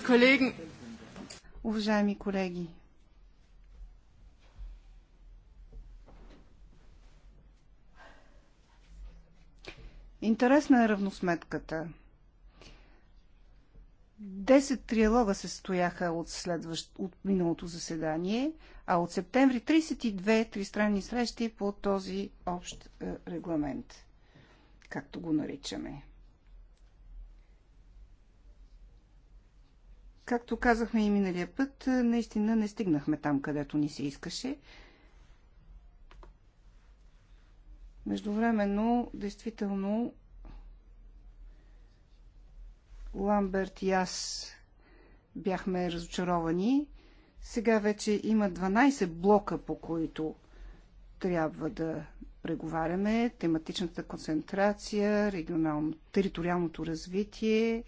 Уважаеми колеги, Интересна е равносметката. Десет триалога се стояха от, следващ, от миналото заседание, а от септември 32 тристранни срещи по този общ е, регламент, както го наричаме. Както казахме и миналия път, наистина не стигнахме там, където ни се искаше. Междувременно, действително, Ламберт и аз бяхме разочаровани. Сега вече има 12 блока, по които трябва да преговаряме. Тематичната концентрация, регионално, териториалното развитие,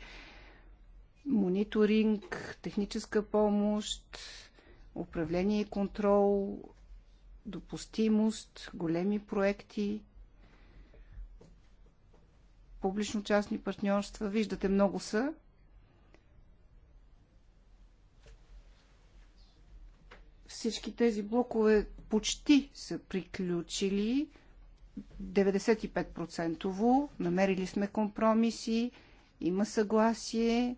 мониторинг, техническа помощ, управление и контрол, допустимост, големи проекти, публично-частни партньорства. Виждате, много са. Всички тези блокове почти са приключили. 95%. Намерили сме компромиси, има съгласие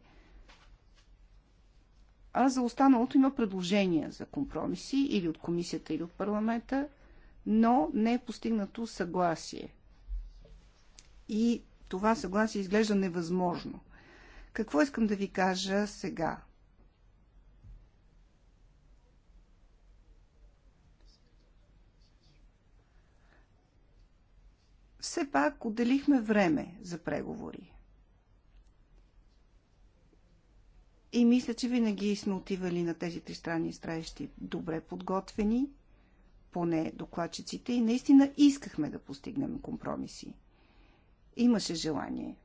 а за останалото има предложения за компромиси или от комисията, или от парламента, но не е постигнато съгласие. И това съгласие изглежда невъзможно. Какво искам да ви кажа сега? Все пак отделихме време за преговори. И мисля, че винаги сме отивали на тези три страни страещи добре подготвени, поне докладчиците, и наистина искахме да постигнем компромиси. Имаше желание.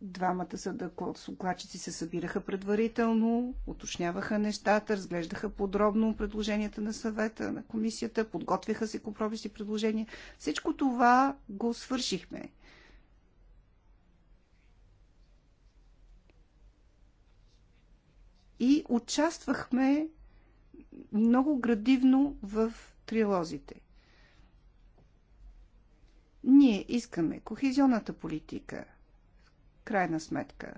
Двамата са докладчици се събираха предварително, уточняваха нещата, разглеждаха подробно предложенията на съвета, на комисията, подготвяха се компромиси предложения. Всичко това го свършихме. и участвахме много градивно в трилозите. Ние искаме кохезионната политика, в крайна сметка,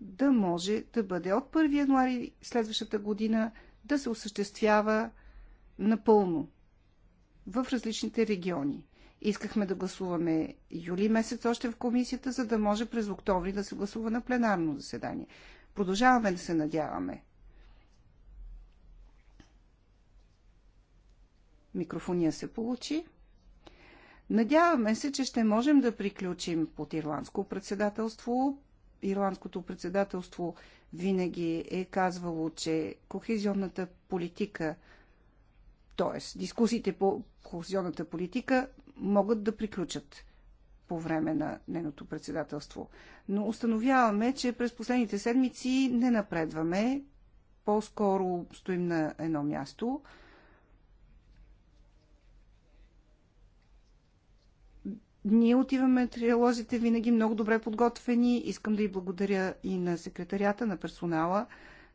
да може да бъде от 1 януари следващата година да се осъществява напълно в различните региони. Искахме да гласуваме юли месец още в комисията, за да може през октомври да се гласува на пленарно заседание. Продължаваме да се надяваме. Микрофония се получи. Надяваме се, че ще можем да приключим под ирландско председателство. Ирландското председателство винаги е казвало, че кохезионната политика, т.е. дискусиите по кохезионната политика могат да приключат по време на нейното председателство. Но установяваме, че през последните седмици не напредваме, по-скоро стоим на едно място. Ние отиваме триалозите винаги много добре подготвени. Искам да и благодаря и на секретарията, на персонала,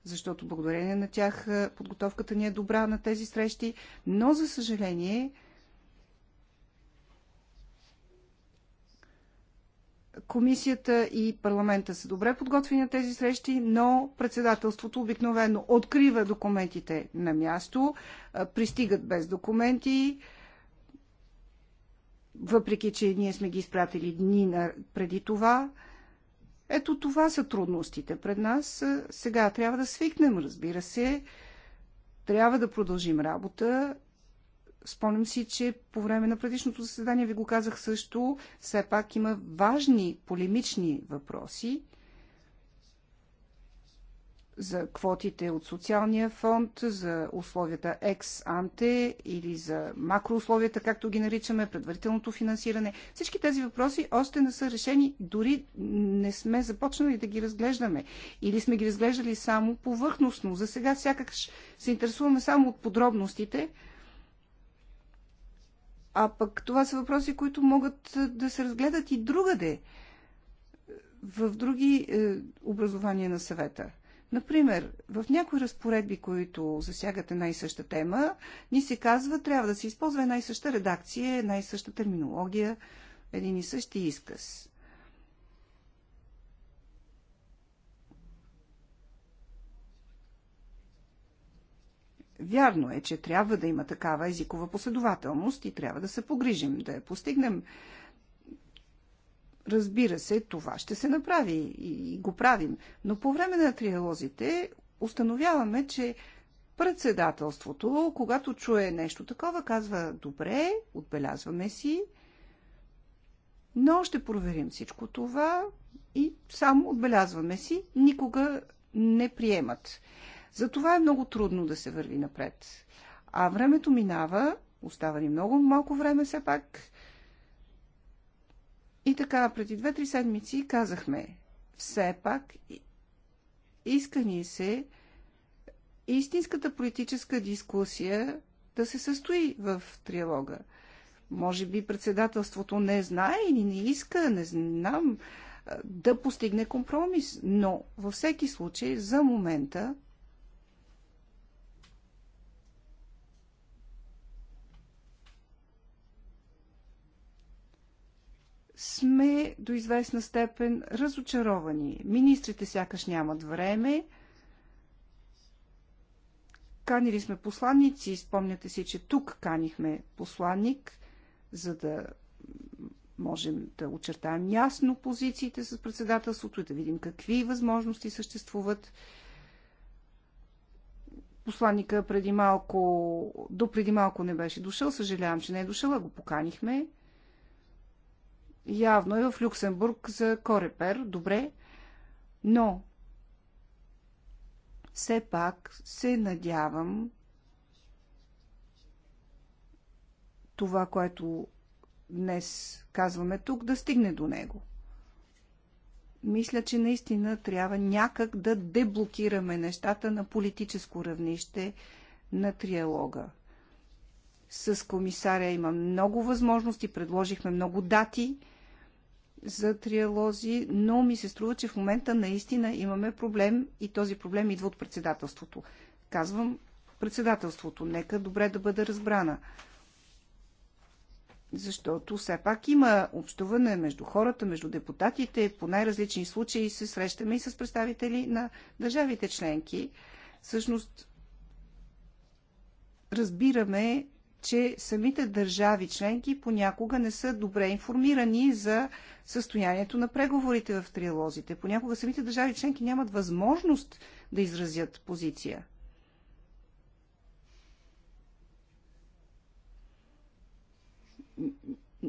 защото благодарение на тях подготовката ни е добра на тези срещи. Но, за съжаление, Комисията и парламента са добре подготвени на тези срещи, но председателството обикновено открива документите на място, пристигат без документи, въпреки че ние сме ги изпратили дни преди това. Ето това са трудностите пред нас. Сега трябва да свикнем, разбира се. Трябва да продължим работа Спомням си, че по време на предишното заседание ви го казах също, все пак има важни полемични въпроси за квотите от социалния фонд, за условията екс-анте или за макроусловията, както ги наричаме, предварителното финансиране. Всички тези въпроси още не са решени, дори не сме започнали да ги разглеждаме. Или сме ги разглеждали само повърхностно. За сега сякаш се интересуваме само от подробностите, а пък това са въпроси, които могат е, да се разгледат и другаде, е, в други е, образования на съвета. Например, в някои разпоредби, които засягат една и съща тема, ни се казва, трябва да се използва една и съща редакция, една и съща терминология, един и същи изказ. Вярно е, че трябва да има такава езикова последователност и трябва да се погрижим да я постигнем. Разбира се, това ще се направи и го правим. Но по време на триалозите установяваме, че председателството, когато чуе нещо такова, казва добре, отбелязваме си, но ще проверим всичко това и само отбелязваме си, никога не приемат това е много трудно да се върви напред. А времето минава, остава ни много малко време все пак. И така, преди две-три седмици казахме, все пак иска ни се истинската политическа дискусия да се състои в триалога. Може би председателството не знае или не иска, не знам, да постигне компромис, но във всеки случай за момента сме до известна степен разочаровани. Министрите сякаш нямат време. Канили сме посланници. Спомняте си, че тук канихме посланник, за да можем да очертаем ясно позициите с председателството и да видим какви възможности съществуват. Посланника преди малко, до преди малко не беше дошъл. Съжалявам, че не е дошъл, а го поканихме. Явно е в Люксембург за Корепер, добре, но все пак се надявам това, което днес казваме тук, да стигне до него. Мисля, че наистина трябва някак да деблокираме нещата на политическо равнище на триалога. С комисаря има много възможности, предложихме много дати – за триалози, но ми се струва, че в момента наистина имаме проблем и този проблем идва от председателството. Казвам председателството. Нека добре да бъде разбрана. Защото все пак има общуване между хората, между депутатите. По най-различни случаи се срещаме и с представители на държавите членки. Всъщност, разбираме че самите държави членки понякога не са добре информирани за състоянието на преговорите в триалозите. Понякога самите държави членки нямат възможност да изразят позиция.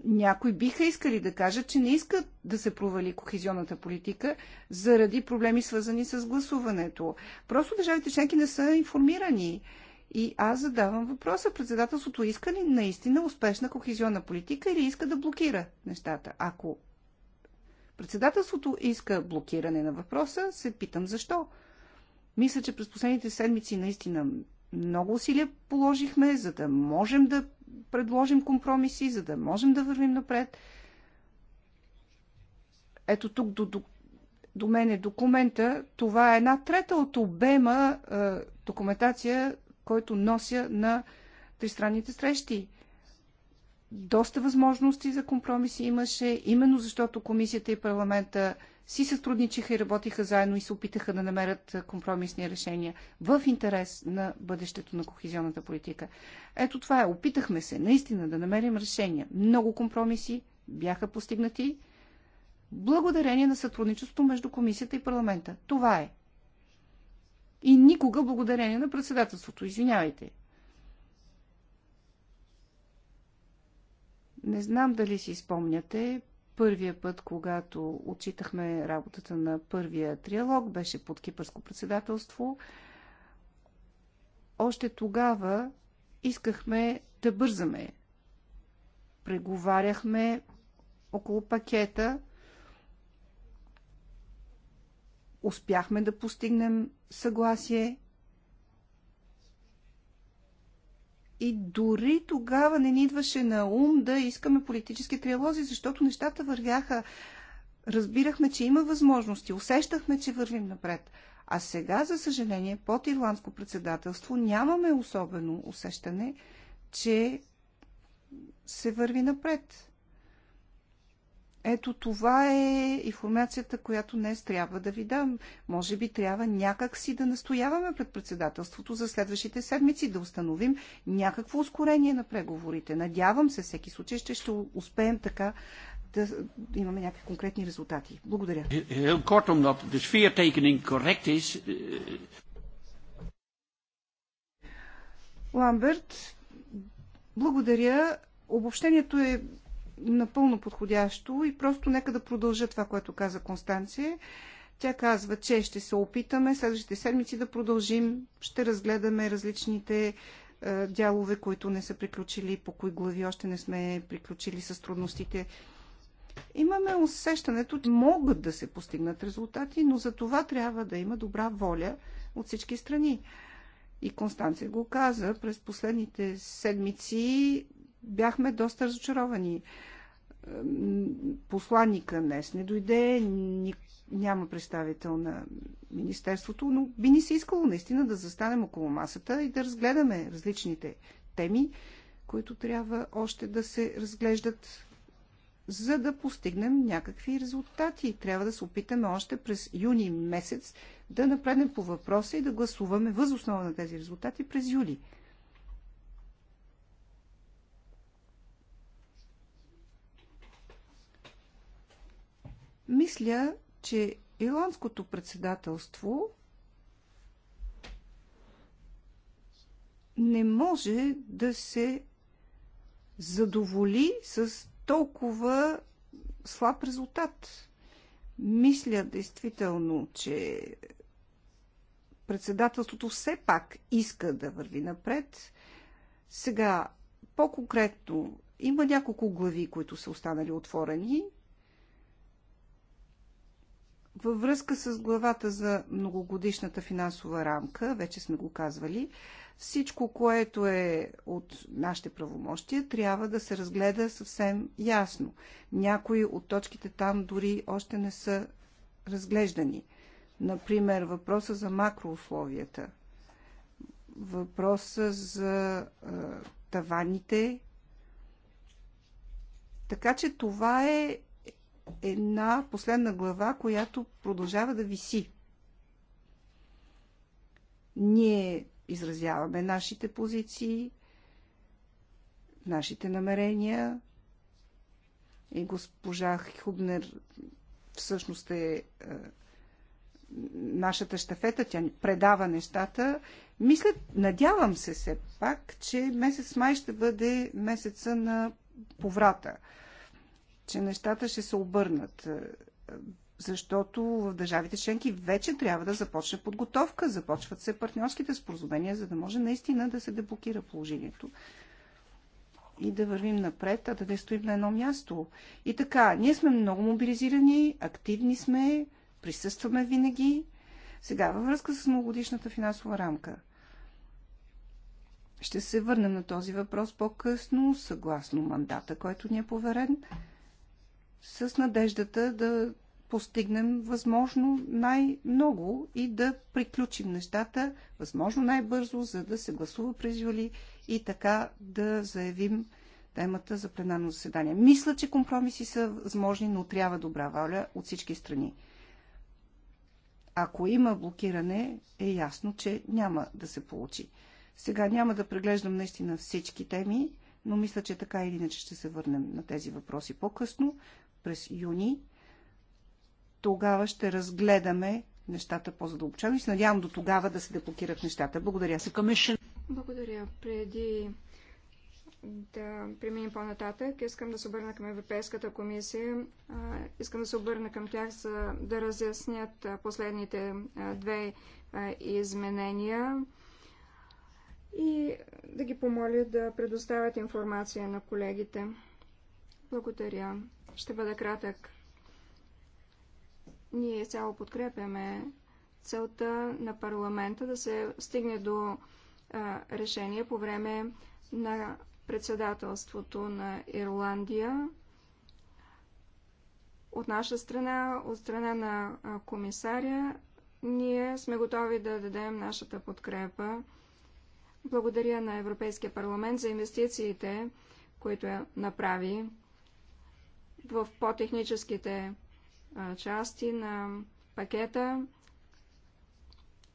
Някои биха искали да кажат, че не искат да се провали кохезионната политика заради проблеми свързани с гласуването. Просто държавите членки не са информирани. И аз задавам въпроса, председателството иска ли наистина успешна кохезионна политика или иска да блокира нещата? Ако председателството иска блокиране на въпроса, се питам защо. Мисля, че през последните седмици наистина много усилия положихме, за да можем да предложим компромиси, за да можем да вървим напред. Ето тук до, до, до мен е документа. Това е една трета от обема е, документация, който нося на тристранните срещи. Доста възможности за компромиси имаше, именно защото комисията и парламента си сътрудничиха и работиха заедно и се опитаха да намерят компромисни решения в интерес на бъдещето на кохезионната политика. Ето това е. Опитахме се наистина да намерим решения. Много компромиси бяха постигнати благодарение на сътрудничеството между комисията и парламента. Това е. И никога благодарение на председателството. Извинявайте. Не знам дали си спомняте, първия път, когато отчитахме работата на първия триалог, беше под кипърско председателство. Още тогава искахме да бързаме. Преговаряхме около пакета – успяхме да постигнем съгласие. И дори тогава не ни идваше на ум да искаме политически триалози, защото нещата вървяха. Разбирахме, че има възможности, усещахме, че вървим напред. А сега, за съжаление, под ирландско председателство нямаме особено усещане, че се върви напред. Ето това е информацията, която днес трябва да ви дам. Може би трябва някак си да настояваме пред председателството за следващите седмици, да установим някакво ускорение на преговорите. Надявам се, всеки случай ще, ще успеем така да имаме някакви конкретни резултати. Благодаря. Heel kort, omdat de sfeertekening correct is. Е, е. Ламберт, благодаря. Обобщението е напълно подходящо и просто нека да продължа това, което каза Констанция. Тя казва, че ще се опитаме следващите седмици да продължим, ще разгледаме различните е, дялове, които не са приключили, по кои глави още не сме приключили с трудностите. Имаме усещането, че могат да се постигнат резултати, но за това трябва да има добра воля от всички страни. И Констанция го каза, през последните седмици бяхме доста разочаровани. Посланника днес не дойде, ни, няма представител на Министерството, но би ни се искало наистина да застанем около масата и да разгледаме различните теми, които трябва още да се разглеждат, за да постигнем някакви резултати. Трябва да се опитаме още през юни месец да напреднем по въпроса и да гласуваме възоснова на тези резултати през юли. Мисля, че ирландското председателство не може да се задоволи с толкова слаб резултат. Мисля действително, че председателството все пак иска да върви напред. Сега, по-конкретно, има няколко глави, които са останали отворени. Във връзка с главата за многогодишната финансова рамка, вече сме го казвали, всичко, което е от нашите правомощия, трябва да се разгледа съвсем ясно. Някои от точките там дори още не са разглеждани. Например, въпроса за макроусловията, въпроса за таваните. Така че това е една последна глава, която продължава да виси. Ние изразяваме нашите позиции, нашите намерения и госпожа Хубнер всъщност е, е нашата щафета, тя предава нещата. Мисля, надявам се все пак, че месец май ще бъде месеца на поврата че нещата ще се обърнат. Е, защото в държавите членки вече трябва да започне подготовка. Започват се партньорските споразумения, за да може наистина да се деблокира положението и да вървим напред, а да не стоим на едно място. И така, ние сме много мобилизирани, активни сме, присъстваме винаги. Сега, във връзка с многогодишната финансова рамка. Ще се върнем на този въпрос по-късно, съгласно мандата, който ни е поверен с надеждата да постигнем възможно най-много и да приключим нещата възможно най-бързо, за да се гласува през юли и така да заявим темата за пленарно заседание. Мисля, че компромиси са възможни, но трябва добра валя от всички страни. Ако има блокиране, е ясно, че няма да се получи. Сега няма да преглеждам наистина всички теми, но мисля, че така или иначе ще се върнем на тези въпроси по-късно през юни. Тогава ще разгледаме нещата по-задълбочено и се надявам до тогава да се деблокират нещата. Благодаря. Благодаря. Преди да преминем по-нататък, искам да се обърна към Европейската комисия. Искам да се обърна към тях за да разяснят последните две изменения и да ги помоля да предоставят информация на колегите. Благодаря. Ще бъда кратък. Ние цяло подкрепяме целта на парламента да се стигне до а, решение по време на председателството на Ирландия. От наша страна, от страна на комисаря, ние сме готови да дадем нашата подкрепа. Благодаря на Европейския парламент за инвестициите, които е направи в по-техническите части на пакета.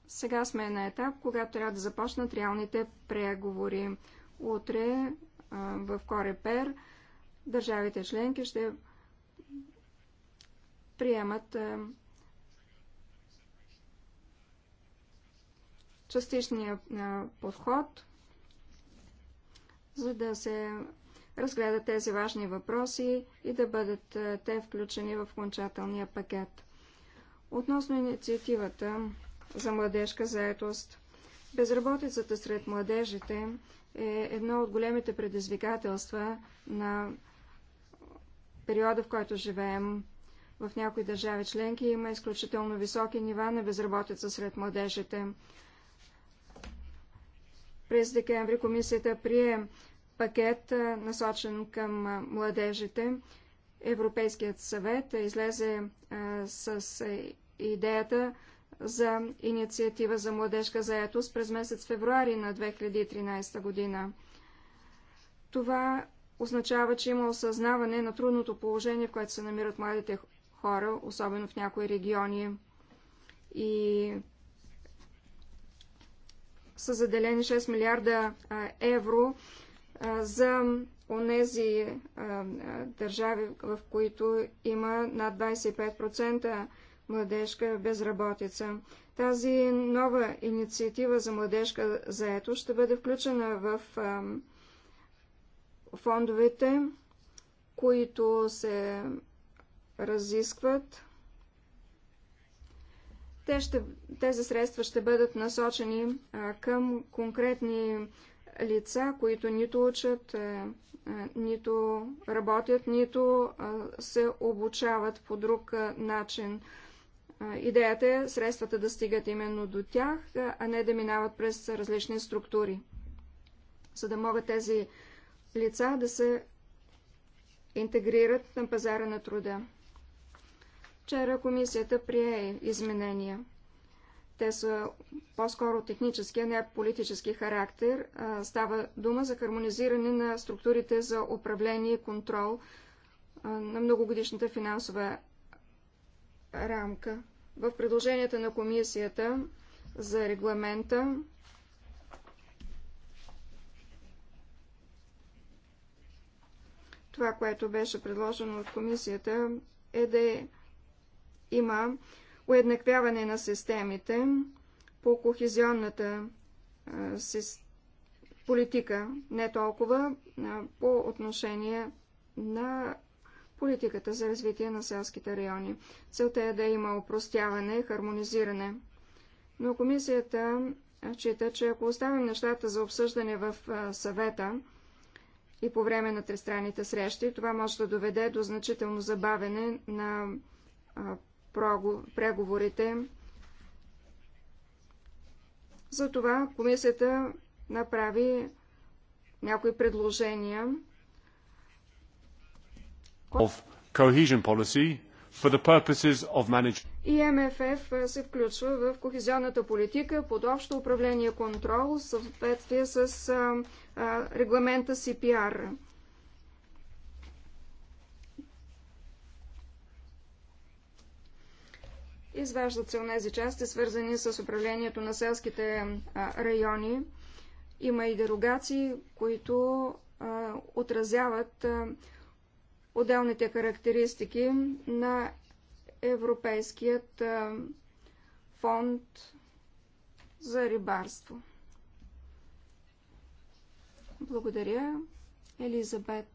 Сега сме на етап, когато трябва да започнат реалните преговори. Утре в Корепер държавите членки ще приемат частичния подход, за да се разгледат тези важни въпроси и да бъдат е, те включени в окончателния пакет. Относно инициативата за младежка заетост, безработицата сред младежите е едно от големите предизвикателства на периода, в който живеем. В някои държави членки има изключително високи нива на безработица сред младежите. През декември комисията прие пакет, насочен към младежите. Европейският съвет излезе с идеята за инициатива за младежка заетост през месец февруари на 2013 година. Това означава, че има осъзнаване на трудното положение, в което се намират младите хора, особено в някои региони. И са заделени 6 милиарда евро за онези държави, в които има над 25% младежка безработица. Тази нова инициатива за младежка заето ще бъде включена в фондовете, които се разискват. Те ще, тези средства ще бъдат насочени към конкретни лица, които нито учат, е, е, нито работят, нито е, се обучават по друг начин. Идеята е средствата да стигат именно до тях, а не да минават през различни структури, за да могат тези лица да се интегрират на пазара на труда. Вчера комисията прие изменения те са по-скоро технически, а не политически характер. Става дума за хармонизиране на структурите за управление и контрол на многогодишната финансова рамка. В предложенията на комисията за регламента това, което беше предложено от комисията е да има уеднаквяване на системите по кохезионната политика, не толкова а по отношение на политиката за развитие на селските райони. Целта е да има упростяване и хармонизиране. Но комисията чита, че ако оставим нещата за обсъждане в съвета и по време на тристранните срещи, това може да доведе до значително забавене на преговорите. Затова комисията направи някои предложения. Of cohesion policy for the purposes of management. И МФФ се включва в кохезионната политика под общо управление контрол в съответствие с регламента CPR. Изваждат се онези части, свързани с управлението на селските райони. Има и дерогации, които отразяват отделните характеристики на Европейският фонд за рибарство. Благодаря, Елизабет.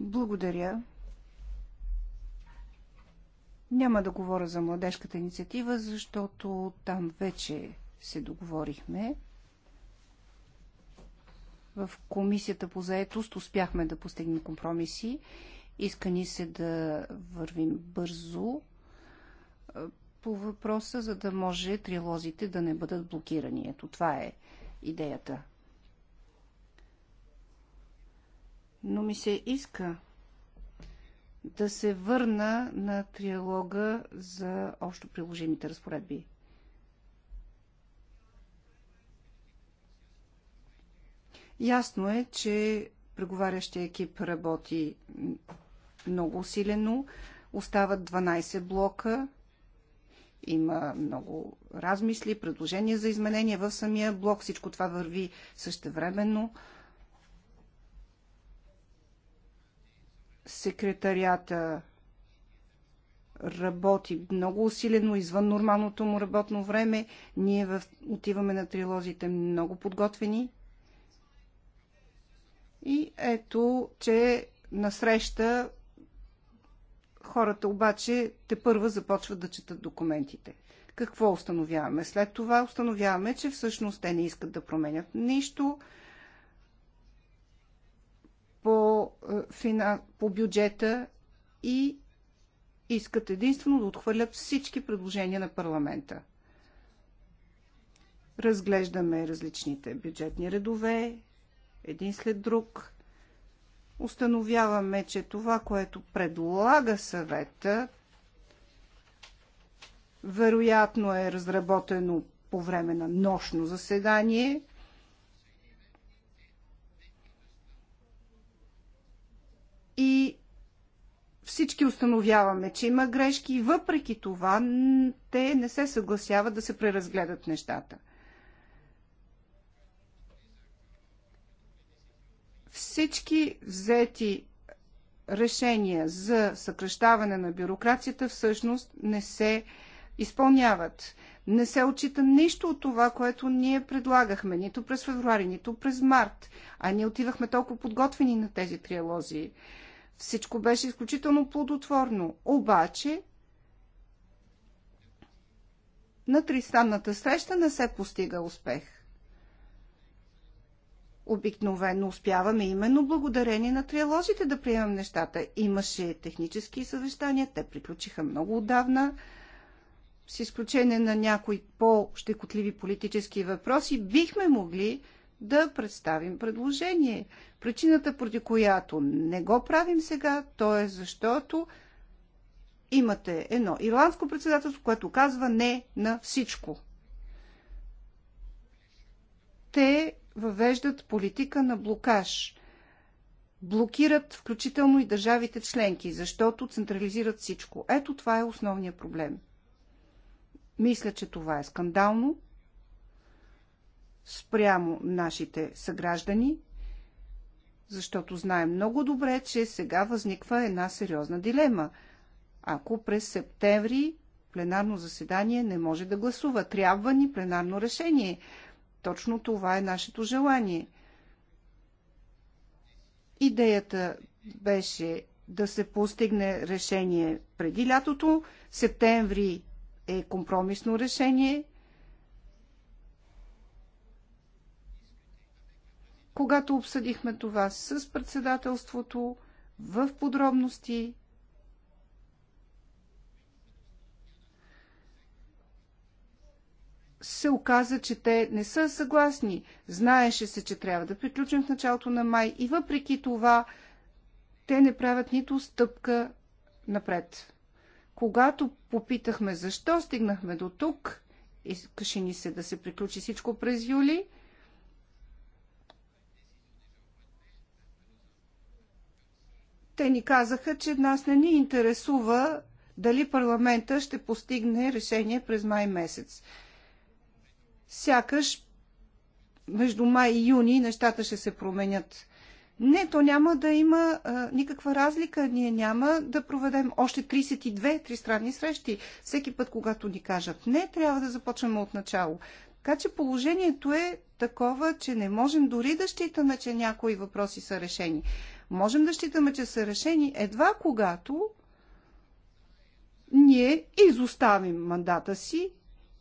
Благодаря. Няма да говоря за младежката инициатива, защото там вече се договорихме. В комисията по заетост успяхме да постигнем компромиси. Иска ни се да вървим бързо по въпроса, за да може трилозите да не бъдат блокирани. Ето това е идеята. Но ми се иска да се върна на триалога за общо приложимите разпоредби. Ясно е, че преговарящия екип работи много усилено. Остават 12 блока. Има много размисли, предложения за изменения в самия блок. Всичко това върви същевременно. временно секретарията работи много усилено, извън нормалното му работно време. Ние в... отиваме на трилозите много подготвени. И ето, че насреща хората обаче те първа започват да четат документите. Какво установяваме? След това установяваме, че всъщност те не искат да променят нищо, по, е, фина... по бюджета и искат единствено да отхвърлят всички предложения на парламента. Разглеждаме различните бюджетни редове, един след друг. Установяваме, че това, което предлага съвета, вероятно е разработено по време на нощно заседание – всички установяваме, че има грешки и въпреки това те не се съгласяват да се преразгледат нещата. Всички взети решения за съкръщаване на бюрокрацията всъщност не се изпълняват. Не се отчита нищо от това, което ние предлагахме, нито през февруари, нито през март. А ние отивахме толкова подготвени на тези триалози. Всичко беше изключително плодотворно. Обаче, на тристранната среща не се постига успех. Обикновено успяваме именно благодарение на триалозите да приемем нещата. Имаше технически съвещания, те приключиха много отдавна. С изключение на някои по-щекотливи политически въпроси, бихме могли да представим предложение. Причината, поради която не го правим сега, то е защото имате едно ирландско председателство, което казва не на всичко. Те въвеждат политика на блокаж. Блокират включително и държавите членки, защото централизират всичко. Ето това е основният проблем. Мисля, че това е скандално спрямо нашите съграждани, защото знаем много добре, че сега възниква една сериозна дилема. Ако през септември пленарно заседание не може да гласува, трябва ни пленарно решение. Точно това е нашето желание. Идеята беше да се постигне решение преди лятото. Септември е компромисно решение, когато обсъдихме това с председателството в подробности. се оказа, че те не са съгласни. Знаеше се, че трябва да приключим в началото на май и въпреки това те не правят нито стъпка напред. Когато попитахме защо стигнахме до тук, искаше ни се да се приключи всичко през юли – Те ни казаха, че нас не ни интересува дали парламента ще постигне решение през май месец. Сякаш между май и юни нещата ще се променят. Не, то няма да има а, никаква разлика. Ние няма да проведем още 32 тристранни срещи. Всеки път, когато ни кажат не, трябва да започнем от начало. Така че положението е такова, че не можем дори да считаме, че някои въпроси са решени можем да считаме, че са решени едва когато ние изоставим мандата си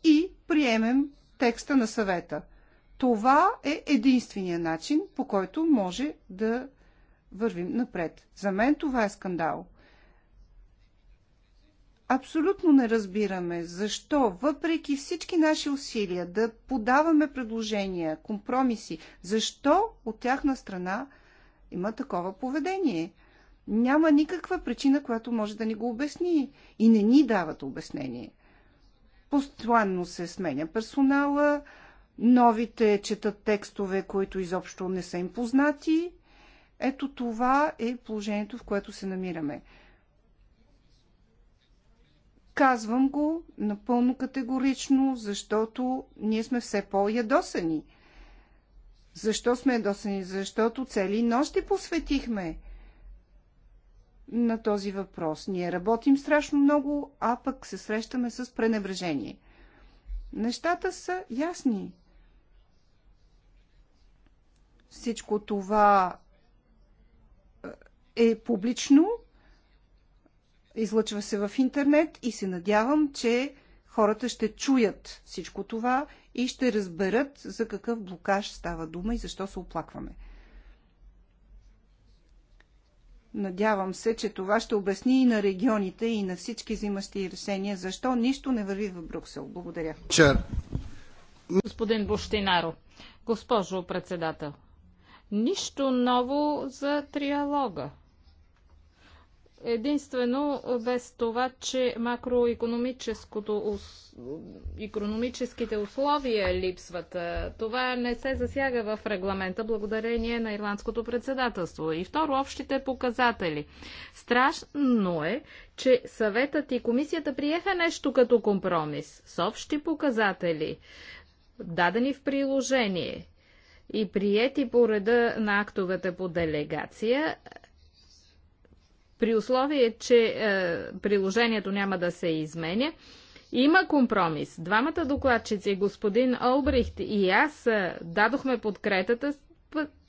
и приемем текста на съвета. Това е единствения начин, по който може да вървим напред. За мен това е скандал. Абсолютно не разбираме защо, въпреки всички наши усилия да подаваме предложения, компромиси, защо от тяхна страна има такова поведение. Няма никаква причина, която може да ни го обясни. И не ни дават обяснение. Постоянно се сменя персонала, новите четат текстове, които изобщо не са им познати. Ето това е положението, в което се намираме. Казвам го напълно категорично, защото ние сме все по-ядосани – защо сме ядосани? Защото цели нощи посветихме на този въпрос. Ние работим страшно много, а пък се срещаме с пренебрежение. Нещата са ясни. Всичко това е, е публично, излъчва се в интернет и се надявам, че хората ще чуят всичко това и ще разберат за какъв блокаж става дума и защо се оплакваме. Надявам се, че това ще обясни и на регионите, и на всички взимащи решения, защо нищо не върви в Брюксел. Благодаря. Чар. Господин Буштинаро, госпожо председател, нищо ново за триалога единствено без това, че макроекономическите условия липсват. Е, това не се засяга в регламента благодарение на ирландското председателство. И второ, общите показатели. Страшно е, че съветът и комисията приеха нещо като компромис с общи показатели, дадени в приложение и приети по реда на актовете по делегация, при условие, че е, приложението няма да се изменя. Има компромис. Двамата докладчици, господин Олбрихт и аз, е, дадохме подкрепата,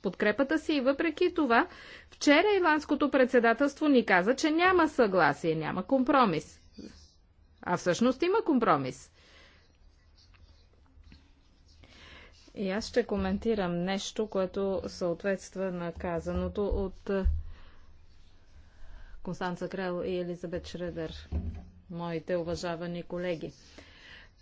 подкрепата си и въпреки това, вчера иландското председателство ни каза, че няма съгласие, няма компромис. А всъщност има компромис. И аз ще коментирам нещо, което съответства на казаното от е, Констанца Крел и Елизабет Шредер, моите уважавани колеги.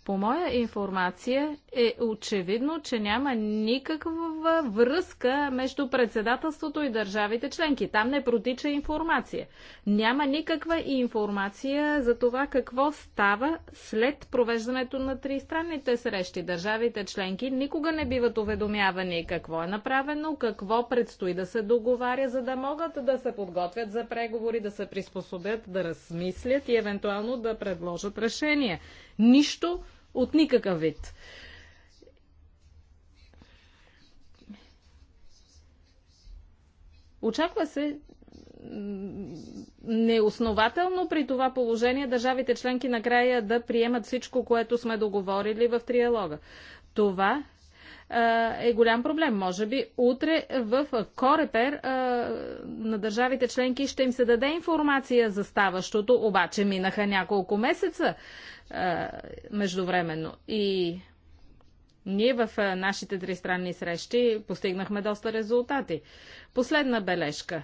По моя информация е очевидно, че няма никаква връзка между председателството и държавите членки. Там не протича информация. Няма никаква информация за това какво става след провеждането на тристранните срещи. Държавите членки никога не биват уведомявани какво е направено, какво предстои да се договаря, за да могат да се подготвят за преговори, да се приспособят, да размислят и евентуално да предложат решение. Нищо от никакъв вид. Очаква се неоснователно при това положение държавите членки накрая да приемат всичко, което сме договорили в триалога. Това е голям проблем. Може би утре в Корепер на държавите членки ще им се даде информация за ставащото, обаче минаха няколко месеца междувременно. И ние в а, нашите тристранни срещи постигнахме доста резултати. Последна бележка.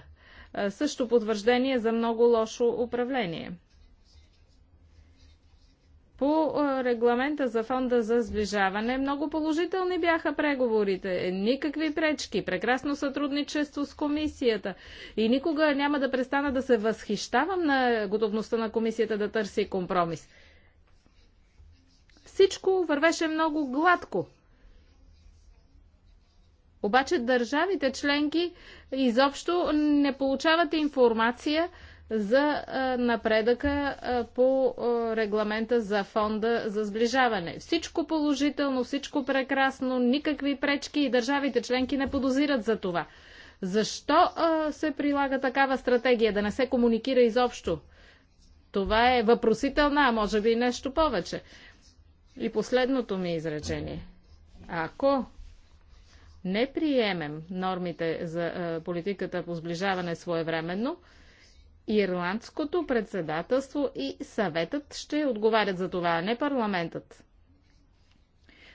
А, също потвърждение за много лошо управление. По регламента за фонда за сближаване много положителни бяха преговорите. Никакви пречки, прекрасно сътрудничество с комисията. И никога няма да престана да се възхищавам на готовността на комисията да търси компромис. Всичко вървеше много гладко. Обаче държавите членки изобщо не получават информация за напредъка по регламента за фонда за сближаване. Всичко положително, всичко прекрасно, никакви пречки и държавите членки не подозират за това. Защо се прилага такава стратегия да не се комуникира изобщо? Това е въпросителна, а може би нещо повече. И последното ми изречение. Ако не приемем нормите за е, политиката по сближаване своевременно, Ирландското председателство и съветът ще отговарят за това, а не парламентът.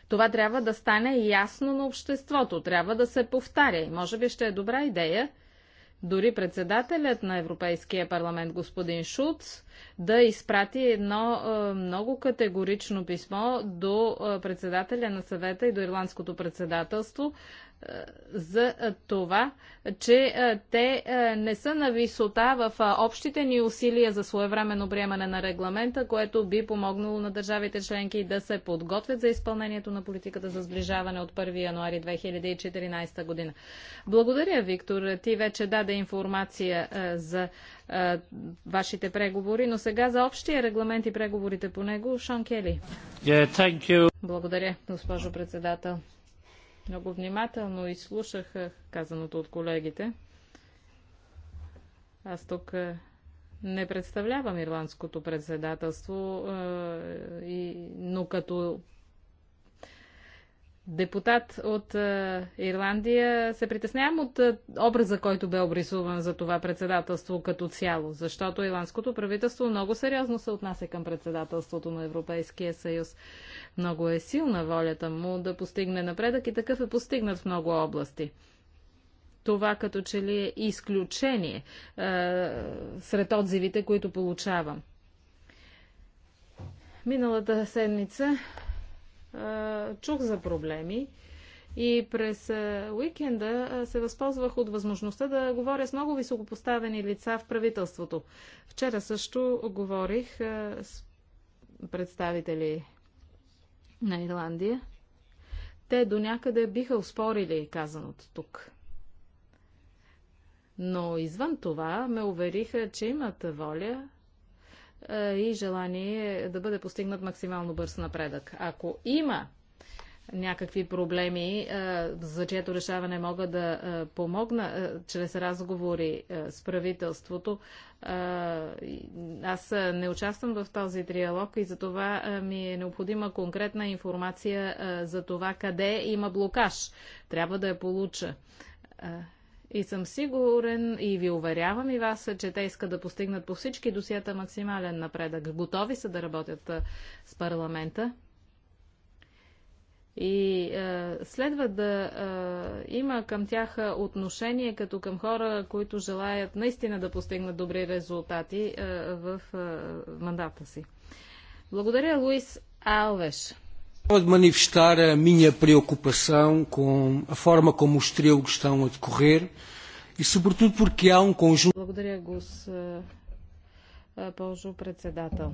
Това трябва да стане ясно на обществото, трябва да се повтаря и може би ще е добра идея – дори председателят на Европейския парламент, господин Шуц, да изпрати едно е, много категорично писмо до е, председателя на съвета и до ирландското председателство, за това, че те не са на висота в общите ни усилия за своевременно приемане на регламента, което би помогнало на държавите членки да се подготвят за изпълнението на политиката за сближаване от 1 януари 2014 година. Благодаря, Виктор. Ти вече даде информация за вашите преговори, но сега за общия регламент и преговорите по него Шон Кели. Yeah, Благодаря, госпожо председател. Много внимателно изслушах е, казаното от колегите. Аз тук е, не представлявам ирландското председателство, е, но като депутат от Ирландия се притеснявам от образа, който бе обрисуван за това председателство като цяло, защото ирландското правителство много сериозно се отнася към председателството на Европейския съюз. Много е силна волята му да постигне напредък и такъв е постигнат в много области това като че ли е изключение е, сред отзивите, които получавам. Миналата седмица е, чух за проблеми и през е, уикенда се възползвах от възможността да говоря с много високопоставени лица в правителството. Вчера също говорих е, с представители на Ирландия, те до някъде биха успорили казаното тук. Но извън това ме увериха, че имат воля е, и желание да бъде постигнат максимално бърз напредък. Ако има някакви проблеми, за чието решаване мога да помогна чрез разговори с правителството. Аз не участвам в този триалог и за това ми е необходима конкретна информация за това къде има блокаж. Трябва да я получа. И съм сигурен и ви уверявам и вас, че те искат да постигнат по всички досията максимален напредък. Готови са да работят с парламента. И е, следва да е, има към тях отношение като към хора, които желаят наистина да постигнат добри резултати е, в е, мандата си. Благодаря, Луис Алвеш. Pode manifestar a minha preocupação com a forma como os trilhos estão a decorrer e, sobretudo, porque há um conjunto. Благодаря, Гос, Божо е, е, председател.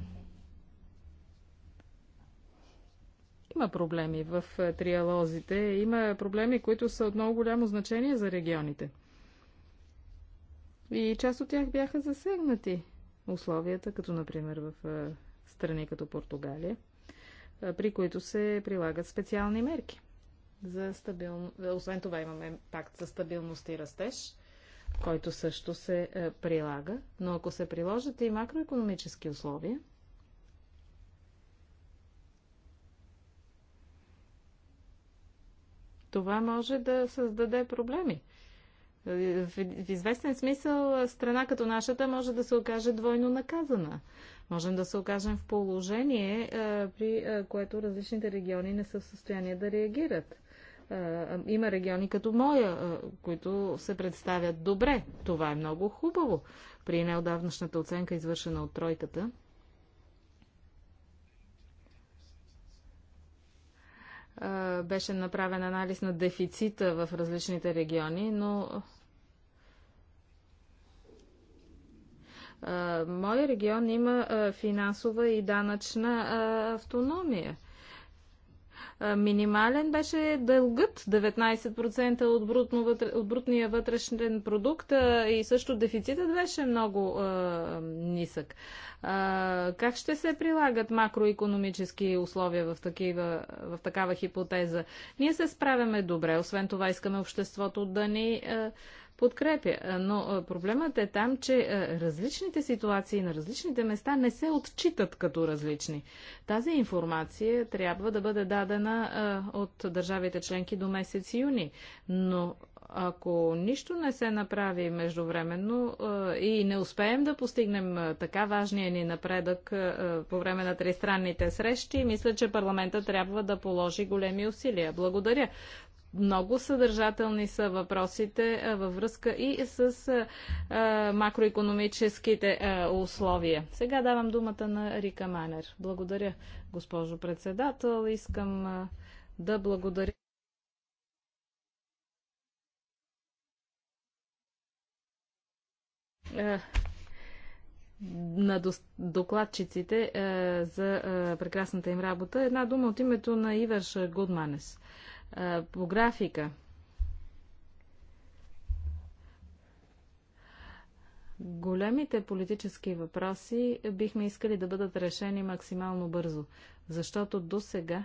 Има проблеми в е, триалозите, има проблеми, които са от много голямо значение за регионите. И част от тях бяха засегнати условията, като например в е, страни като Португалия, е, при които се прилагат специални мерки. За стабил... Освен това имаме пакт за стабилност и растеж, който също се прилага, но ако се приложат и макроекономически условия, Това може да създаде проблеми. В известен смисъл страна като нашата може да се окаже двойно наказана. Можем да се окажем в положение, при което различните региони не са в състояние да реагират. Има региони като моя, които се представят добре. Това е много хубаво. При неодавнашната оценка, извършена от тройката, беше направен анализ на дефицита в различните региони, но моя регион има финансова и данъчна автономия минимален беше дългът 19% от, брутно вътре, от брутния вътрешен продукт и също дефицитът беше много а, нисък. А, как ще се прилагат макроекономически условия в, такива, в такава хипотеза? Ние се справяме добре, освен това искаме обществото да ни. А, подкрепя. Но проблемът е там, че различните ситуации на различните места не се отчитат като различни. Тази информация трябва да бъде дадена от държавите членки до месец юни. Но ако нищо не се направи междувременно и не успеем да постигнем така важния ни напредък по време на тристранните срещи, мисля, че парламента трябва да положи големи усилия. Благодаря. Много съдържателни са въпросите във връзка и с макроекономическите условия. Сега давам думата на Рика Манер. Благодаря, госпожо председател. Искам да благодаря. на докладчиците за прекрасната им работа. Една дума от името на Ивърш Гудманес по графика. Големите политически въпроси бихме искали да бъдат решени максимално бързо, защото до сега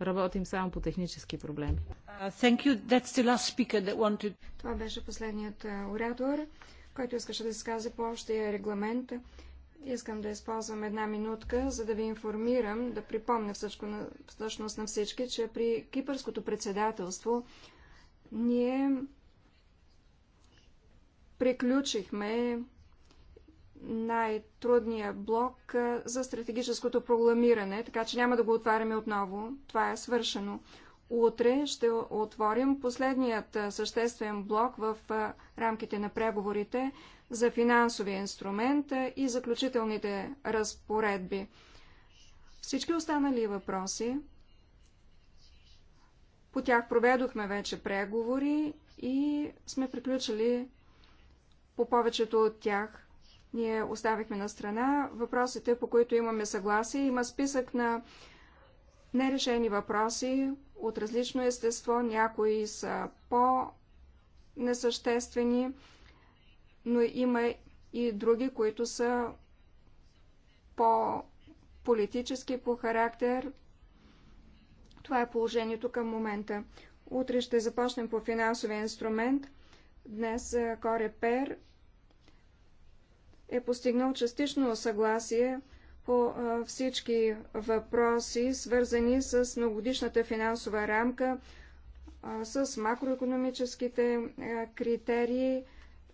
работим само по технически проблеми. Uh, wanted... Това беше последният uh, оратор, който искаше да се каза по общия регламент. Искам да използвам една минутка, за да ви информирам, да припомня всичко, всъщност на всички, че при кипърското председателство ние приключихме най-трудния блок за стратегическото програмиране, така че няма да го отваряме отново. Това е свършено. Утре ще отворим последният съществен блок в рамките на преговорите за финансовия инструмент и заключителните разпоредби. Всички останали въпроси, по тях проведохме вече преговори и сме приключили по повечето от тях. Ние оставихме на страна въпросите, по които имаме съгласие. Има списък на нерешени въпроси от различно естество. Някои са по-несъществени, но има и други, които са по-политически по характер. Това е положението към момента. Утре ще започнем по финансовия инструмент. Днес Коре Пер е постигнал частично съгласие по всички въпроси, свързани с многодишната финансова рамка, с макроекономическите критерии,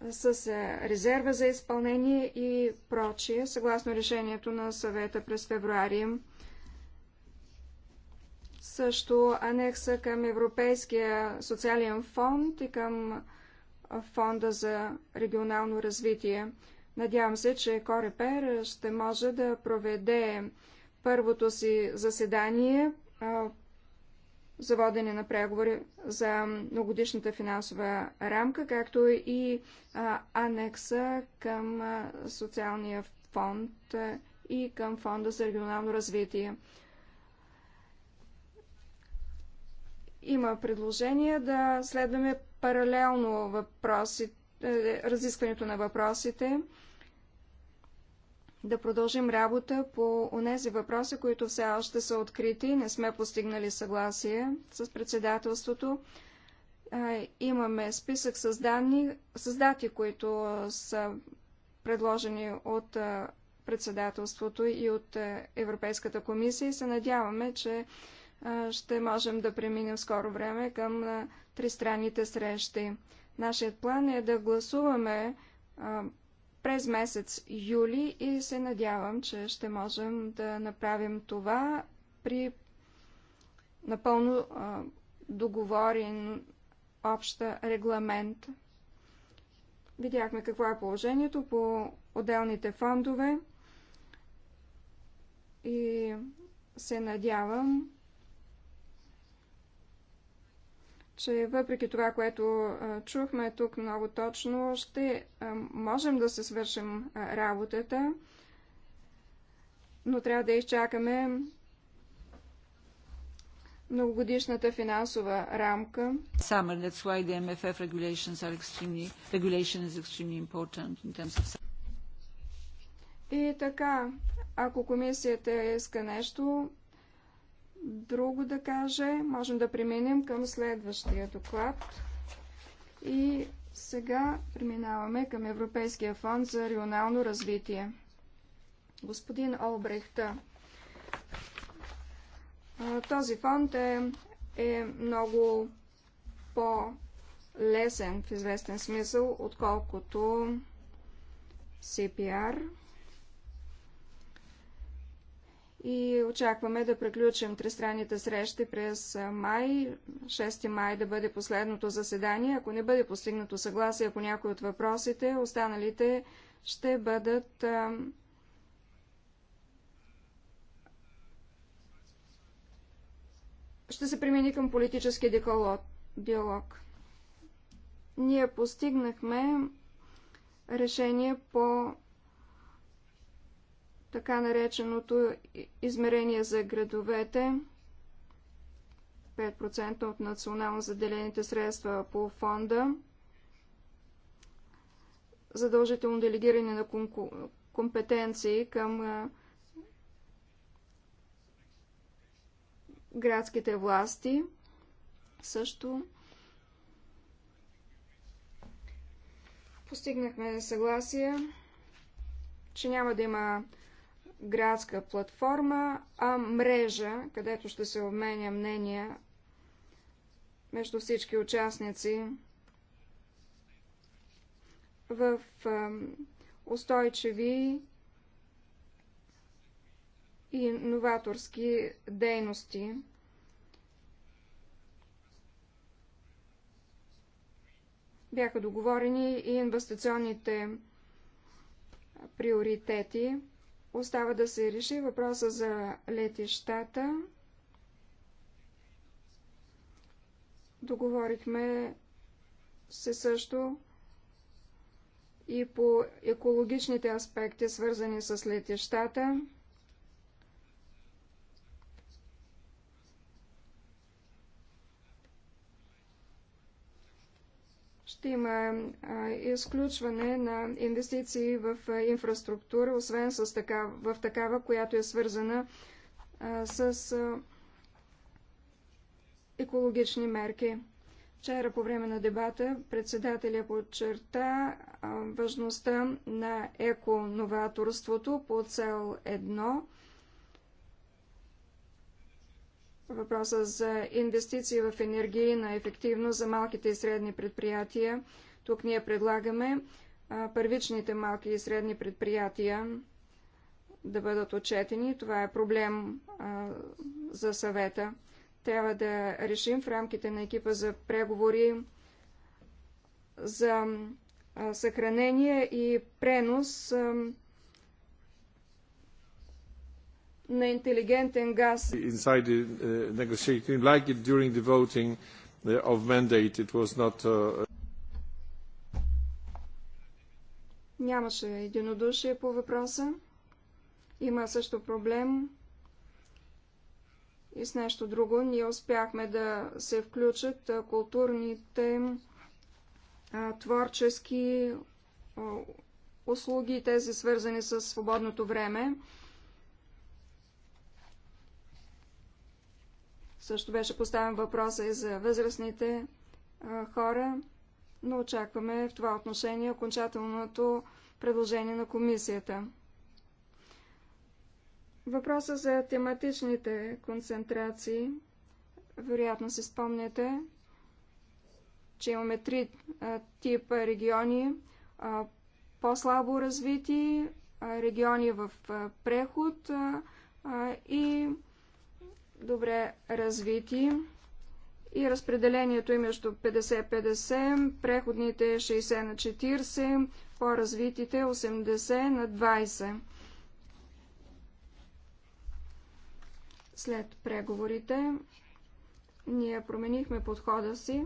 с е, резерва за изпълнение и прочие, съгласно решението на съвета през февруари. Също анекса към Европейския социален фонд и към е, Фонда за регионално развитие. Надявам се, че Корепер ще може да проведе първото си заседание е, за водене на преговори за многодишната финансова рамка, както и а, анекса към а, социалния фонд а, и към фонда за регионално развитие. Има предложение да следваме паралелно въпроси, е, разискването на въпросите да продължим работа по онези въпроси, които все още са открити. Не сме постигнали съгласие с председателството. Имаме списък с данни, с дати, които са предложени от председателството и от Европейската комисия и се надяваме, че ще можем да преминем скоро време към тристранните срещи. Нашият план е да гласуваме през месец юли и се надявам, че ще можем да направим това при напълно а, договорен общ регламент. Видяхме какво е положението по отделните фондове и се надявам, че въпреки това, което чухме тук много точно, ще можем да се свършим работата, но трябва да изчакаме многогодишната финансова рамка. Summer, that's why the MFF regulations are extremely, regulation is extremely important in terms of... И така, ако комисията иска нещо, друго да каже, можем да преминем към следващия доклад. И сега преминаваме към Европейския фонд за регионално развитие. Господин Олбрехта, този фонд е, е много по-лесен в известен смисъл, отколкото CPR и очакваме да приключим тристранните срещи през май. 6 май да бъде последното заседание. Ако не бъде постигнато съгласие по някои от въпросите, останалите ще бъдат ще се премини към политически диалог. Ние постигнахме решение по така нареченото измерение за градовете, 5% от национално заделените средства по фонда, задължително делегиране на компетенции към градските власти, също постигнахме съгласие, че няма да има градска платформа, а мрежа, където ще се обменя мнения между всички участници в устойчиви и новаторски дейности. Бяха договорени и инвестиционните приоритети. Остава да се реши въпроса за летищата. Договорихме се също и по екологичните аспекти, свързани с летищата. ще има изключване на инвестиции в инфраструктура, освен с такава, в такава, която е свързана с екологични мерки. Вчера по време на дебата председателя подчерта важността на еконоваторството по цел 1 въпроса за инвестиции в енергийна ефективност за малките и средни предприятия. Тук ние предлагаме първичните малки и средни предприятия да бъдат отчетени. Това е проблем за съвета. Трябва да решим в рамките на екипа за преговори за съхранение и пренос на интелигентен газ. Inside the uh, negotiating, like it during the voting uh, of mandate, it was not... Uh... Нямаше единодушие по въпроса. Има също проблем и с нещо друго. Ние успяхме да се включат културните творчески услуги, тези свързани с свободното време. Също беше поставен въпроса и за възрастните хора, но очакваме в това отношение окончателното предложение на комисията. Въпроса за тематичните концентрации. Вероятно си спомняте, че имаме три а, типа региони. по-слабо развити, а, региони в а, преход и добре развити и разпределението е между 50-50, преходните 60 на 40, по-развитите 80 на 20. След преговорите ние променихме подхода си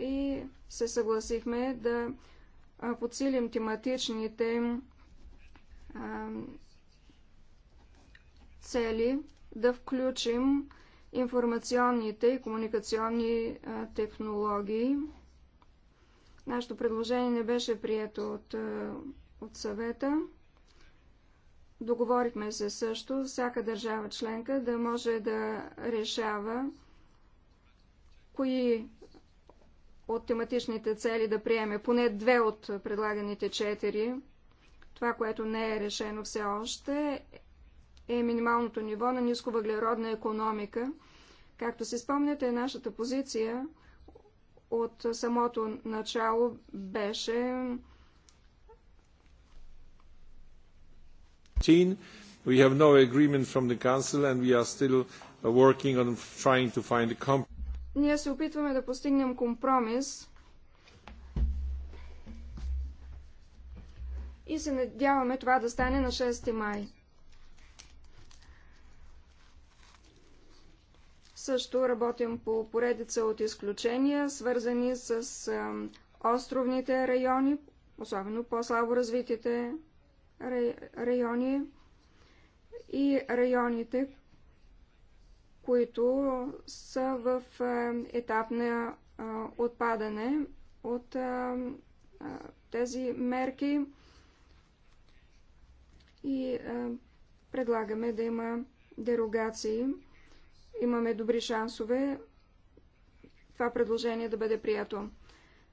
и се съгласихме да подсилим тематичните цели да включим информационните и комуникационни технологии. Нашето предложение не беше прието от, от съвета. Договорихме се също всяка държава членка да може да решава кои от тематичните цели да приеме, поне две от предлаганите четири. Това, което не е решено все още, е минималното ниво на нисковъглеродна економика. Както си спомняте, нашата позиция от самото начало беше We have no agreement from the Council and we are still uh, working on trying to find a compromise. Ние се опитваме да постигнем компромис и се надяваме това да стане на 6 май. Също работим по поредица от изключения, свързани с островните райони, особено по-слабо развитите райони и районите, които са в етап на отпадане от тези мерки и предлагаме да има дерогации имаме добри шансове това предложение да бъде прието.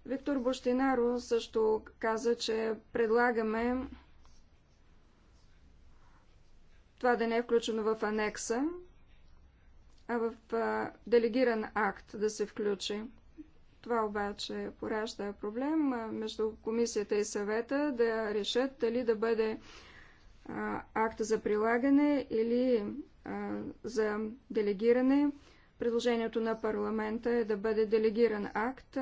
Виктор Бощинаро също каза, че предлагаме това да не е включено в анекса, а в делегиран акт да се включи. Това обаче поражда проблем между комисията и съвета да решат дали да бъде акта за прилагане или за делегиране. Предложението на парламента е да бъде делегиран акт.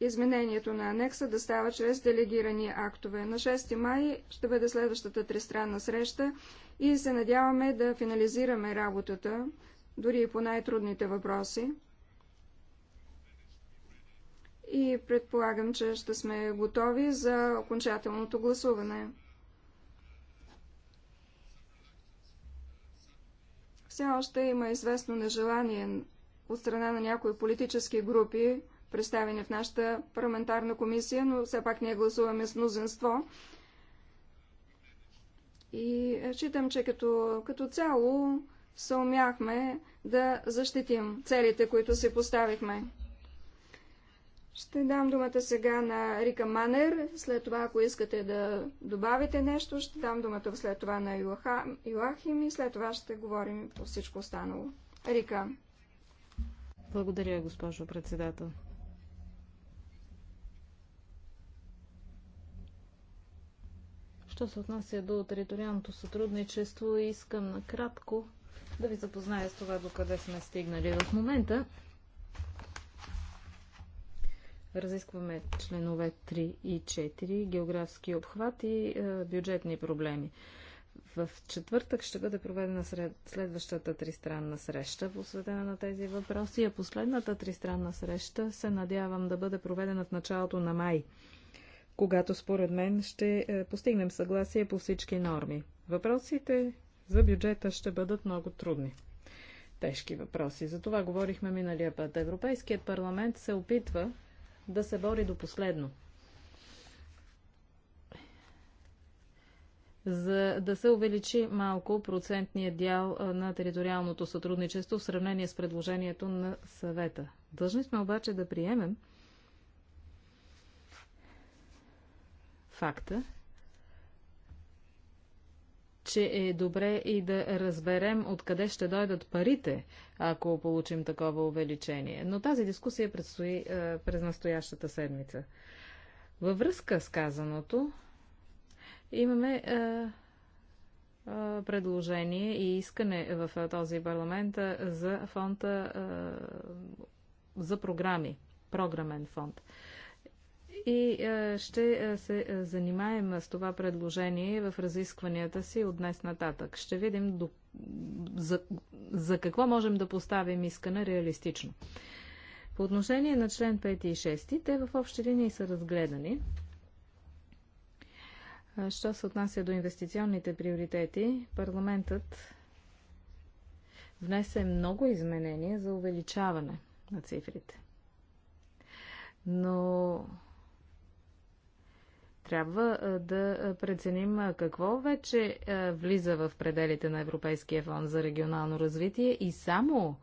Изменението на анекса да става чрез делегирани актове. На 6 май ще бъде следващата тристранна среща и се надяваме да финализираме работата, дори и по най-трудните въпроси. И предполагам, че ще сме готови за окончателното гласуване. все още има известно нежелание от страна на някои политически групи, представени в нашата парламентарна комисия, но все пак ние гласуваме с мнозинство. И е, считам, че като, като цяло съумяхме да защитим целите, които си поставихме. Ще дам думата сега на Рика Манер. След това, ако искате да добавите нещо, ще дам думата след това на Йоха... Йоахим и след това ще говорим по всичко останало. Рика. Благодаря, госпожо председател. Що се отнася до териториалното сътрудничество, искам накратко да ви запозная с това, докъде сме стигнали в момента. Разискваме членове 3 и 4, географски обхват и е, бюджетни проблеми. В четвъртък ще бъде проведена сред, следващата тристранна среща, посветена на тези въпроси, а последната тристранна среща се надявам да бъде проведена в началото на май, когато според мен ще е, постигнем съгласие по всички норми. Въпросите за бюджета ще бъдат много трудни тежки въпроси. За това говорихме миналия път. Европейският парламент се опитва да се бори до последно. за да се увеличи малко процентния дял на териториалното сътрудничество в сравнение с предложението на съвета. Дължни сме обаче да приемем факта, че е добре и да разберем откъде ще дойдат парите, ако получим такова увеличение. Но тази дискусия предстои е, през настоящата седмица. Във връзка с казаното, имаме е, е, предложение и искане в този парламент е, за фонда е, за програми, програмен фонд и е, ще е, се е, занимаем с това предложение в разискванията си от днес нататък. Ще видим до, за, за какво можем да поставим искане реалистично. По отношение на член 5 и 6, те в общи линии са разгледани. Що се отнася до инвестиционните приоритети, парламентът внесе много изменения за увеличаване на цифрите. Но трябва да преценим какво вече влиза в пределите на Европейския фонд за регионално развитие и само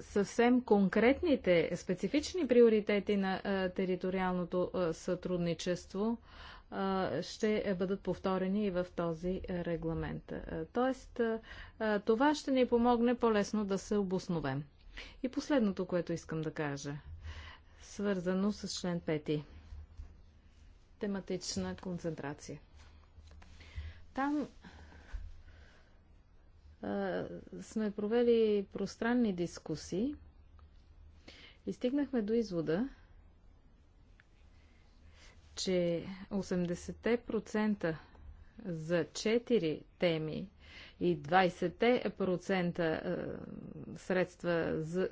съвсем конкретните, специфични приоритети на териториалното сътрудничество ще бъдат повторени и в този регламент. Тоест, това ще ни помогне по-лесно да се обосновем. И последното, което искам да кажа, свързано с член 5. Тематична концентрация. Там а, сме провели пространни дискусии и стигнахме до извода, че 80% за 4 теми и 20% средства за,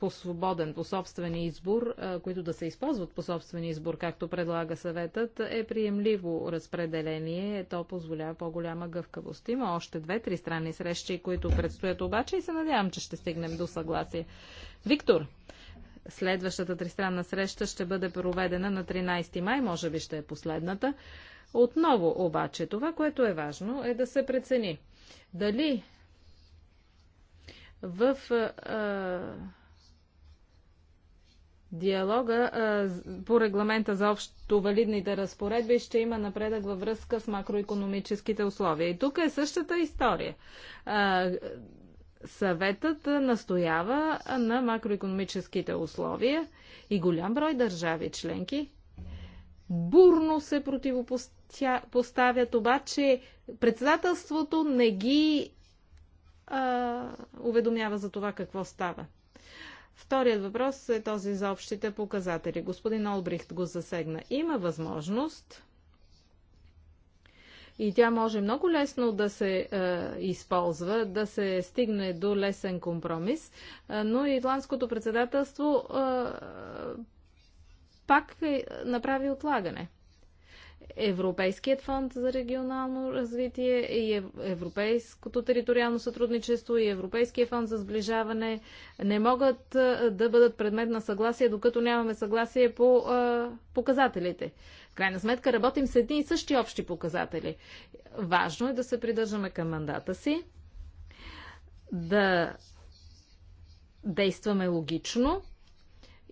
по свободен, по собствен избор, които да се използват по собствен избор, както предлага съветът, е приемливо разпределение. То позволява по-голяма гъвкавост. Има още две-три странни срещи, които предстоят обаче и се надявам, че ще стигнем до съгласие. Виктор, следващата тристранна среща ще бъде проведена на 13 май, може би ще е последната. Отново обаче това, което е важно, е да се прецени дали в диалога по регламента за общо валидните разпоредби ще има напредък във връзка с макроекономическите условия. И тук е същата история. Съветът настоява на макроекономическите условия и голям брой държави членки бурно се противопоставят, обаче председателството не ги а, уведомява за това какво става. Вторият въпрос е този за общите показатели. Господин Олбрихт го засегна. Има възможност и тя може много лесно да се е, използва, да се стигне до лесен компромис, е, но ирландското председателство е, пак е, направи отлагане. Европейският фонд за регионално развитие и Европейското териториално сътрудничество и Европейския фонд за сближаване не могат да бъдат предмет на съгласие, докато нямаме съгласие по а, показателите. В крайна сметка работим с едни и същи общи показатели. Важно е да се придържаме към мандата си, да действаме логично,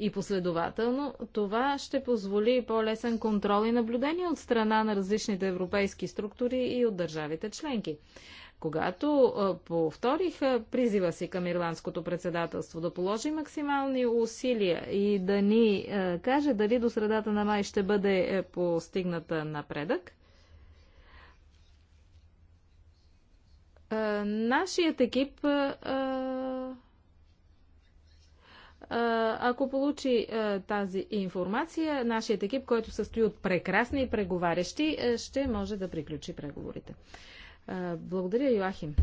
и последователно, това ще позволи по-лесен контрол и наблюдение от страна на различните европейски структури и от държавите членки. Когато повторих призива си към ирландското председателство да положи максимални усилия и да ни каже дали до средата на май ще бъде е, постигната напредък, нашият екип ако получи тази информация, нашият екип, който състои от прекрасни преговарящи, ще може да приключи преговорите. Благодаря, Йоахим.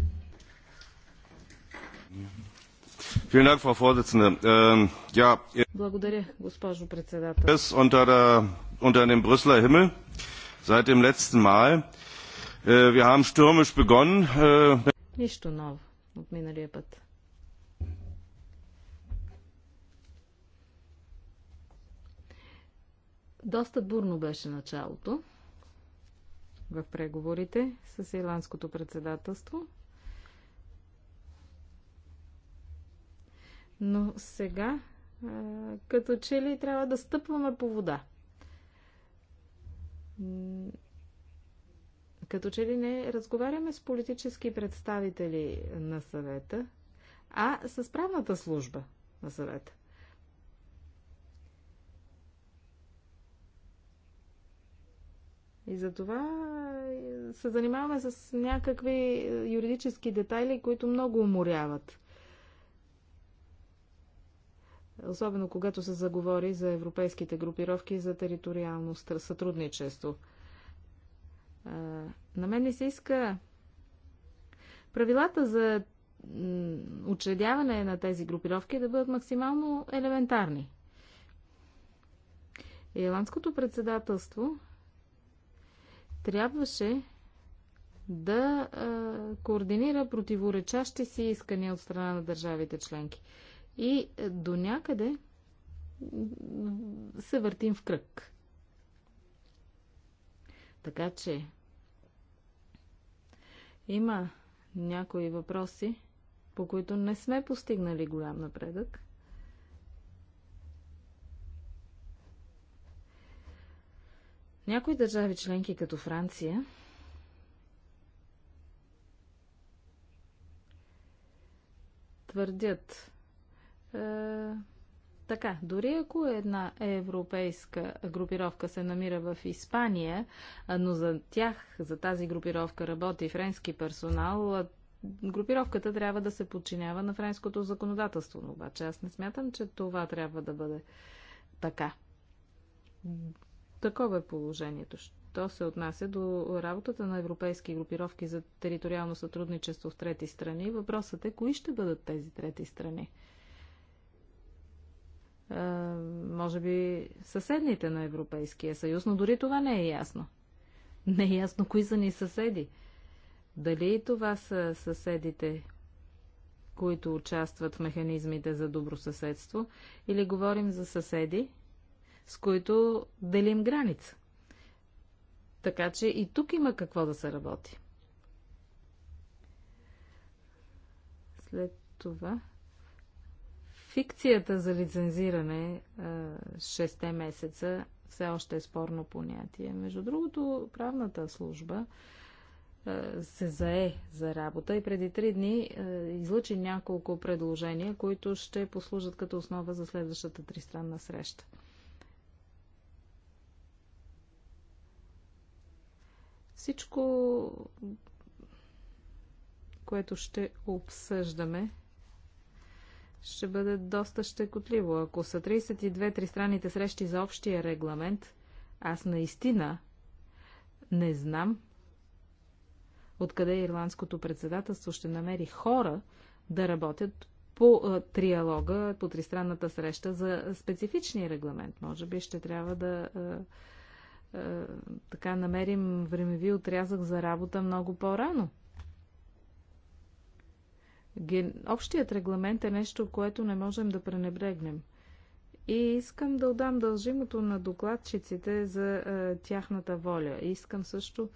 Ähm, благодаря, госпожо председател. seit dem letzten Mal. Äh, wir haben stürmisch begonnen. Äh, Нищо ново от миналия път. Доста бурно беше началото в преговорите с ирландското председателство. Но сега, като че ли трябва да стъпваме по вода. Като че ли не разговаряме с политически представители на съвета, а с правната служба на съвета. И затова е, се занимаваме с някакви е, юридически детайли, които много уморяват. Особено когато се заговори за европейските групировки и за териториално сътрудничество. Е, на мен не се иска правилата за учредяване на тези групировки да бъдат максимално елементарни. Ирландското председателство трябваше да а, координира противоречащи си искания от страна на държавите членки. И до някъде се въртим в кръг. Така че има някои въпроси, по които не сме постигнали голям напредък. Някои държави членки, като Франция, твърдят е, така, дори ако една европейска групировка се намира в Испания, но за тях, за тази групировка работи френски персонал, групировката трябва да се подчинява на френското законодателство. Но обаче аз не смятам, че това трябва да бъде така. Такова е положението. Що се отнася до работата на европейски групировки за териториално сътрудничество в трети страни, въпросът е кои ще бъдат тези трети страни. А, може би съседните на Европейския съюз, но дори това не е ясно. Не е ясно кои са ни съседи. Дали това са съседите, които участват в механизмите за добросъседство, или говорим за съседи, с които делим граница. Така че и тук има какво да се работи. След това фикцията за лицензиране 6 месеца все още е спорно понятие. Между другото, правната служба се зае за работа и преди три дни излъчи няколко предложения, които ще послужат като основа за следващата тристранна среща. Всичко, което ще обсъждаме, ще бъде доста щекотливо. Ако са 32 тристранните срещи за общия регламент, аз наистина не знам откъде ирландското председателство ще намери хора да работят по а, триалога, по тристранната среща за специфичния регламент. Може би ще трябва да а, е, така намерим времеви отрязък за работа много по-рано. Общият регламент е нещо, което не можем да пренебрегнем. И искам да отдам дължимото на докладчиците за е, тяхната воля. И искам също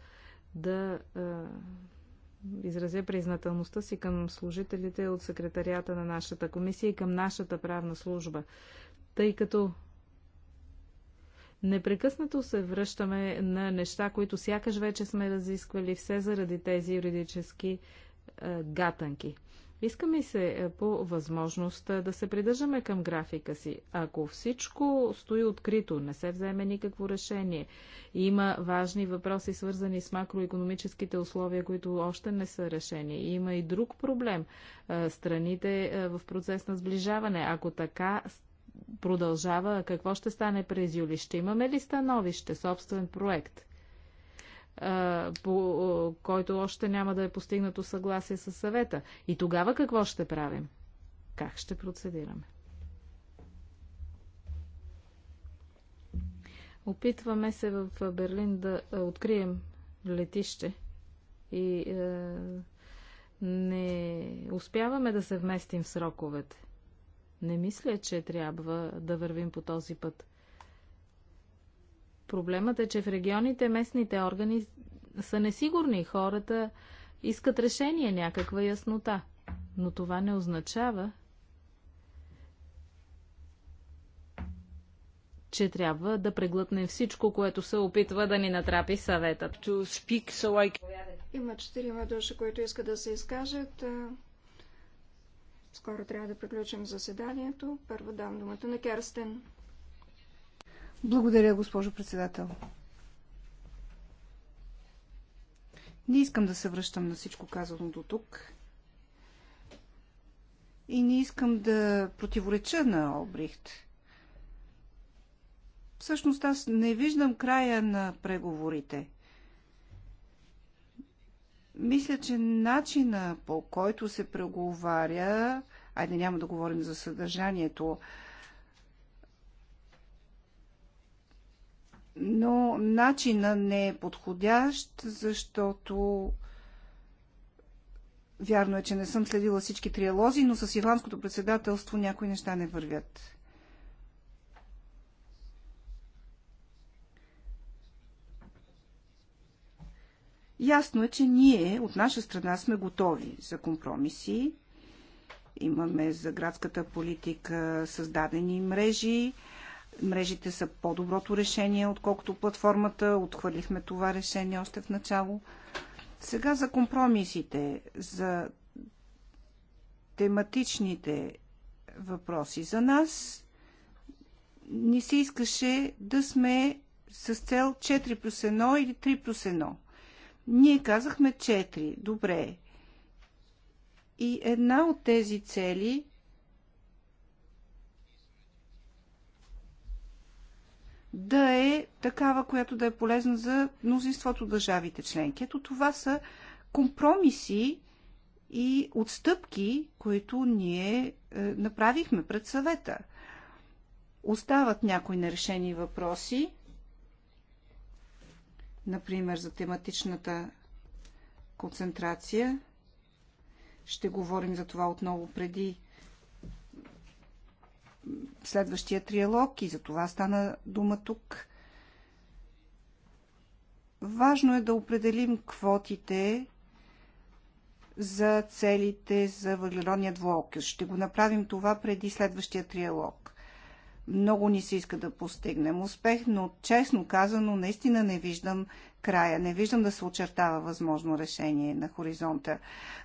да е, изразя признателността си към служителите от секретарията на нашата комисия и към нашата правна служба, тъй като Непрекъснато се връщаме на неща, които сякаш вече сме разисквали, все заради тези юридически е, гатанки. Искаме се е, по възможност е, да се придържаме към графика си. Ако всичко стои открито, не се вземе никакво решение, има важни въпроси, свързани с макроекономическите условия, които още не са решени. Има и друг проблем. Е, страните в процес на сближаване. Ако така продължава. Какво ще стане през юли? Ще имаме ли становище, собствен проект, по който още няма да е постигнато съгласие с съвета? И тогава какво ще правим? Как ще процедираме? Опитваме се в Берлин да открием летище и не успяваме да се вместим в сроковете. Не мисля, че трябва да вървим по този път. Проблемът е, че в регионите местните органи са несигурни. Хората искат решение, някаква яснота. Но това не означава, че трябва да преглътнем всичко, което се опитва да ни натрапи съветът. So I... Има четирима души, които искат да се изкажат. Скоро трябва да приключим заседанието. Първо дам думата на Керстен. Благодаря, госпожо председател. Не искам да се връщам на всичко казано до тук. И не искам да противореча на Обрихт. Всъщност аз не виждам края на преговорите – мисля, че начина по който се преговаря, айде няма да говорим за съдържанието, но начина не е подходящ, защото вярно е, че не съм следила всички триалози, но с ирландското председателство някои неща не вървят. Ясно е, че ние от наша страна сме готови за компромиси. Имаме за градската политика създадени мрежи. Мрежите са по-доброто решение, отколкото платформата. Отхвърлихме това решение още в начало. Сега за компромисите, за тематичните въпроси. За нас ни се искаше да сме с цел 4 плюс 1 или 3 плюс 1. Ние казахме четири. Добре. И една от тези цели да е такава, която да е полезна за мнозинството държавите членки. Ето това са компромиси и отстъпки, които ние е, направихме пред съвета. Остават някои нерешени въпроси например за тематичната концентрация. Ще говорим за това отново преди следващия триалог и за това стана дума тук. Важно е да определим квотите за целите за въглеродния двуокис. Ще го направим това преди следващия триалог. Много ни се иска да постигнем успех, но честно казано, наистина не виждам края. Не виждам да се очертава възможно решение на хоризонта.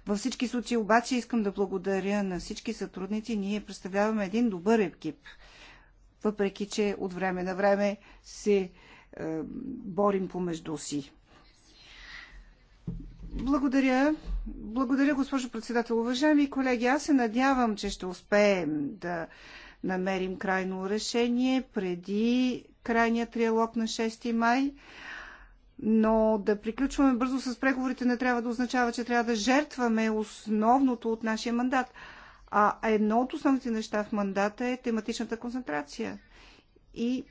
Във всички случаи обаче искам да благодаря на всички сътрудници. Ние представляваме един добър екип. Въпреки, че от време на време се е, борим помежду си. Благодаря. Благодаря, госпожо председател. Уважаеми колеги, аз се надявам, че ще успеем да намерим крайно решение преди крайния триалог на 6 май. Но да приключваме бързо с преговорите не трябва да означава, че трябва да жертваме основното от нашия мандат. А едно от основните неща в мандата е тематичната концентрация. И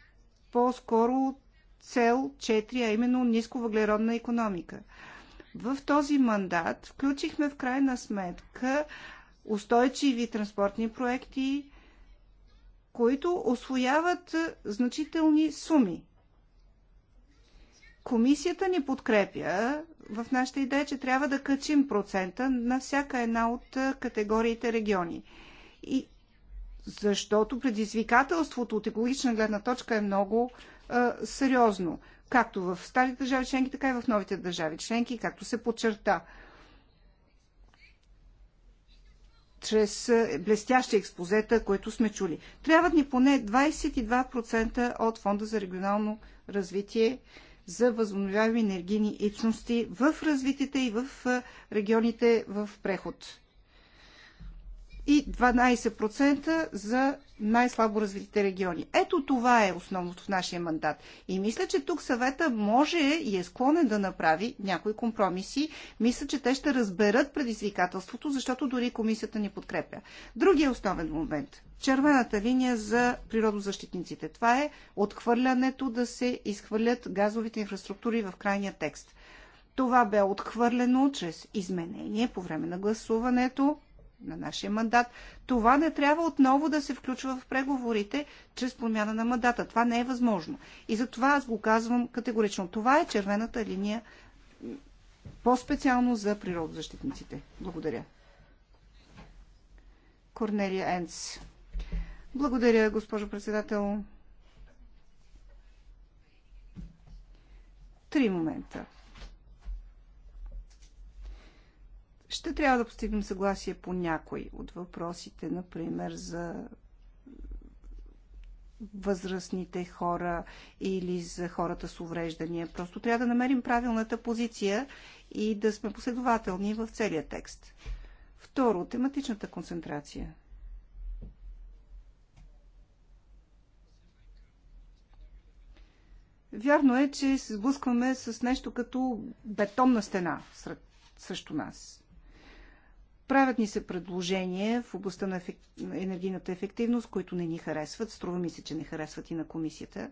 по-скоро цел 4, а именно нисковъглеродна економика. В този мандат включихме в крайна сметка устойчиви транспортни проекти, които освояват е, значителни суми. Комисията ни подкрепя в нашата идея, че трябва да качим процента на всяка една от е, категориите региони. И защото предизвикателството от екологична гледна точка е много а, е, сериозно. Както в старите държави членки, така и в новите държави членки, както се подчерта. А, чрез е, блестящи експозета, които сме чули. Трябват ни поне 22% от Фонда за регионално развитие за възобновяеми енергийни ичности в развитите и в е, регионите в преход. И 12% за най-слабо развитите региони. Ето това е основното в нашия мандат. И мисля, че тук съвета може и е склонен да направи някои компромиси. Мисля, че те ще разберат предизвикателството, защото дори комисията ни подкрепя. Другия е основен момент. Червената линия за природозащитниците. Това е отхвърлянето да се изхвърлят газовите инфраструктури в крайния текст. Това бе отхвърлено чрез изменение по време на гласуването на нашия мандат. Това не трябва отново да се включва в преговорите чрез промяна на мандата. Това не е възможно. И за това аз го казвам категорично. Това е червената линия по-специално за природозащитниците. Благодаря. Корнелия Енц. Благодаря, госпожо председател. Три момента. Ще трябва да постигнем съгласие по някои от въпросите, например за възрастните хора или за хората с увреждания. Просто трябва да намерим правилната позиция и да сме последователни в целия текст. Второ, тематичната концентрация. Вярно е, че се сблъскваме с нещо като бетонна стена срещу нас. Правят ни се предложения в областта на енергийната ефективност, които не ни харесват. Струва ми се, че не харесват и на комисията.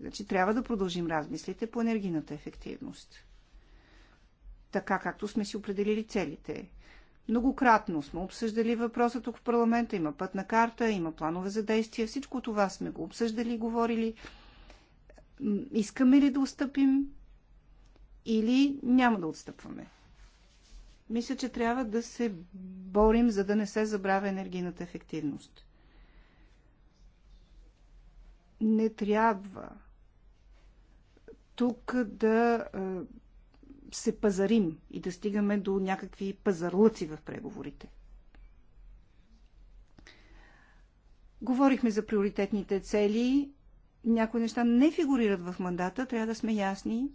Значи трябва да продължим размислите по енергийната ефективност. Така както сме си определили целите. Многократно сме обсъждали въпроса тук в парламента. Има пътна карта, има планове за действия. Всичко това сме го обсъждали, и говорили. Искаме ли да отстъпим или няма да отстъпваме? Мисля, че трябва да се борим, за да не се забравя енергийната ефективност. Не трябва тук да се пазарим и да стигаме до някакви пазарлъци в преговорите. Говорихме за приоритетните цели. Някои неща не фигурират в мандата. Трябва да сме ясни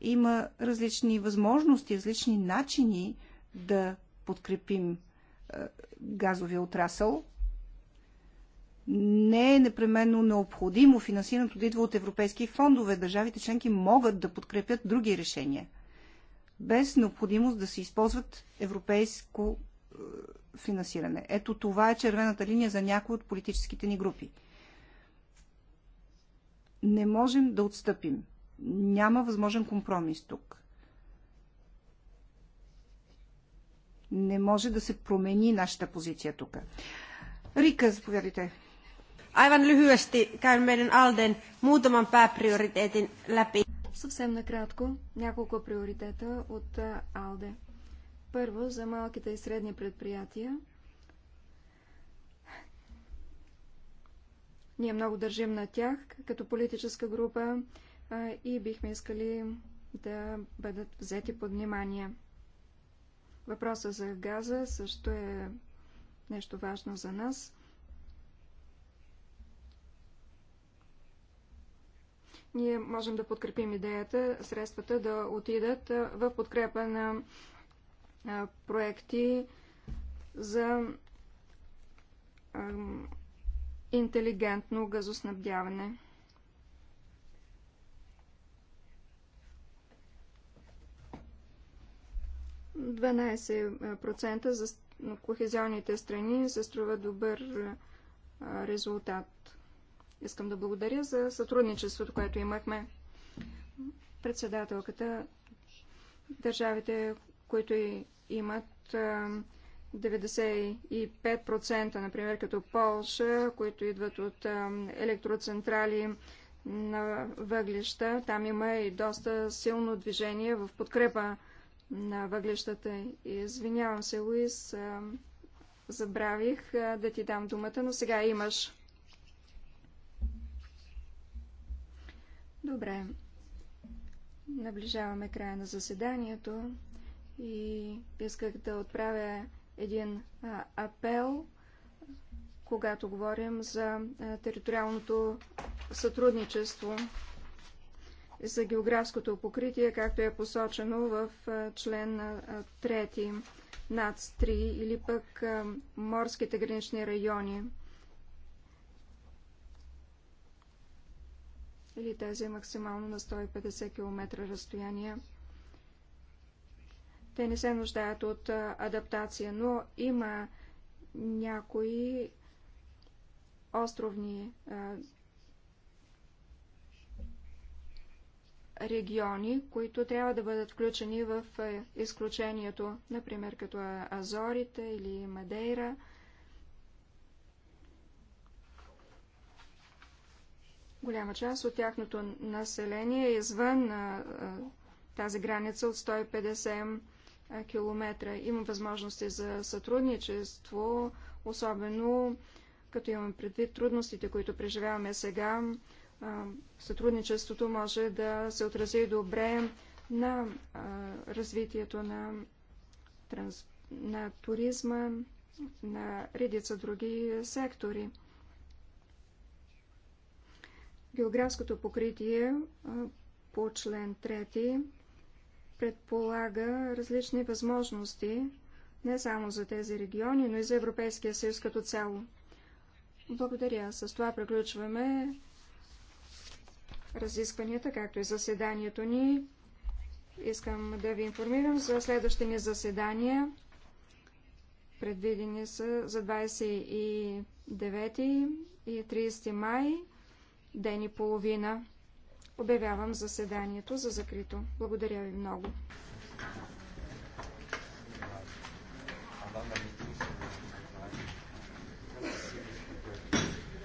има различни възможности, различни начини да подкрепим е, газовия отрасъл. Не е непременно необходимо финансирането да идва от европейски фондове. Държавите членки могат да подкрепят други решения, без необходимост да се използват европейско е, финансиране. Ето това е червената линия за някои от политическите ни групи. Не можем да отстъпим няма възможен компромис тук. Не може да се промени нашата позиция тук. Рика, заповядайте. Aivan lyhyesti меден Алден. Alden па pääprioriteetin лапи. Съвсем накратко, няколко приоритета от Алде. Първо, за малките и средни предприятия. Ние много държим на тях като политическа група и бихме искали да бъдат взети под внимание. Въпроса за газа също е нещо важно за нас. Ние можем да подкрепим идеята, средствата да отидат в подкрепа на проекти за интелигентно газоснабдяване. 12% за кохезионните страни се струва добър резултат. Искам да благодаря за сътрудничеството, което имахме. Председателката, държавите, които имат 95%, например, като Полша, които идват от електроцентрали на въглища. Там има и доста силно движение в подкрепа на въглещата. Извинявам се, Луис, забравих да ти дам думата, но сега имаш. Добре. Наближаваме края на заседанието и исках да отправя един апел, когато говорим за териториалното сътрудничество за географското покритие, както е посочено в член 3, нац 3 или пък морските гранични райони. или тези максимално на 150 км разстояние. Те не се нуждаят от адаптация, но има някои островни региони, които трябва да бъдат включени в е, изключението, например като е Азорите или Мадейра. Голяма част от тяхното население е извън а, е, тази граница от 150 км. Има възможности за сътрудничество, особено като имаме предвид трудностите, които преживяваме сега сътрудничеството може да се отрази добре на развитието на, транс... на туризма, на редица други сектори. Географското покритие по член 3 предполага различни възможности не само за тези региони, но и за Европейския съюз като цяло. Благодаря. С това приключваме разискванията, както и заседанието ни. Искам да ви информирам за следващите ни заседания. Предвидени са за 29 и 30 май, ден и половина. Обявявам заседанието за закрито. Благодаря ви много.